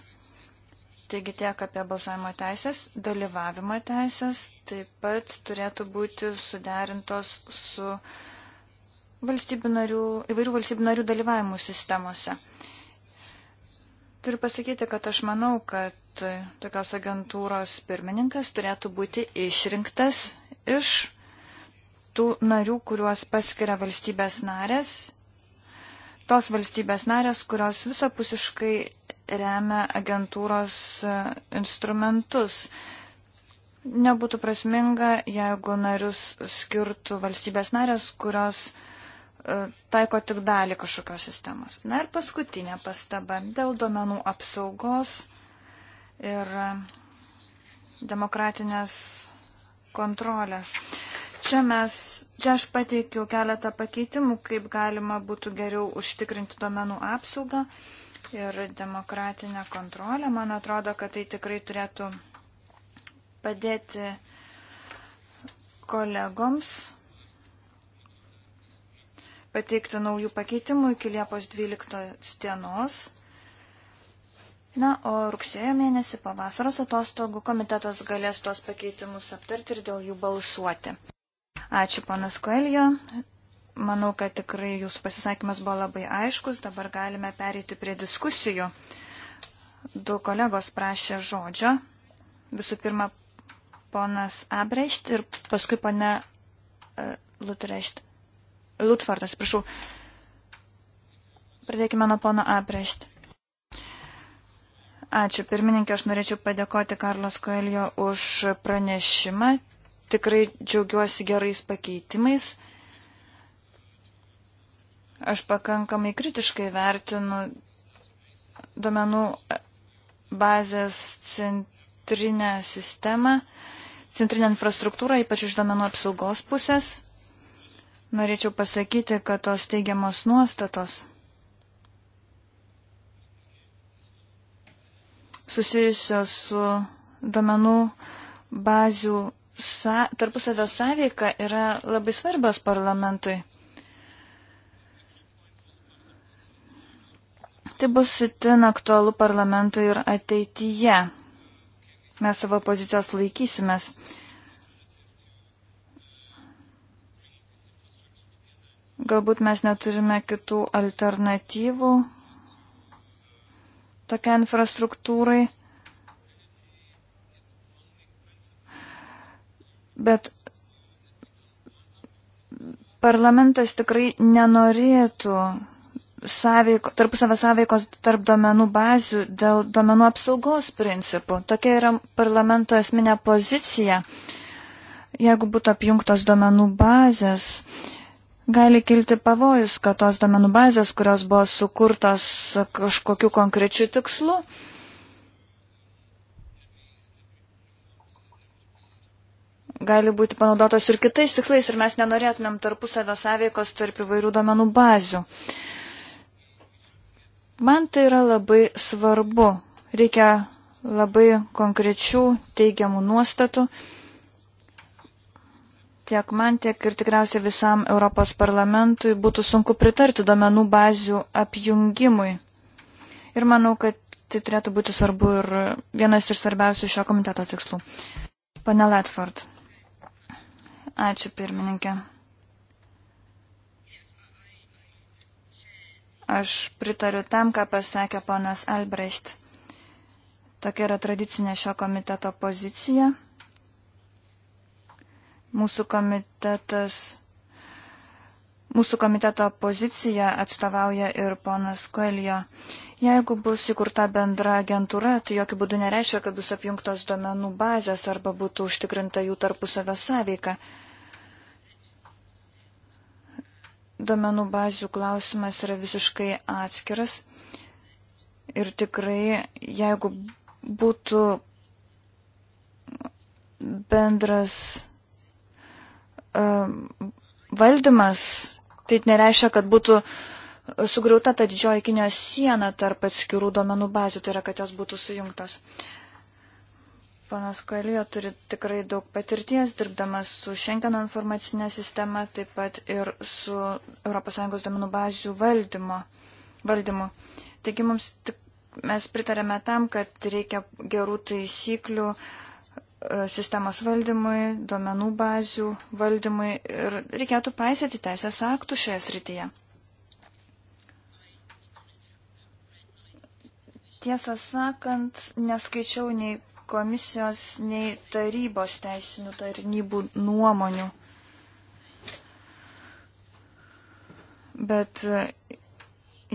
Speaker 3: Taigi tiek apie balsavimo teisės, dalyvavimo teisės taip pat turėtų būti suderintos su valstybių narių, įvairių valstybių narių dalyvavimų sistemose. Turiu pasakyti, kad aš manau, kad tokios agentūros pirmininkas turėtų būti išrinktas iš tų narių, kuriuos paskiria valstybės narės tos valstybės narės, kurios visapusiškai remia agentūros e, instrumentus. Nebūtų prasminga, jeigu narius skirtų valstybės narės, kurios e, taiko tik dalį kažkokios sistemos. Na ir paskutinė pastaba dėl domenų apsaugos ir e, demokratinės kontrolės. Uh, Čia, mes, čia aš pateikiau keletą pakeitimų, kaip galima būtų geriau užtikrinti duomenų apsaugą ir demokratinę kontrolę. Man atrodo, kad tai tikrai turėtų padėti kolegoms pateikti naujų pakeitimų iki Liepos 12 dienos. Na, o rugsėjo mėnesį pavasaros atostogų komitetas galės tos pakeitimus aptarti ir dėl jų balsuoti. Ačiū, ponas Koelio. Manau, kad tikrai jūsų pasisakymas buvo labai aiškus. Dabar galime pereiti prie diskusijų. Du kolegos prašė žodžio. Visų pirma, ponas Abrecht ir paskui pone e, Lutrecht. Lutvardas, prašau. Pradėkime nuo pono Abrecht. Ačiū pirmininkė, aš norėčiau padėkoti Karlos Koelio už pranešimą tikrai džiaugiuosi gerais pakeitimais. Aš pakankamai kritiškai vertinu domenų bazės centrinę sistemą, centrinę infrastruktūrą, ypač iš domenų apsaugos pusės. Norėčiau pasakyti, kad tos teigiamos nuostatos susijusios su domenų bazių sa, tarpusavio sąveika yra labai svarbios parlamentui. Tai bus itin aktualu parlamentui ir ateityje. Mes savo pozicijos laikysimės. Galbūt mes neturime kitų alternatyvų tokia infrastruktūrai. bet parlamentas tikrai nenorėtų sąveiko, tarpusavę sąveikos tarp domenų bazių dėl domenų apsaugos principų. Tokia yra parlamento esminė pozicija. Jeigu būtų apjungtos domenų bazės, gali kilti pavojus, kad tos domenų bazės, kurios buvo sukurtos kažkokiu konkrečiu tikslu, gali būti panaudotos ir kitais tikslais ir mes nenorėtumėm tarpusavio sąveikos tarp įvairių domenų bazių. Man tai yra labai svarbu. Reikia labai konkrečių teigiamų nuostatų tiek man, tiek ir tikriausiai visam Europos parlamentui būtų sunku pritarti domenų bazių apjungimui. Ir manau, kad tai turėtų būti svarbu ir vienas iš svarbiausių šio komiteto tikslų. Pane Ledford. Ačiū pirmininkė. Aš pritariu tam, ką pasakė ponas Albrecht. Tokia yra tradicinė šio komiteto pozicija. Mūsų komitetas. Mūsų komiteto poziciją atstovauja ir ponas Koelio. Jeigu bus įkurta bendra agentūra, tai jokių būdų nereiškia, kad bus apjungtos duomenų bazės arba būtų užtikrinta jų tarpusavio sąveika. Domenų bazių klausimas yra visiškai atskiras ir tikrai, jeigu būtų bendras e, valdymas, tai nereiškia, kad būtų sugriauta ta didžioji Kinijos siena tarp atskirų duomenų bazių, tai yra, kad jos būtų sujungtos. Uh, Panas Koelija turi tikrai daug patirties, dirbdamas su Schengeno informacinė sistema, taip pat ir su ES domenų bazių valdymo, valdymu. Taigi mums, tik, mes pritarėme tam, kad reikia gerų taisyklių e, sistemos valdymui, domenų bazių valdymui ir reikėtų paisyti teisės aktų šioje srityje. Tiesą sakant, neskaičiau nei komisijos, nei tarybos teisinių tarnybų nuomonių. Bet e,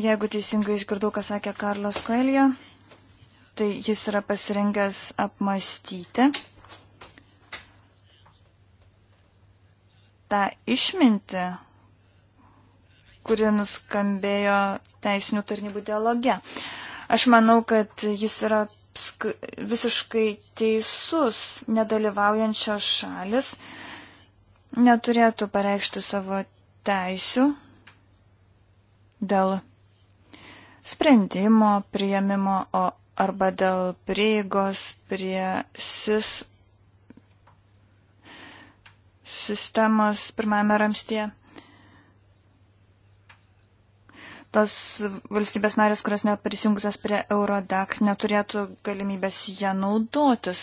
Speaker 3: jeigu teisingai išgirdau, ką sakė Karlos Koelija, tai jis yra pasirengęs apmastyti tą išmintį, kuri nuskambėjo teisinių tarnybų dialoge. Aš manau, kad jis yra visiškai teisus, nedalyvaujančios šalis neturėtų pareikšti savo teisių dėl sprendimo priėmimo o, arba dėl prieigos prie SIS sistemos pirmame ramstie. tos valstybės narės, kurios net prisijungusios prie Eurodac, neturėtų galimybės ją naudotis.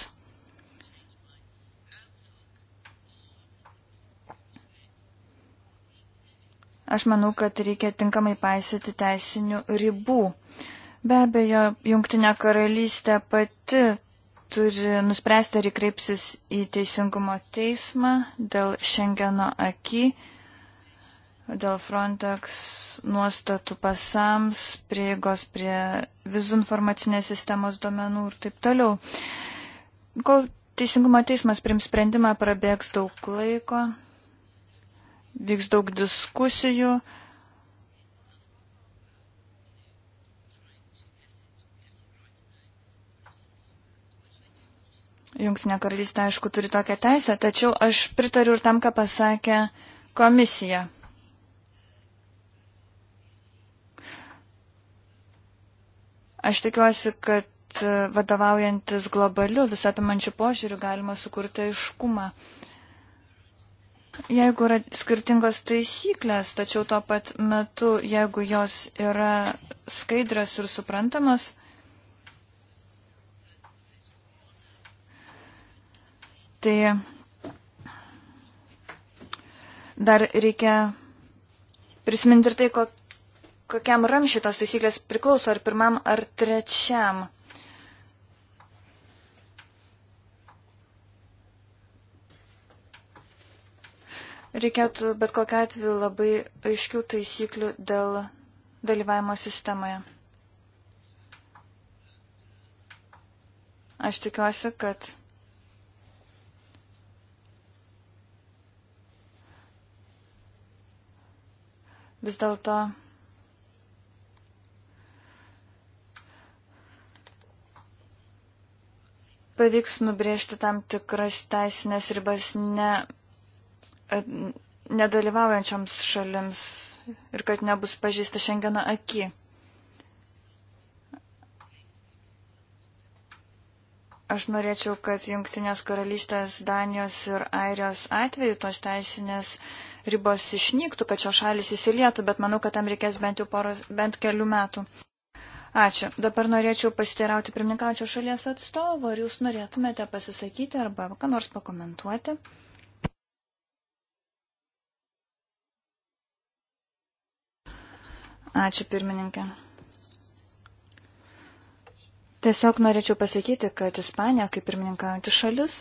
Speaker 3: Aš manau, kad reikia tinkamai paisyti teisinių ribų. Be abejo, Junktinė karalystė pati turi nuspręsti, ar kreipsis į Teisingumo teismą dėl Šengeno akį dėl Frontex nuostatų pasams, prieigos prie vizų informacinės sistemos duomenų ir taip toliau. Kol Teisingumo teismas prims sprendimą, prabėgs daug laiko, vyks daug diskusijų. Jungtinė karalystė, aišku, turi tokią teisę, tačiau aš pritariu ir tam, ką pasakė komisija. Aš tikiuosi, kad e, vadovaujantis globaliu visapimančiu požiūriu galima sukurti aiškumą. Jeigu yra skirtingos taisyklės, tačiau tuo pat metu, jeigu jos yra skaidrios ir suprantamas, tai dar reikia prisiminti ir tai, kokia kokiam ramšitos taisyklės priklauso, ar pirmam, ar trečiam. Reikėtų bet kokiu atveju labai aiškių taisyklių dėl dalyvavimo sistemoje. Aš tikiuosi, kad vis dėlto pavyks nubrėžti tam tikras teisinės ribas ne, nedalyvaujančioms šalims ir kad nebus pažįsta šiandieną aki. Aš norėčiau, kad Junktinės karalystės, Danijos ir Airijos atveju tos teisinės ribos išnyktų, kad šios šalis įsilietų, bet manau, kad tam reikės bent jau poros, bent kelių metų. Ačiū. Dabar norėčiau pasiteirauti pirmininkaučio šalies atstovo, ar jūs norėtumėte pasisakyti arba ką nors pakomentuoti. Ačiū pirmininkė. Tiesiog norėčiau pasakyti, kad Ispanija, kaip pirmininkaujanti šalis,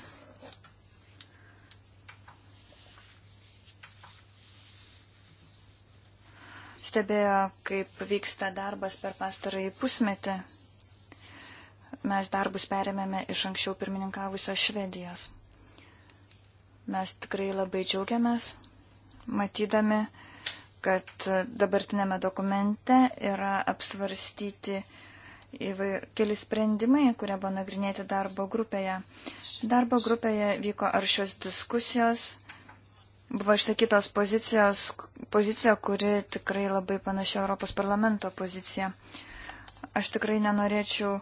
Speaker 3: stebėjo, kaip vyksta darbas per pastarąjį pusmetį. Mes darbus perėmėme iš anksčiau pirmininkavusios Švedijos. Mes tikrai labai džiaugiamės, matydami, kad dabartinėme dokumente yra apsvarstyti įvair, keli sprendimai, kurie buvo nagrinėti darbo grupėje. Darbo grupėje vyko aršios diskusijos buvo išsakytos pozicijos, pozicija, kuri tikrai labai panašia Europos parlamento pozicija. Aš tikrai nenorėčiau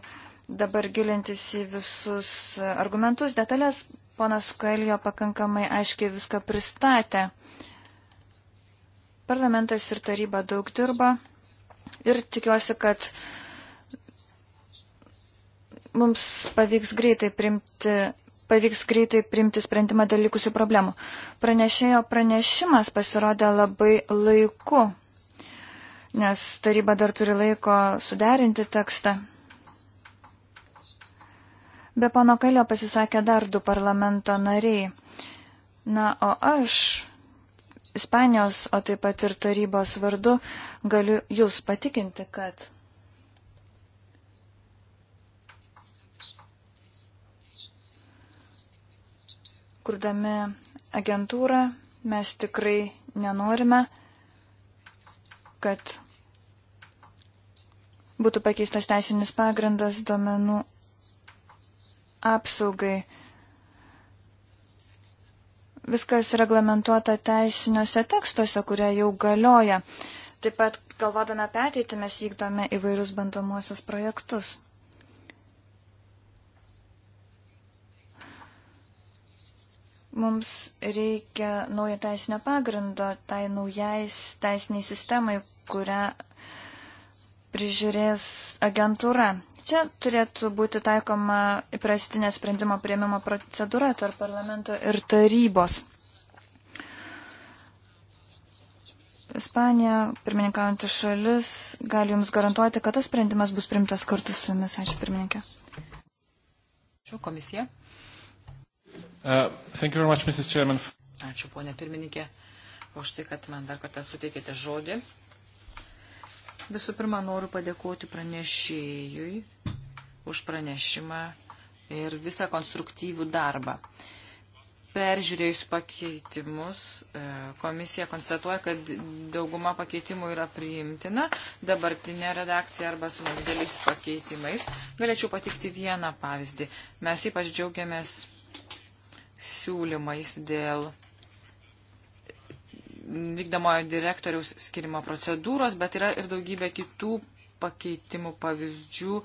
Speaker 3: dabar gilintis į visus argumentus, detalės. Ponas Koelio pakankamai aiškiai viską pristatė. Parlamentas ir taryba daug dirba ir tikiuosi, kad mums pavyks greitai primti pavyks greitai priimti sprendimą dėl likusių problemų. Pranešėjo pranešimas pasirodė labai laiku, nes taryba dar turi laiko suderinti tekstą. Be pono Kalio pasisakė dar du parlamento nariai. Na, o aš Ispanijos, o taip pat ir tarybos vardu galiu jūs patikinti, kad kurdami agentūrą mes tikrai nenorime, kad būtų pakeistas teisinis pagrindas duomenų apsaugai. Viskas reglamentuota teisiniuose tekstuose, kurie jau galioja. Taip pat, galvodami apie ateitį, mes vykdome įvairius bandomuosius projektus. Mums reikia naujo teisinio pagrindo tai naujais teisiniai sistemai, kurią prižiūrės agentūra. Čia turėtų būti taikoma įprastinė sprendimo prieimimo procedūra tarp parlamento ir tarybos. Ispanija, pirmininkaujantį šalis, gali Jums garantuoti, kad tas sprendimas bus primtas kartu su Jumis. Ačiū, pirmininkė.
Speaker 1: Ačiū, komisija.
Speaker 2: Uh, thank you very much, Mrs. Chairman.
Speaker 1: Ačiū, ponė pirmininkė, už tai, kad man dar kartą suteikėte žodį. Visų pirma, noriu padėkoti pranešėjui už pranešimą ir visą konstruktyvų darbą. Peržiūrėjus pakeitimus, e, komisija konstatuoja, kad dauguma pakeitimų yra priimtina, dabartinė redakcija arba su nedideliais pakeitimais. Galėčiau patikti vieną pavyzdį. Mes ypač džiaugiamės siūlymais dėl vykdomojo direktoriaus skirimo procedūros, bet yra ir daugybė kitų pakeitimų pavyzdžių,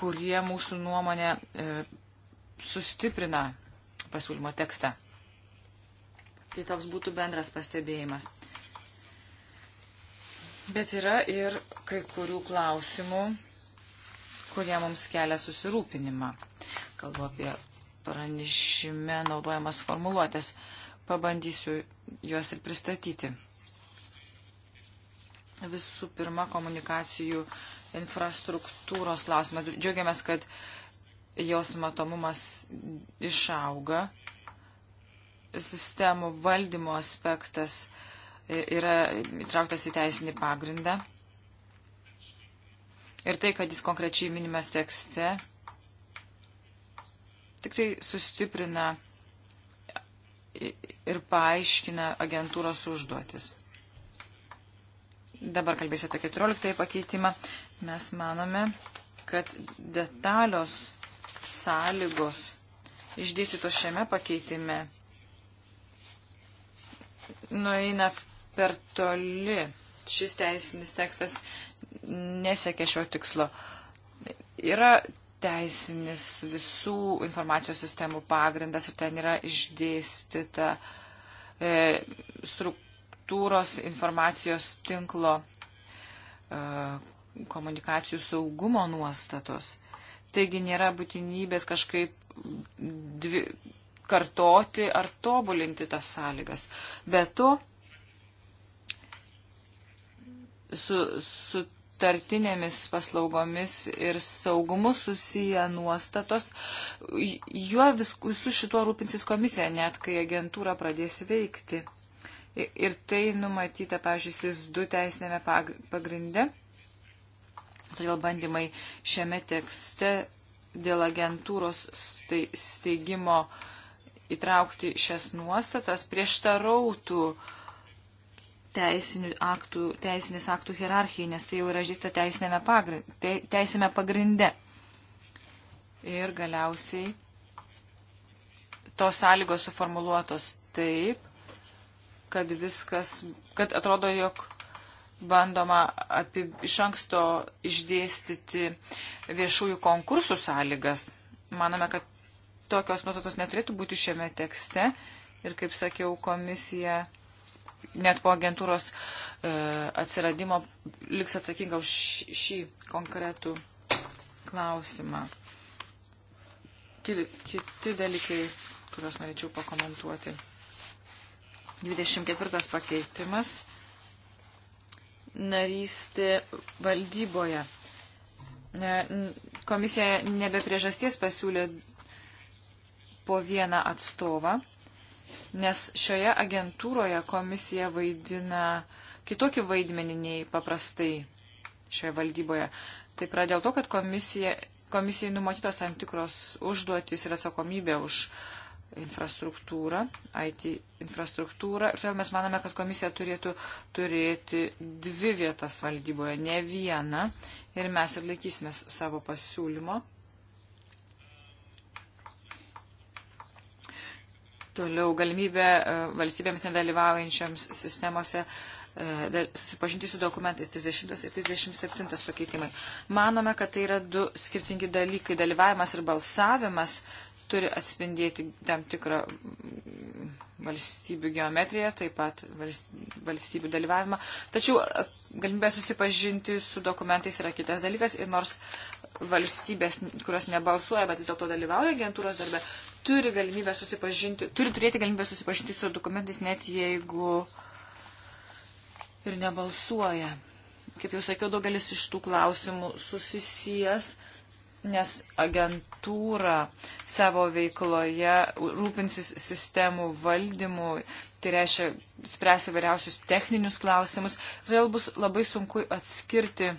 Speaker 1: kurie mūsų nuomonė e, sustiprina pasiūlymo tekstą. Tai toks būtų bendras pastebėjimas. Bet yra ir kai kurių klausimų, kurie mums kelia susirūpinimą. Kalbu apie pranešime naudojamas formuluotės. Pabandysiu juos ir pristatyti. Visų pirma, komunikacijų infrastruktūros klausimas. Džiaugiamės, kad jos matomumas išauga. Sistemų valdymo aspektas yra įtrauktas į teisinį pagrindą. Ir tai, kad jis konkrečiai minimas tekste, tik tai sustiprina ir paaiškina agentūros užduotis. Dabar kalbėsiu apie 14 pakeitimą. Mes manome, kad detalios sąlygos išdėstytos šiame pakeitime nueina per toli. Šis teisinis tekstas nesiekia šio tikslo. Yra teisinis visų informacijos sistemų pagrindas ir ten yra išdėstyta e, struktūros informacijos tinklo e, komunikacijų saugumo nuostatos. Taigi nėra būtinybės kažkaip dvi, kartoti ar tobulinti tas sąlygas. Be to, su, su sutartinėmis paslaugomis ir saugumu susiję nuostatos, juo vis, su šituo rūpinsis komisija, net kai agentūra pradės veikti. Ir tai numatyta, pažiūrėjus, du teisinėme pagrinde. Todėl bandymai šiame tekste dėl agentūros steigimo įtraukti šias nuostatas prieštarautų uh, aktų, teisinės aktų hierarchijai, nes tai jau yra žista teisinėme, pagri, te, teisinėme pagrinde. Ir galiausiai tos sąlygos suformuluotos taip, kad viskas, kad atrodo, jog bandoma api, iš anksto išdėstyti viešųjų konkursų sąlygas. Manome, kad tokios nuotatos neturėtų būti šiame tekste. Ir kaip sakiau, komisija net po agentūros e, atsiradimo liks atsakinga už šį konkretų klausimą. Kiti dalykai, kuriuos norėčiau pakomentuoti. 24 pakeitimas. Narystė valdyboje. Komisija nebe priežasties pasiūlė po vieną atstovą nes šioje agentūroje komisija vaidina kitokį vaidmenį nei paprastai šioje valdyboje. Taip yra dėl to, kad komisija, komisijai numatytos tam tikros užduotis ir atsakomybė už infrastruktūrą, IT infrastruktūrą. Ir todėl mes manome, kad komisija turėtų turėti dvi vietas valdyboje, ne vieną. Ir mes ir laikysimės savo pasiūlymo Toliau galimybė e, valstybėms nedalyvaujančiams sistemose e, susipažinti su dokumentais 30 ir 37 pakeitimai. Manome, kad tai yra du skirtingi dalykai. Dalyvavimas ir balsavimas turi atspindėti tam tikrą mm, valstybių geometriją, taip pat valstybių dalyvavimą. Tačiau e, galimybė susipažinti su dokumentais yra kitas dalykas ir nors valstybės, kurios nebalsuoja, bet vis dėlto dalyvauja agentūros darbe, turi galimybę susipažinti, turi turėti galimybę susipažinti su dokumentais, net jeigu ir nebalsuoja. Kaip jau sakiau, daugelis iš tų klausimų susisijęs, nes agentūra savo veikloje rūpinsis sistemų valdymu, tai reiškia spręs įvairiausius techninius klausimus, vėl bus labai sunku atskirti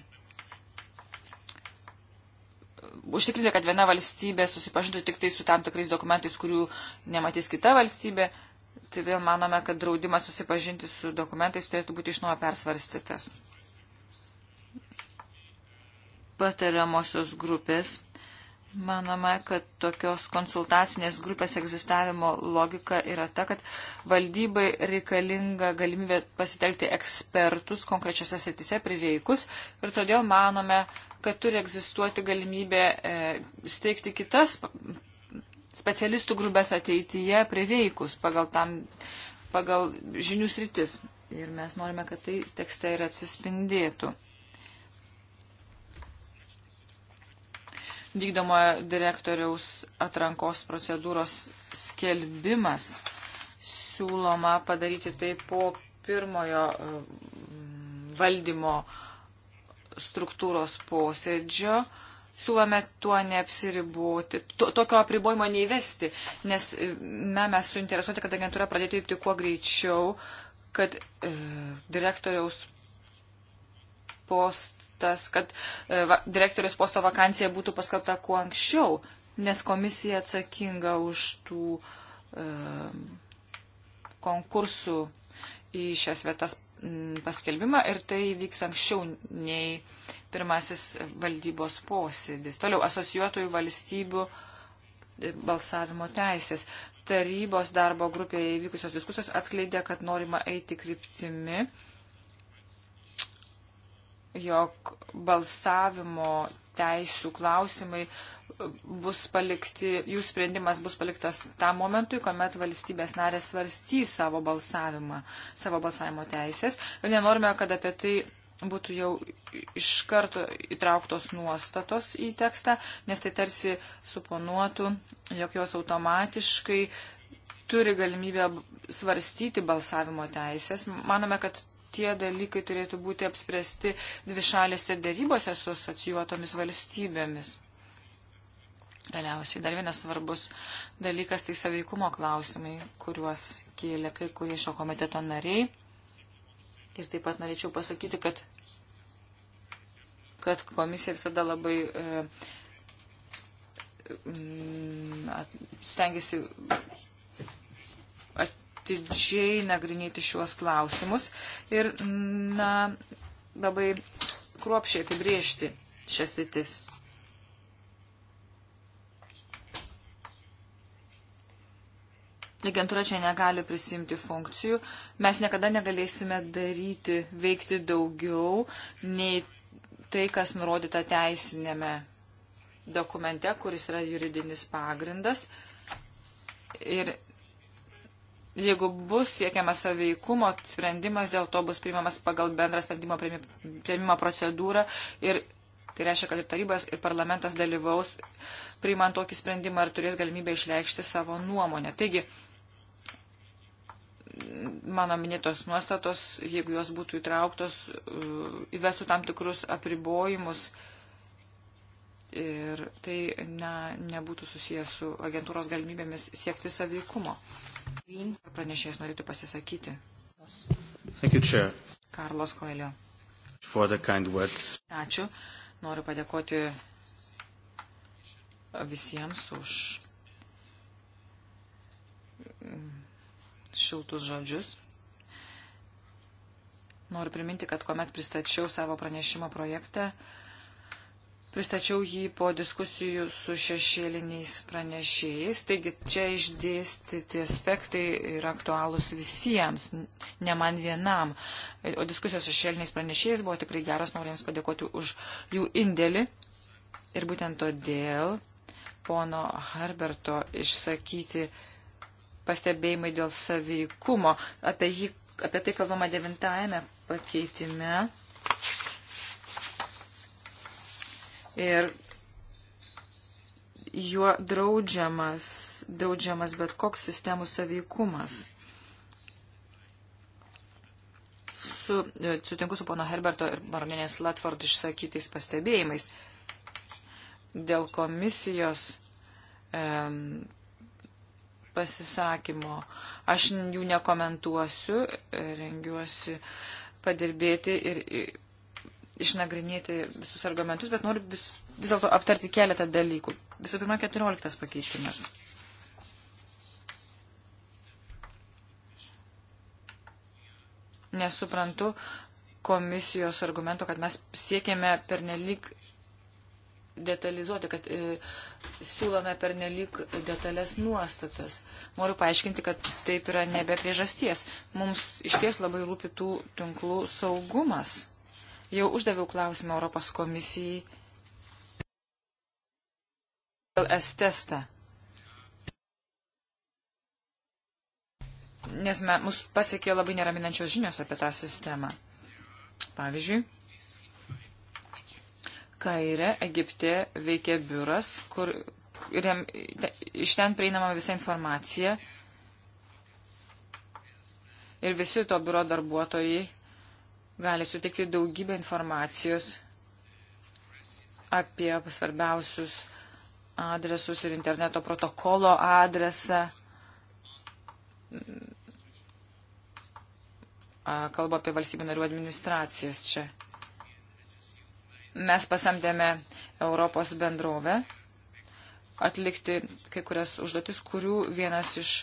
Speaker 1: užtikrinti, kad viena valstybė susipažintų tik tai su tam tikrais dokumentais, kurių nematys kita valstybė. Tai vėl manome, kad draudimas susipažinti su dokumentais turėtų būti iš nuo persvarstytas. Patariamosios grupės. Manome, kad tokios konsultacinės grupės egzistavimo logika yra ta, kad valdybai reikalinga galimybė pasitelkti ekspertus konkrečiose srityse prireikus ir todėl manome, kad turi egzistuoti galimybė e, steigti kitas specialistų grubės ateityje prireikus pagal, tam, pagal žinių sritis. Ir mes norime, kad tai tekste ir atsispindėtų. Vykdomojo direktoriaus atrankos procedūros skelbimas siūloma padaryti tai po pirmojo e, valdymo uh, struktūros posėdžio siūlome tuo neapsiriboti, to, tokio apribojimo neįvesti, nes e, me, mes suinteresuoti, kad agentūra pradėtų dirbti kuo greičiau, kad e, direktoriaus postas, kad e, va, direktoriaus posto vakancija būtų paskelbta kuo anksčiau, nes komisija atsakinga už tų e, konkursų į šias vietas Mm, paskelbimą ir tai vyks anksčiau nei pirmasis valdybos posėdis. Toliau asocijuotojų valstybių balsavimo teisės. Tarybos darbo grupėje įvykusios diskusijos atskleidė, kad norima eiti kryptimi, jog balsavimo teisų klausimai e, bus palikti, jų sprendimas bus paliktas tam momentui, kuomet valstybės narės svarstys savo balsavimą, savo balsavimo teisės. Ir nenorime, kad apie tai būtų jau iš karto įtrauktos nuostatos į tekstą, nes tai tarsi suponuotų, jog jos automatiškai turi galimybę svarstyti balsavimo teisės. Manome, kad tie dalykai turėtų būti apspręsti dvišalėse darybose su asocijuotomis valstybėmis. Galiausiai dar vienas svarbus dalykas tai saveikumo klausimai, kuriuos kėlė kai kurie šio komiteto nariai. Ir taip pat norėčiau pasakyti, kad, kad komisija visada labai e, stengiasi atidžiai nagrinėti šiuos klausimus ir, na, labai kruopšiai apibriežti šias rytis. Agentūra čia negali prisimti funkcijų. Mes niekada negalėsime daryti, veikti daugiau nei tai, kas nurodyta teisinėme dokumente, kuris yra juridinis pagrindas. Ir jeigu bus siekiamas saveikumo, sprendimas dėl to bus priimamas pagal bendrą sprendimo priimimo procedūrą ir tai reiškia, kad ir tarybas, ir parlamentas dalyvaus priimant tokį sprendimą ir turės galimybę išreikšti savo nuomonę. Taigi, mano minėtos nuostatos, jeigu jos būtų įtrauktos, uh, įvestų tam tikrus apribojimus ir tai na, nebūtų susijęs su agentūros galimybėmis siekti saveikumo. Ar pranešėjas norėtų pasisakyti? Thank you, Chair. Karlos Koelio.
Speaker 4: For the kind words.
Speaker 1: Ačiū. Noriu padėkoti visiems už šiltus žodžius. Noriu priminti, kad kuomet pristačiau savo pranešimo projektą, uh, Pristačiau jį po diskusijų su šešėliniais pranešėjais, taigi čia išdėstyti aspektai yra aktualūs visiems, ne man vienam. O diskusijos su šešėliniais pranešėjais buvo tikrai geros, noriu Jums padėkoti už jų indėlį. Ir būtent todėl pono Herberto išsakyti pastebėjimai dėl savykumo. Apie, jį, apie tai kalbama devintajame pakeitime ir juo draudžiamas, draudžiamas bet koks sistemų saveikumas. Su, e, sutinku su pono Herberto ir baroninės Latford išsakytais pastebėjimais dėl komisijos e, pasisakymo. Aš jų nekomentuosiu, e, rengiuosi padirbėti ir išnagrinėti visus argumentus, bet noriu vis, vis dėlto aptarti keletą dalykų. Visų pirma, 14 pakeitimas. Nesuprantu komisijos argumento, kad mes siekėme pernelyg detalizuoti, kad e, siūlome pernelyg detalės nuostatas. Noriu paaiškinti, kad taip yra nebe priežasties. Mums iš ties labai rūpi tų tinklų saugumas. Jau uždaviau klausimą Europos komisijai dėl S testą. Nes me, mus pasiekė labai neraminančios žinios apie tą sistemą. Pavyzdžiui, Kaire, Egipte veikia biuras, kur rem, te, iš ten prieinama visa informacija. Ir visi to biuro darbuotojai gali sutikti daugybę informacijos apie svarbiausius adresus ir interneto protokolo adresą. Kalbu apie valstybių narių administracijas čia. Mes pasamdėme Europos bendrovę atlikti kai kurias užduotis, kurių vienas iš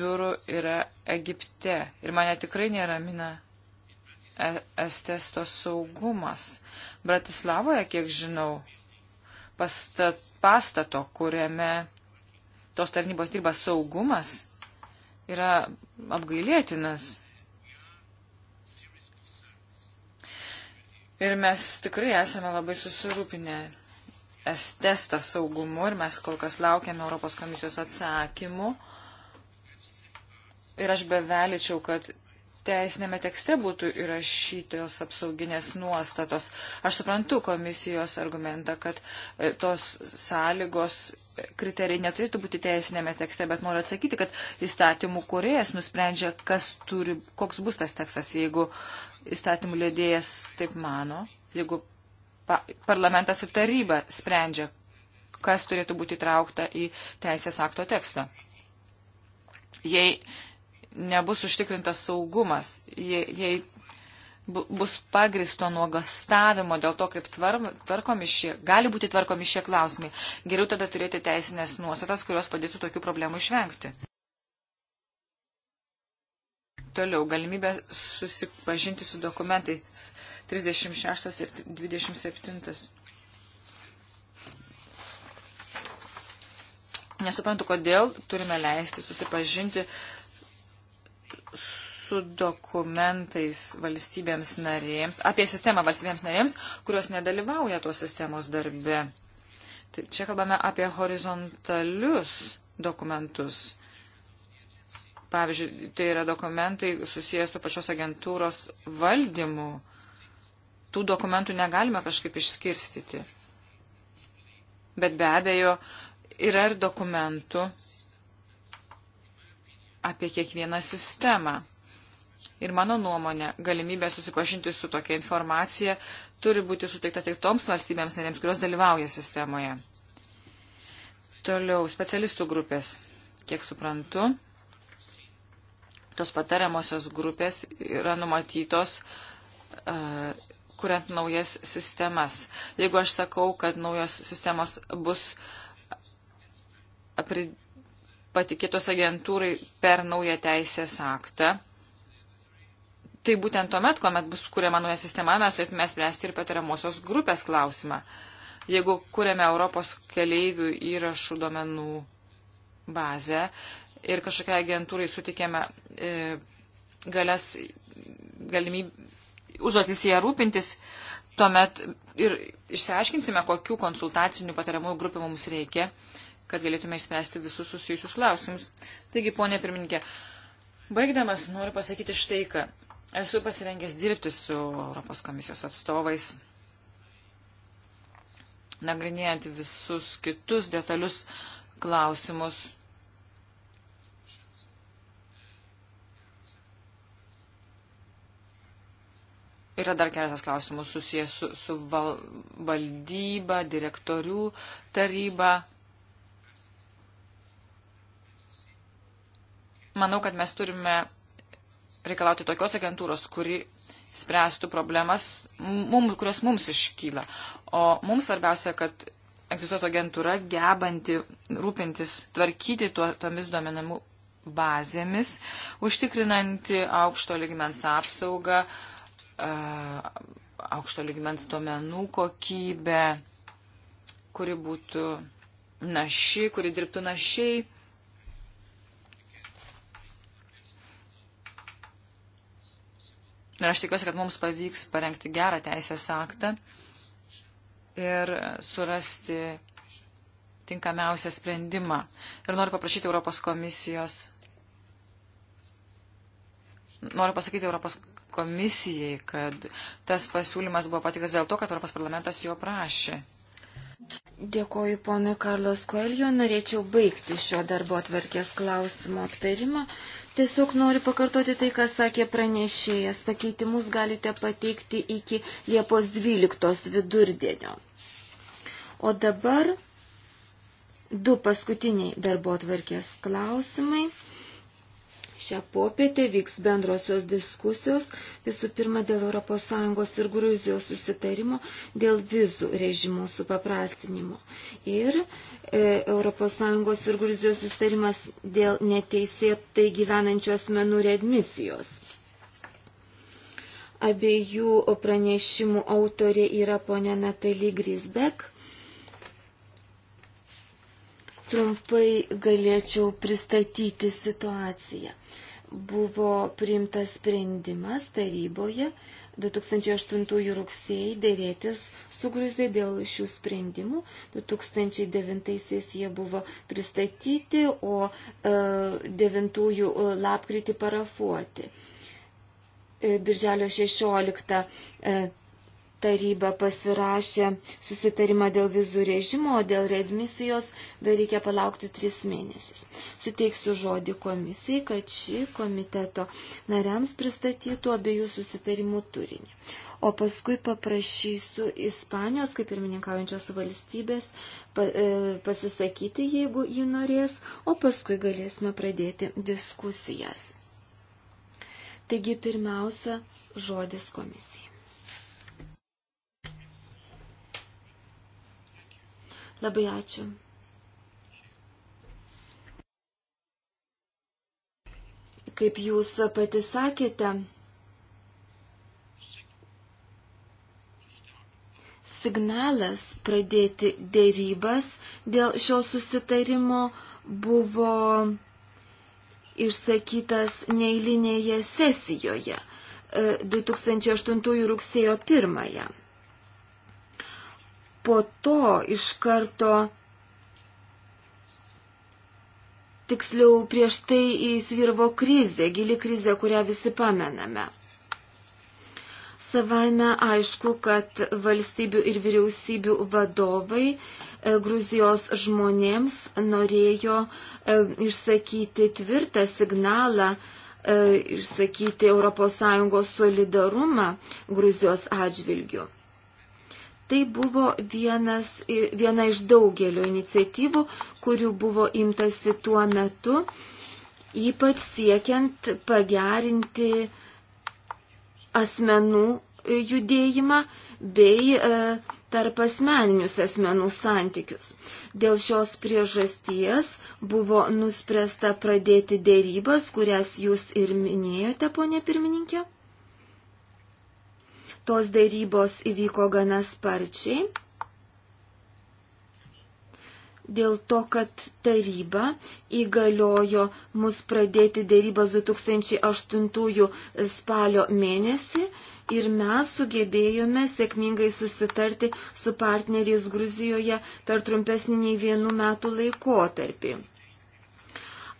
Speaker 1: biurų yra Egipte. Ir mane tikrai neramina ES testo saugumas. Bratislavoje, kiek žinau, pastat, pastato, kuriame tos tarnybos dirba saugumas, yra apgailėtinas. Ir mes tikrai esame labai susirūpinę es testą saugumu ir mes kol kas laukiame Europos komisijos atsakymų. Ir aš bevelyčiau, kad teisinėme tekste būtų įrašytos apsauginės nuostatos. Aš suprantu komisijos argumentą, kad e, tos sąlygos e, kriterijai neturėtų būti teisinėme tekste, bet noriu atsakyti, kad įstatymų kuriejas nusprendžia, turi, koks bus tas tekstas, jeigu įstatymų lėdėjas taip mano, jeigu pa parlamentas ir taryba sprendžia, kas turėtų būti traukta į teisės akto tekstą. Jei nebus užtikrintas saugumas, jei, jei bus pagristo nuogastavimo dėl to, kaip tvar, tvarkomi šie, gali būti tvarkomi šie klausimai. Geriau tada turėti teisinės nuostatas, kurios padėtų tokių problemų išvengti. Toliau, galimybė susipažinti su dokumentais 36 ir 27. Nesuprantu, kodėl turime leisti susipažinti uh, su dokumentais valstybėms narėms, apie sistemą valstybėms narėms, kurios nedalyvauja tos sistemos darbe. Tai čia kalbame apie horizontalius dokumentus. Pavyzdžiui, tai yra dokumentai susijęs su pačios agentūros valdymu. Tų dokumentų negalime kažkaip išskirstyti. Bet be abejo, yra ir dokumentų, apie kiekvieną sistemą. Ir mano nuomonė, galimybė susipažinti su tokia informacija turi būti suteikta tik toms valstybėms narėms, kurios dalyvauja sistemoje. Toliau, specialistų grupės. Kiek suprantu, tos patariamosios grupės yra numatytos uh, kuriant naujas sistemas. Jeigu aš sakau, kad naujos sistemos bus patikėtos agentūrai per naują teisės aktą. Tai būtent tuomet, kuomet bus kuriama nauja sistema, mes turėtume spręsti ir patariamosios grupės klausimą. Jeigu kuriame Europos keleivių įrašų duomenų bazę ir kažkokiai agentūrai sutikėme e, galės galimybę užduotis ją rūpintis, tuomet ir išsiaiškinsime, kokių konsultacinių patariamųjų grupių mums reikia kad galėtume išspręsti visus susijusius klausimus. Taigi, ponė pirmininkė, baigdamas noriu pasakyti štai ką. Esu pasirengęs dirbti su Europos komisijos atstovais, nagrinėjant visus kitus detalius klausimus. Yra dar keletas klausimų susijęs su, su val, valdyba, direktorių taryba. Manau, kad mes turime reikalauti tokios agentūros, kuri spręstų problemas, mum, kurios mums iškyla. O mums svarbiausia, kad egzistuotų agentūra gebanti rūpintis, tvarkyti tuo, tomis duomenamų bazėmis, užtikrinanti aukšto ligmens apsaugą, e, aukšto ligmens duomenų kokybę, kuri būtų naši, kuri dirbtų našiai. Ir aš tikiuosi, kad mums pavyks parengti gerą teisės aktą ir surasti tinkamiausią sprendimą. Ir noriu paprašyti Europos komisijos, noriu pasakyti Europos komisijai, kad tas pasiūlymas buvo patiktas dėl to, kad Europos parlamentas jo prašė.
Speaker 4: Dėkoju ponui Karlos Koelio, norėčiau baigti šio darbo atvarkės klausimo aptarimą. Tiesiog noriu pakartoti tai, ką sakė pranešėjas. Pakeitimus galite pateikti iki Liepos 12 vidurdienio. O dabar du paskutiniai darbo atvarkės klausimai. Šią popietę vyks bendrosios diskusijos visų pirma dėl ES ir Gruzijos susitarimo dėl vizų režimo supaprastinimo. Ir e, ES ir Gruzijos susitarimas dėl neteisėtai gyvenančių asmenų readmisijos. Abiejų pranešimų autorė yra ponė Natalie Grisbek trumpai galėčiau pristatyti situaciją. Buvo priimtas sprendimas taryboje 2008 rugsėjai dėrėtis su Gruzija dėl šių sprendimų. 2009-aisiais jie buvo pristatyti, o 9-ųjų e, e, lapkritį parafuoti. E, birželio 16 taryba pasirašė susitarimą dėl vizų režimo, o dėl readmisijos dar reikia palaukti tris mėnesius. Suteiksiu žodį komisijai, kad ši komiteto nariams pristatytų abiejų susitarimų turinį. O paskui paprašysiu Ispanijos, kaip ir mininkaujančios valstybės, e, pasisakyti, jeigu ji norės, o paskui galėsime pradėti diskusijas. Taigi pirmiausia, žodis komisijai. Labai ačiū. Kaip jūs pati sakėte, signalas pradėti dėrybas dėl šio susitarimo buvo išsakytas neįlinėje sesijoje 2008 e, rugsėjo 1 po to iš karto, tiksliau prieš tai įsvirvo krizė, gili krizė, kurią visi pamename. Savaime aišku, kad valstybių ir vyriausybių vadovai e, Gruzijos žmonėms norėjo e, išsakyti tvirtą signalą, e, išsakyti ES solidarumą Gruzijos atžvilgiu. Tai buvo vienas, viena iš daugelio iniciatyvų, kurių buvo imtasi tuo metu, ypač siekiant pagerinti asmenų judėjimą bei e, tarp asmeninius asmenų santykius. Dėl šios priežasties buvo nuspręsta pradėti dėrybas, kurias jūs ir minėjote, ponė pirmininkė. Tos dėrybos įvyko gana sparčiai dėl to, kad taryba įgaliojo mus pradėti dėrybas 2008 spalio mėnesį ir mes sugebėjome sėkmingai susitarti su partneriais Gruzijoje per trumpesnį nei vienų metų laikotarpį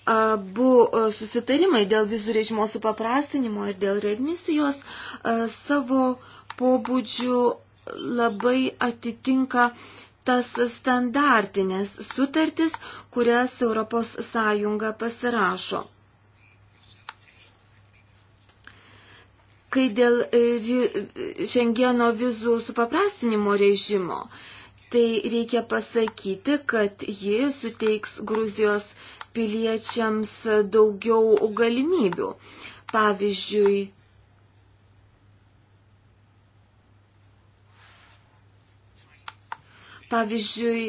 Speaker 4: abu e, susitarimai dėl vizų režimo supaprastinimo ir dėl readmisijos e, savo pobūdžių labai atitinka tas standartinės sutartis, kurias ES pasirašo. Kai dėl e, šengeno vizų supaprastinimo režimo, tai reikia pasakyti, kad ji suteiks Gruzijos piliečiams daugiau galimybių. Pavyzdžiui, pavyzdžiui,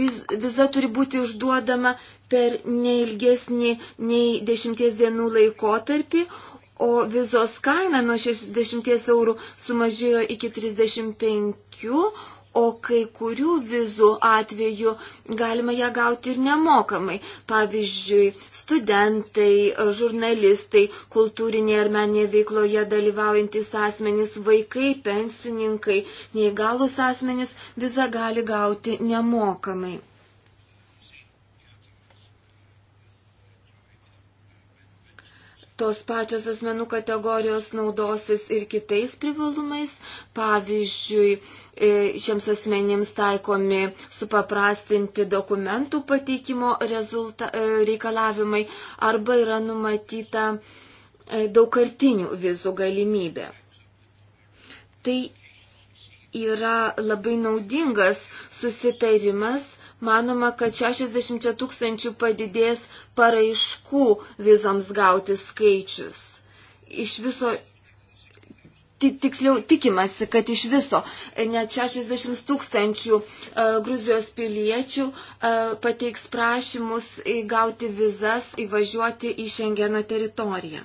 Speaker 4: viz, viza turi būti užduodama per neilgesnį nei dešimties dienų laikotarpį, o vizos kaina nuo 60 eurų sumažėjo iki 35, o kai kurių vizų atveju galima ją gauti ir nemokamai. Pavyzdžiui, studentai, žurnalistai, kultūrinėje ar meninėje veikloje dalyvaujantis asmenys, vaikai, pensininkai, neįgalus asmenys vizą gali gauti nemokamai. tos pačios asmenų kategorijos naudosis ir kitais privalumais. Pavyzdžiui, e, šiems asmenims taikomi supaprastinti dokumentų pateikimo rezulta, e, reikalavimai arba yra numatyta e, daugkartinių vizų galimybė. Tai yra labai naudingas susitarimas Manoma, kad 60 tūkstančių padidės paraiškų vizoms gauti skaičius. Iš viso tiksliau tikimasi, kad iš viso e, net 60 tūkstančių e, Gruzijos piliečių e, pateiks prašymus gauti vizas įvažiuoti į Šengeno teritoriją.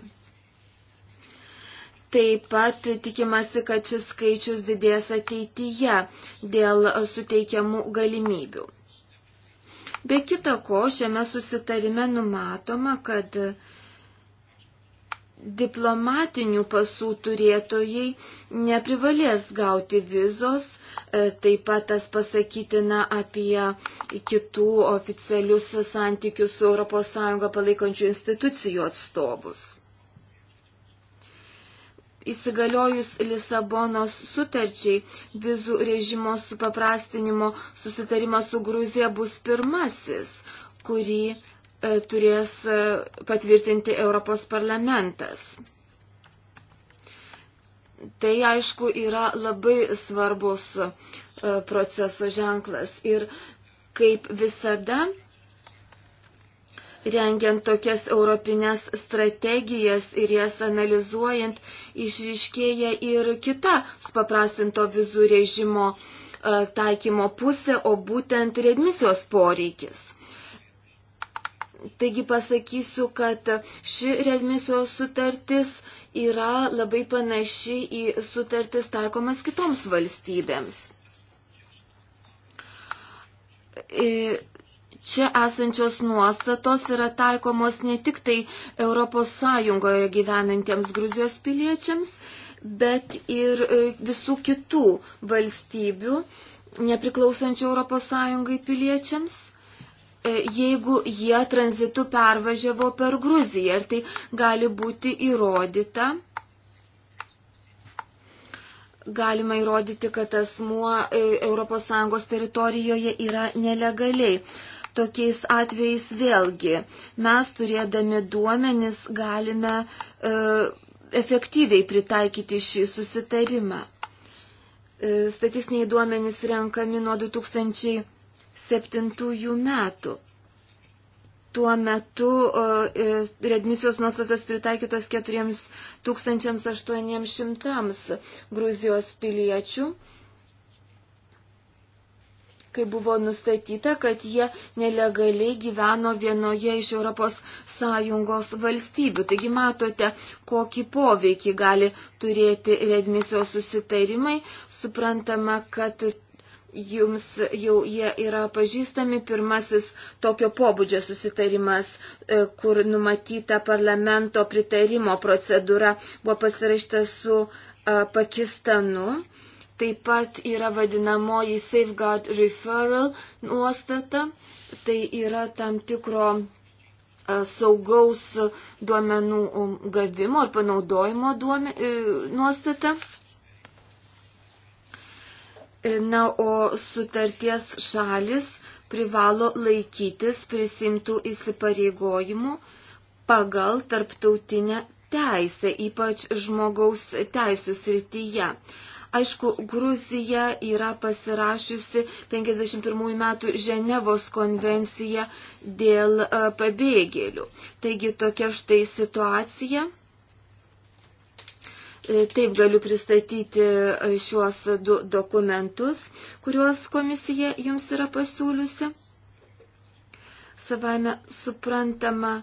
Speaker 4: Taip pat tikimasi, kad šis skaičius didės ateityje dėl suteikiamų galimybių. Be kita ko, šiame susitarime numatoma, kad diplomatinių pasų turėtojai neprivalės gauti vizos, e, taip pat tas pasakytina apie kitų oficialius santykius su ES palaikančių institucijų atstovus. Įsigaliojus Lisabonos sutarčiai, vizų režimo supaprastinimo susitarimas su Gruzija bus pirmasis, kurį e, turės e, patvirtinti Europos parlamentas. Tai aišku yra labai svarbus e, proceso ženklas ir kaip visada rengiant tokias europinės strategijas ir jas analizuojant, išriškėja ir kita supaprastinto vizų režimo e, taikymo pusė, o būtent redmisijos poreikis. Taigi pasakysiu, kad ši redmisijos sutartis yra labai panaši į sutartis taikomas kitoms valstybėms. Ir e, Čia esančios nuostatos yra taikomos ne tik tai ES gyvenantiems Gruzijos piliečiams, bet ir e, visų kitų valstybių nepriklausančių ES piliečiams, e, jeigu jie tranzitu pervažiavo per Gruziją. Ir tai gali būti įrodyta. Galima įrodyti, kad asmuo ES teritorijoje yra nelegaliai tokiais atvejais vėlgi mes turėdami duomenis galime e, efektyviai pritaikyti šį susitarimą. E, statistiniai duomenys renkami nuo 2007 metų. Tuo metu e, e redmisijos nuostatos pritaikytos 4800 Gruzijos piliečių kai buvo nustatyta, kad jie nelegaliai gyveno vienoje iš ES valstybių. Taigi matote, kokį poveikį gali turėti redmisijos susitarimai. Suprantama, kad jums jau jie yra pažįstami. Pirmasis tokio pobūdžio susitarimas, e, kur numatyta parlamento pritarimo procedūra, buvo pasirašta su e, Pakistanu. Taip pat yra vadinamoji safeguard referral nuostata. Tai yra tam tikro e, saugaus duomenų um, gavimo ir panaudojimo duome, e, nuostata. E, na, o sutarties šalis privalo laikytis prisimtų įsipareigojimų pagal tarptautinę teisę, ypač žmogaus teisų srityje. Aišku, Gruzija yra pasirašiusi 51 metų Ženevos konvenciją dėl e, pabėgėlių. Taigi tokia štai situacija. E, taip galiu pristatyti e, šiuos du dokumentus, kuriuos komisija jums yra pasiūliusi. Savame suprantama,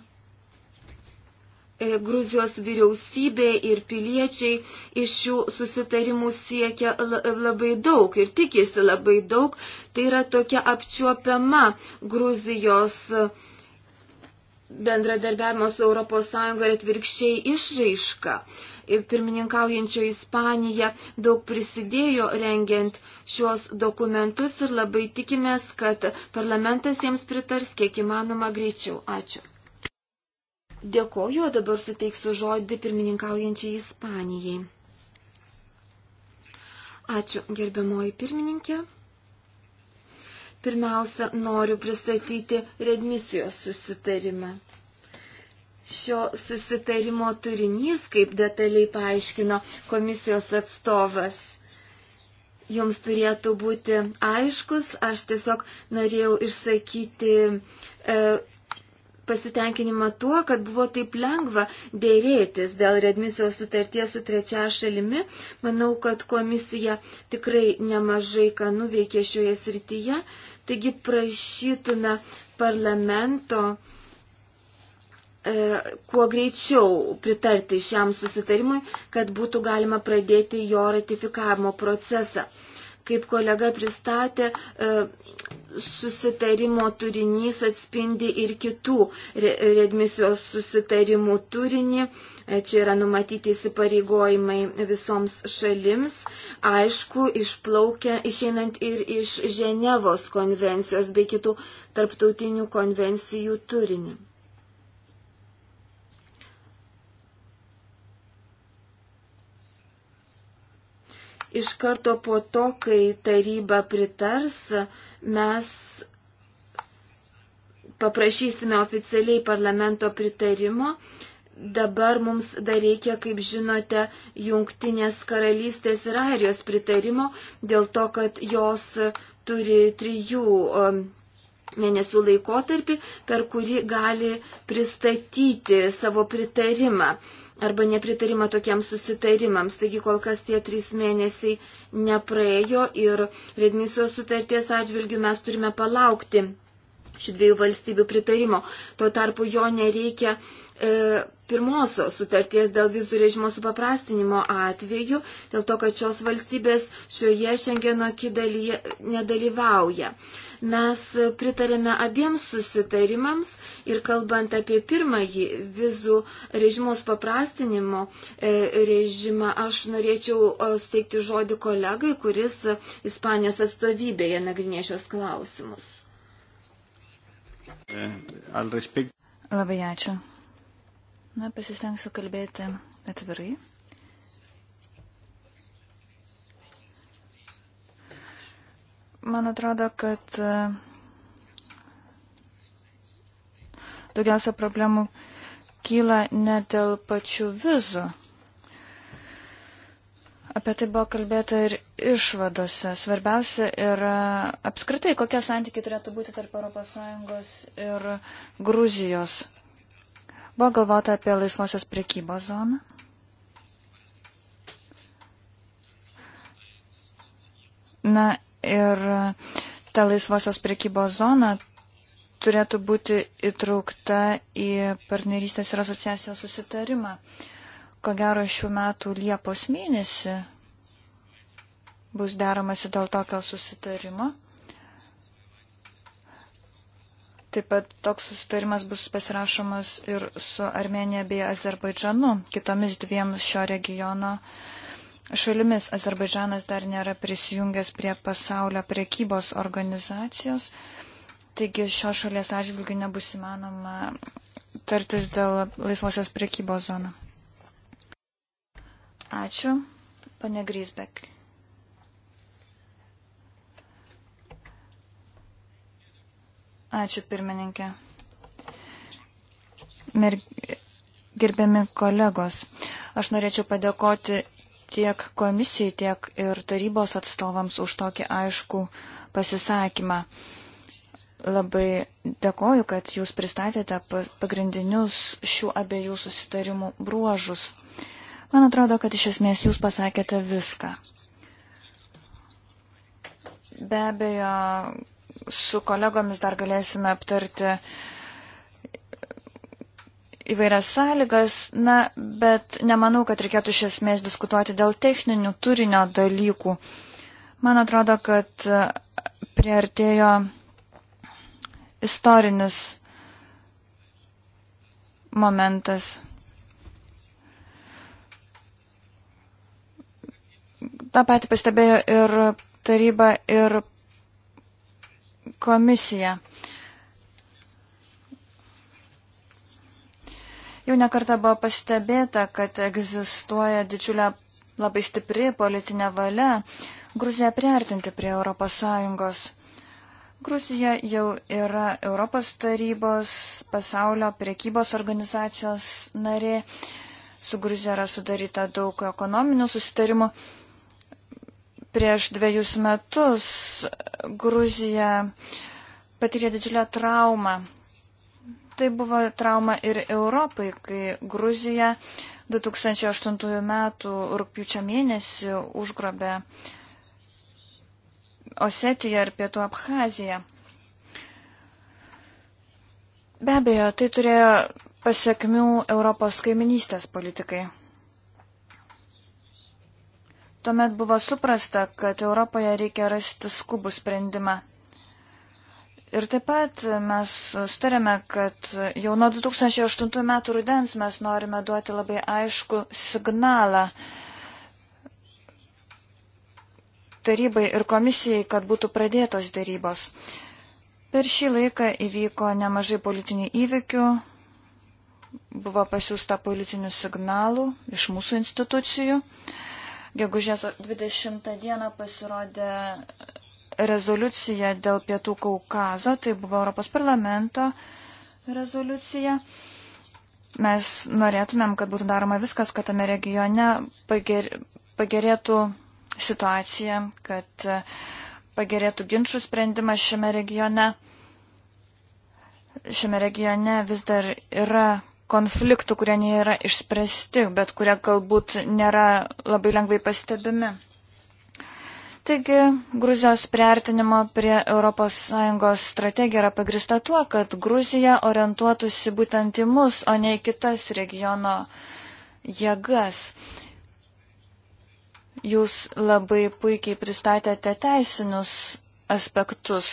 Speaker 4: E, Gruzijos vyriausybė ir piliečiai iš šių susitarimų siekia labai daug ir tikisi labai daug. Tai yra tokia apčiuopiama Gruzijos bendradarbiavimo su ES ir atvirkščiai išraiška. E, pirmininkaujančio Ispanija daug prisidėjo rengiant šios dokumentus ir labai tikimės, kad parlamentas jiems pritars kiek įmanoma greičiau. Ačiū. Dėkoju, o dabar suteiksiu žodį pirmininkaujančiai Ispanijai. Ačiū, gerbiamoji pirmininkė. Pirmiausia, noriu pristatyti redmisijos susitarimą. Šio susitarimo turinys, kaip detaliai paaiškino komisijos atstovas, jums turėtų būti aiškus. Aš tiesiog norėjau išsakyti e, pasitenkinimą tuo, kad buvo taip lengva dėrėtis dėl redmisijos sutarties su trečia šalimi. Manau, kad komisija tikrai nemažai ką nuveikė šioje srityje. Taigi prašytume parlamento e, kuo greičiau pritarti šiam susitarimui, kad būtų galima pradėti jo ratifikavimo procesą. E, Kaip kolega pristatė, e, susitarimo turinys atspindi ir kitų redmisijos susitarimų turinį. E, čia yra numatyti įsipareigojimai visoms šalims. Aišku, išplaukia, išeinant ir iš Ženevos konvencijos bei kitų tarptautinių konvencijų turinį. iš karto po to, kai taryba pritars, mes paprašysime oficialiai parlamento pritarimo. Dabar mums dar reikia, kaip žinote, jungtinės karalystės ir arijos pritarimo, dėl to, kad jos turi trijų mėnesių laikotarpį, per kurį gali pristatyti savo pritarimą arba nepritarimą tokiems susitarimams. Taigi kol kas tie trys mėnesiai nepraėjo ir redmisijos sutarties atžvilgių mes turime palaukti šių dviejų valstybių pritarimo. Tuo tarpu jo nereikia e, pirmosios sutarties dėl vizų režimo supaprastinimo atveju, dėl to, kad šios valstybės šioje šengeno dalyje nedalyvauja. E, Mes pritarėme abiems susitarimams ir kalbant apie pirmąjį vizų režimos paprastinimo e, režimą, aš norėčiau e, steigti žodį kolegai, kuris Ispanijos atstovybėje nagrinė šios klausimus.
Speaker 2: E,
Speaker 3: Labai ačiū. Na, pasistengsiu kalbėti atvirai Man atrodo, kad e, daugiausia problemų kyla ne dėl pačių vizų. Apie tai buvo kalbėta ir išvadose. Svarbiausia yra apskritai, kokie santykiai turėtų būti tarp ES ir Gruzijos. Buvo galvota apie laisvosios priekybos zoną. Na Ir ta laisvosios priekybos zona turėtų būti įtraukta į partnerystės ir asociacijos susitarimą. Ko gero šių metų Liepos mėnesį bus deramasi dėl tokio susitarimo. Taip pat toks susitarimas bus pasirašomas ir su Armenija bei Azerbaidžanu, kitomis dviem šio regiono uh, šalimis. Azerbaidžanas dar nėra prisijungęs prie pasaulio priekybos organizacijos, taigi šios šalies atžvilgių nebus įmanoma tartis dėl laisvosios priekybos zonų. Ačiū, pane Grisbek. Ačiū, pirmininkė. Mer... Gerbiami kolegos, aš norėčiau padėkoti tiek komisijai, tiek ir tarybos atstovams už tokį aišku pasisakymą. Labai dėkoju, kad jūs pristatėte pagrindinius šių abiejų susitarimų bruožus. Man atrodo, kad iš esmės jūs pasakėte viską. Be abejo, su kolegomis dar galėsime aptarti uh, įvairias sąlygas, na, bet nemanau, kad reikėtų iš esmės diskutuoti dėl techninių turinio dalykų. Man atrodo, kad e, priartėjo istorinis momentas. Ta pati pastebėjo ir taryba, ir komisija. Jau nekarta buvo pastebėta, kad egzistuoja didžiulė labai stipri politinė valia Gruziją priartinti prie ES. Gruzija jau yra Europos tarybos pasaulio priekybos organizacijos narė. Su Gruzija yra sudaryta daug ekonominių susitarimų. Prieš dviejus metus Gruzija patyrė didžiulę traumą Tai buvo trauma ir Europai, kai Gruzija 2008 metų rūpiučio mėnesį užgrobė Osetiją ir Pietų Abhaziją. Be abejo, tai turėjo pasiekmių Europos kaiminystės politikai. Tuomet buvo suprasta, kad Europoje reikia rasti skubų sprendimą. Ir taip pat mes sutarėme, kad jau nuo 2008 metų rudens mes norime duoti labai aišku signalą tarybai ir komisijai, kad būtų pradėtos darybos. Per šį laiką įvyko nemažai politinių įvykių, buvo pasiūsta politinių signalų iš mūsų institucijų. Gegužės 20 dieną pasirodė rezoliucija dėl Pietų Kaukazo, tai buvo Europos parlamento rezoliucija. Mes norėtumėm, kad būtų daroma viskas, kad tame regione pager, pagerėtų situacija, kad pagerėtų ginčių sprendimas šiame regione. Šiame regione vis dar yra konfliktų, kurie nėra išspręsti, bet kurie galbūt nėra labai lengvai pastebimi. Taigi, Gruzijos priartinimo prie ES strategija yra pagrista tuo, kad Gruzija orientuotųsi būtent į mus, o ne į kitas regiono jėgas. Jūs labai puikiai pristatėte teisinius aspektus.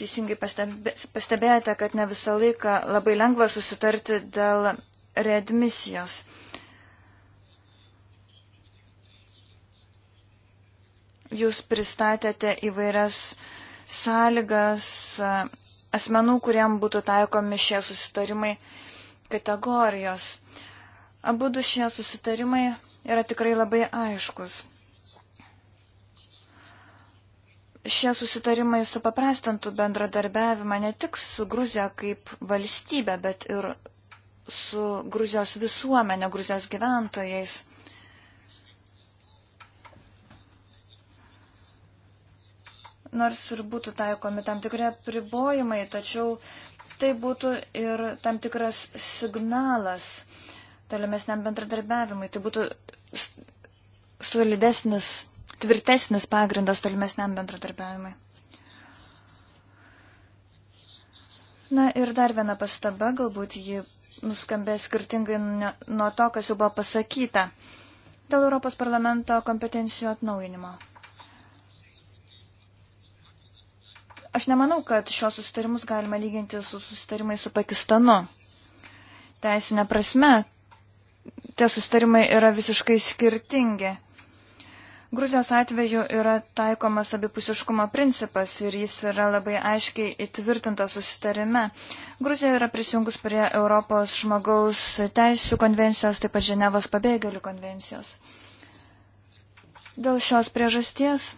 Speaker 3: Teisingai pastebėjote, kad ne visą laiką labai lengva susitarti dėl readmisijos. Jūs pristatėte įvairias sąlygas asmenų, kuriem būtų taikomi šie susitarimai kategorijos. Abu du šie susitarimai yra tikrai labai aiškus. šie susitarimai supaprastintų bendradarbiavimą ne tik su Gruzija kaip valstybė, bet ir su Gruzijos visuomenė, Gruzijos gyventojais. nors ir būtų taikomi tam tikri apribojimai, tačiau tai būtų ir tam tikras signalas tolimesniam bendradarbiavimui. Tai būtų solidesnis, tvirtesnis pagrindas tolimesniam bendradarbiavimui. Na ir dar viena pastaba, galbūt ji nuskambės skirtingai nuo to, kas jau buvo pasakyta dėl Europos parlamento kompetencijų atnaujinimo. Aš nemanau, kad šios susitarimus galima lyginti su susitarimai su Pakistanu. Teisinė prasme, tie susitarimai yra visiškai skirtingi. Gruzijos atveju yra taikomas abipusiškumo principas ir jis yra labai aiškiai įtvirtintas susitarime. Gruzija yra prisijungus prie Europos žmogaus teisų konvencijos, taip pat Ženevos pabėgėlių konvencijos. Dėl šios priežasties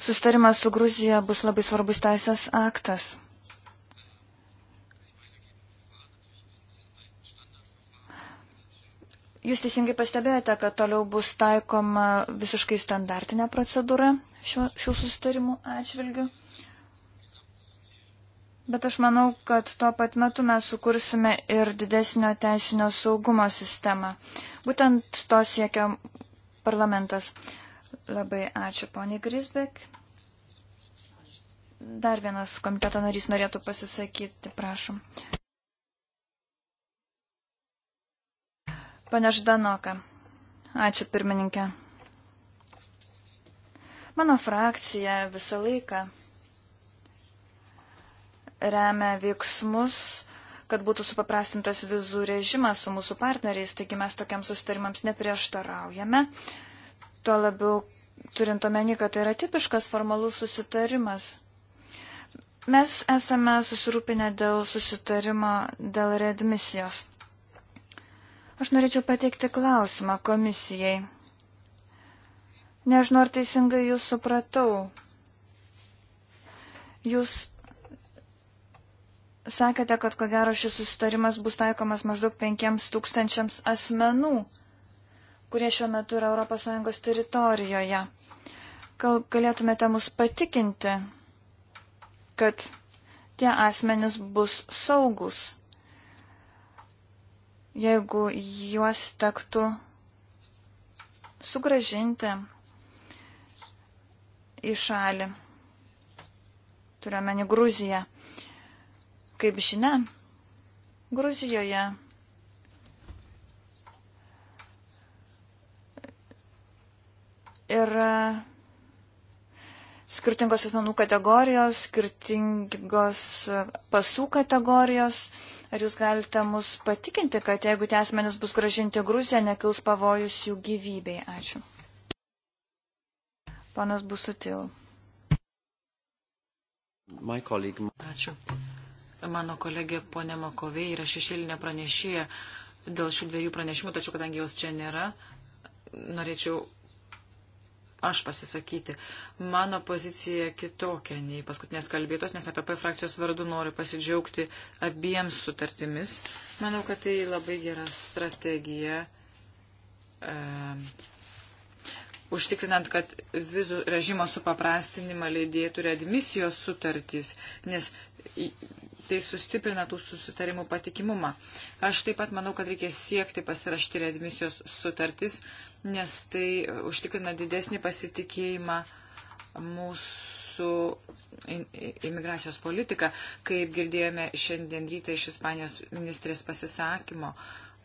Speaker 3: Sustarimas su Gruzija bus labai svarbus teisės aktas. Jūs teisingai pastebėjote, kad toliau bus taikoma visiškai standartinė procedūra šių, šių sustarimų atžvilgių. Bet aš manau, kad tuo pat metu mes sukursime ir didesnio teisinio saugumo sistemą. Būtent to siekia parlamentas. Labai ačiū, ponė Grisbek. Dar vienas komiteto narys norėtų pasisakyti, prašom. Pane Ždanoka, ačiū pirmininkė. Mano frakcija visą laiką remia veiksmus, kad būtų supaprastintas vizų režimas su mūsų partneriais, taigi mes tokiam sustarimams neprieštaraujame. Tuo labiau, turint omeny, kad tai yra tipiškas formalus susitarimas. Mes esame susirūpinę dėl susitarimo dėl readmisijos. Aš norėčiau pateikti klausimą komisijai. Nežinau, ar teisingai jūs supratau. Jūs sakėte, kad ko gero šis susitarimas bus taikomas maždaug penkiems tūkstančiams asmenų, kurie šiuo metu yra ES teritorijoje. Gal galėtumėte mus patikinti, kad tie asmenys bus saugus, jeigu juos tektų sugražinti į šalį. Turiuomenį Gruziją. Kaip žinia, Gruzijoje yra skirtingos asmenų kategorijos, skirtingos pasų kategorijos. Ar jūs galite mus patikinti, kad jeigu tie asmenys bus gražinti Gruziją, nekils pavojus jų gyvybei? Ačiū. Panas Busutil.
Speaker 2: Ačiū.
Speaker 1: Mano kolegė ponė Makovė yra šešėlinė pranešėja dėl šių dviejų pranešimų, tačiau kadangi jos čia nėra, norėčiau aš pasisakyti. Mano pozicija kitokia nei paskutinės kalbėtos, nes APP frakcijos vardu noriu pasidžiaugti abiems sutartimis. Manau, kad tai labai gera strategija. E, Užtikrinant, kad vizų režimo supaprastinimą leidėtų readmisijos sutartys, nes tai sustiprina tų susitarimų patikimumą. Aš taip pat manau, kad reikia siekti pasirašti readmisijos sutartys, e, nes tai užtikrina didesnį pasitikėjimą mūsų imigracijos politiką, kaip girdėjome šiandien ryte iš Ispanijos ministrės pasisakymo.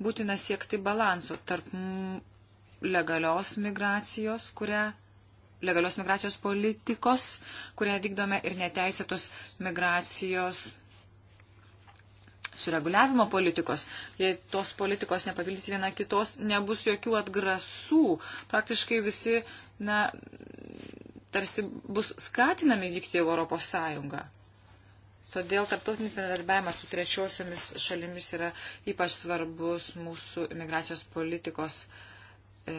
Speaker 1: Būtina siekti balanso tarp legalios migracijos, kurią legalios migracijos politikos, kurią vykdome ir neteisėtos migracijos sureguliavimo politikos, jei tos politikos nepapildys viena kitos, nebus jokių atgrasų. Praktiškai visi, na, tarsi bus skatinami vykti į Europos Sąjungą. Todėl tarptautinis bendradarbiavimas su trečiosiomis šalimis yra ypač svarbus mūsų imigracijos politikos e,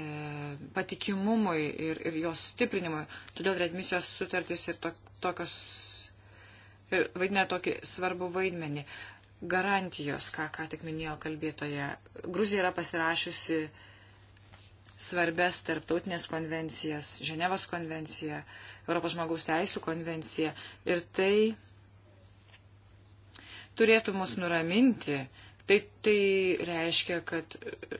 Speaker 1: patikimumui ir, ir jos stiprinimui. Todėl redmisijos sutartys ir to, tokios ir vaidina tokį svarbų vaidmenį. E, garantijos, ką ką tik minėjo kalbėtoje. Gruzija yra pasirašiusi svarbes tarptautinės konvencijas, Ženevos konvenciją, Europos žmogaus teisų konvenciją. Ir tai turėtų mus nuraminti. Tai, tai reiškia, kad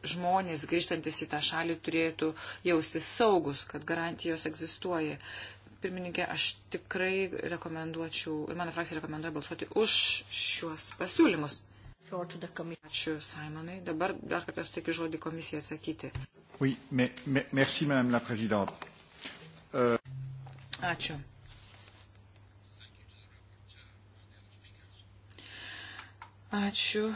Speaker 1: žmonės grįžtantis į tą šalį turėtų jaustis saugus, kad garantijos egzistuoja pirmininkė, aš tikrai rekomenduočiau ir mano frakcija rekomenduoja balsuoti už šiuos pasiūlymus. Ačiū, Simonai. Dabar dar kartą suteikiu žodį komisijai atsakyti.
Speaker 2: Oui, me, me, merci, madame la présidente.
Speaker 1: Uh... Ačiū. Ačiū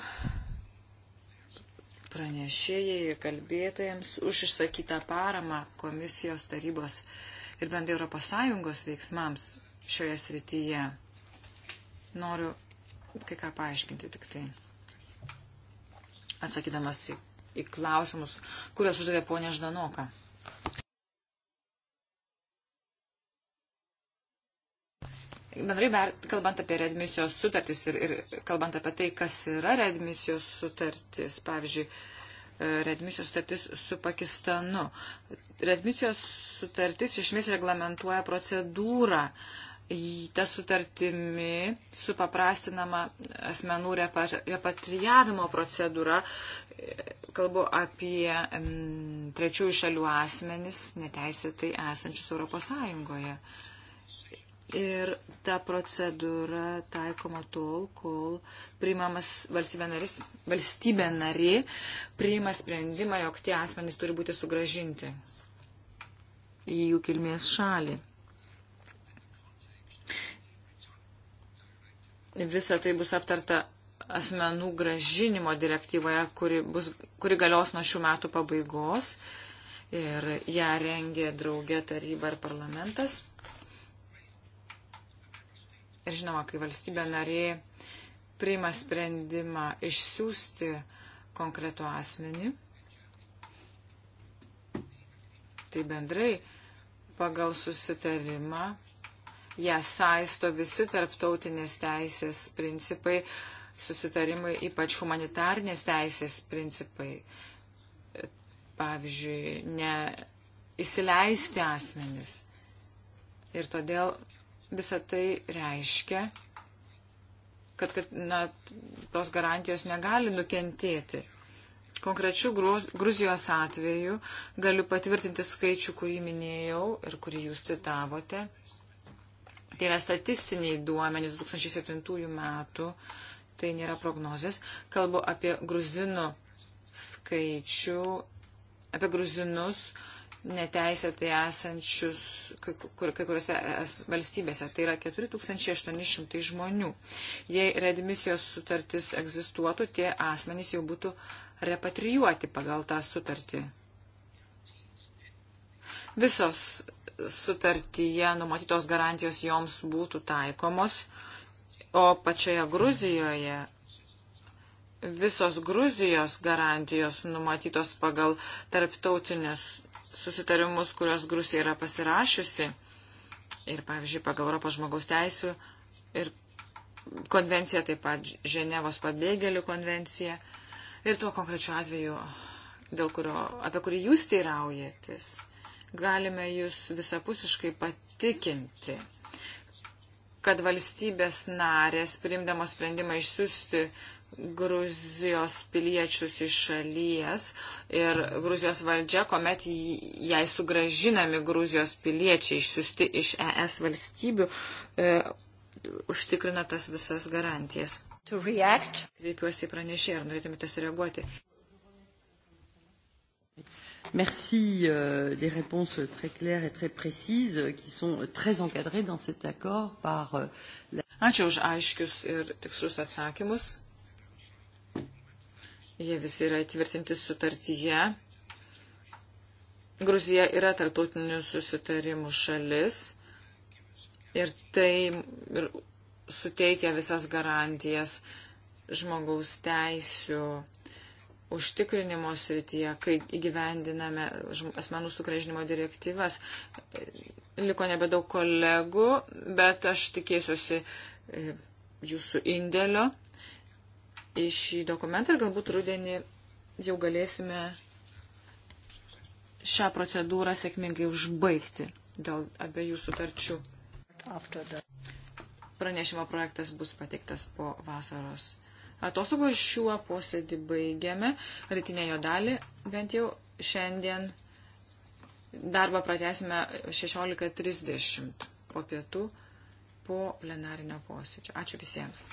Speaker 1: pranešėjai ir kalbėtojams už išsakytą paramą komisijos tarybos uh, ir bendrai Europos Sąjungos veiksmams šioje srityje. Noriu kai ką paaiškinti tik tai. Atsakydamas į, į klausimus, kuriuos uždavė ponė Ždanoka. Bendrai ber, kalbant apie readmisijos sutartis ir, ir kalbant apie tai, kas yra readmisijos sutartis, pavyzdžiui, redmisijos sutartis su Pakistanu. Redmisijos sutartis išmės reglamentuoja procedūrą. Ta sutartimi supaprastinama asmenų repatrijavimo procedūra. Kalbu apie trečiųjų šalių asmenis neteisėtai esančius Europos Sąjungoje. Ir ta procedūra taikoma tol, kol priimamas valstybė, narys, valstybė narė priima sprendimą, jog tie asmenys turi būti sugražinti į jų kilmės šalį. Visa tai bus aptarta asmenų gražinimo direktyvoje, kuri, bus, kuri galios nuo šių metų pabaigos ir ją rengė draugė taryba ir parlamentas. Ir žinoma, kai valstybė narė priima sprendimą išsiųsti konkretų asmenį, tai bendrai pagal susitarimą ją saisto visi tarptautinės teisės principai, susitarimai, ypač humanitarnės teisės principai. Pavyzdžiui, ne įsileisti asmenis. Ir todėl Visą tai reiškia, kad, kad na, tos garantijos negali nukentėti. Konkrečių Gruzijos atveju galiu patvirtinti skaičių, kurį minėjau ir kurį jūs citavote. Tai yra statistiniai duomenys 2007 metų, tai nėra prognozės. Kalbu apie gruzinų skaičių, apie gruzinus, neteisėtai esančius kai, kur, kai kuriuose valstybėse. Tai yra 4800 žmonių. Jei redmisijos sutartis egzistuotų, tie asmenys jau būtų repatrijuoti pagal tą sutartį. Visos sutartyje numatytos garantijos joms būtų taikomos, o pačioje Gruzijoje visos Gruzijos garantijos numatytos pagal tarptautinius susitarimus, kuriuos Grusija yra pasirašiusi, ir, pavyzdžiui, pagal Europos žmogaus teisų ir konvencija, taip pat Ženevos pabėgėlių konvencija, ir tuo konkrečiu atveju, dėl kurio, apie kurį jūs teiraujatės, galime jūs visapusiškai patikinti kad valstybės narės, priimdamos sprendimą išsiųsti Gruzijos piliečius iš šalies ir Gruzijos valdžia, kuomet jai sugražinami Gruzijos piliečiai išsiusti iš ES valstybių, e, užtikrina tas visas garantijas. Kreipiuosi į pranešėją, ar norėtumėte sureaguoti? Merci euh, des réponses très claires et très précises euh, qui sont euh, très encadrées dans cet accord par euh, la. Ačiū už aiškius ir tikslus atsakymus. Jie visi yra įtvirtinti sutartyje. Gruzija yra tarptautinių susitarimų šalis ir tai ir suteikia visas garantijas žmogaus teisių užtikrinimo srityje, kai įgyvendiname asmenų sugražinimo direktyvas. Liko nebedaug kolegų, bet aš tikėsiuosi e, jūsų indėlio į šį dokumentą ir galbūt rudenį jau galėsime šią procedūrą sėkmingai užbaigti dėl abiejų sutarčių. Pranešimo projektas bus pateiktas po vasaros. Atostogų šiuo posėdį baigiame. Rytinę jo dalį bent jau šiandien darbą pratesime 16.30 po pietų po plenarinio posėdžio. Ačiū visiems.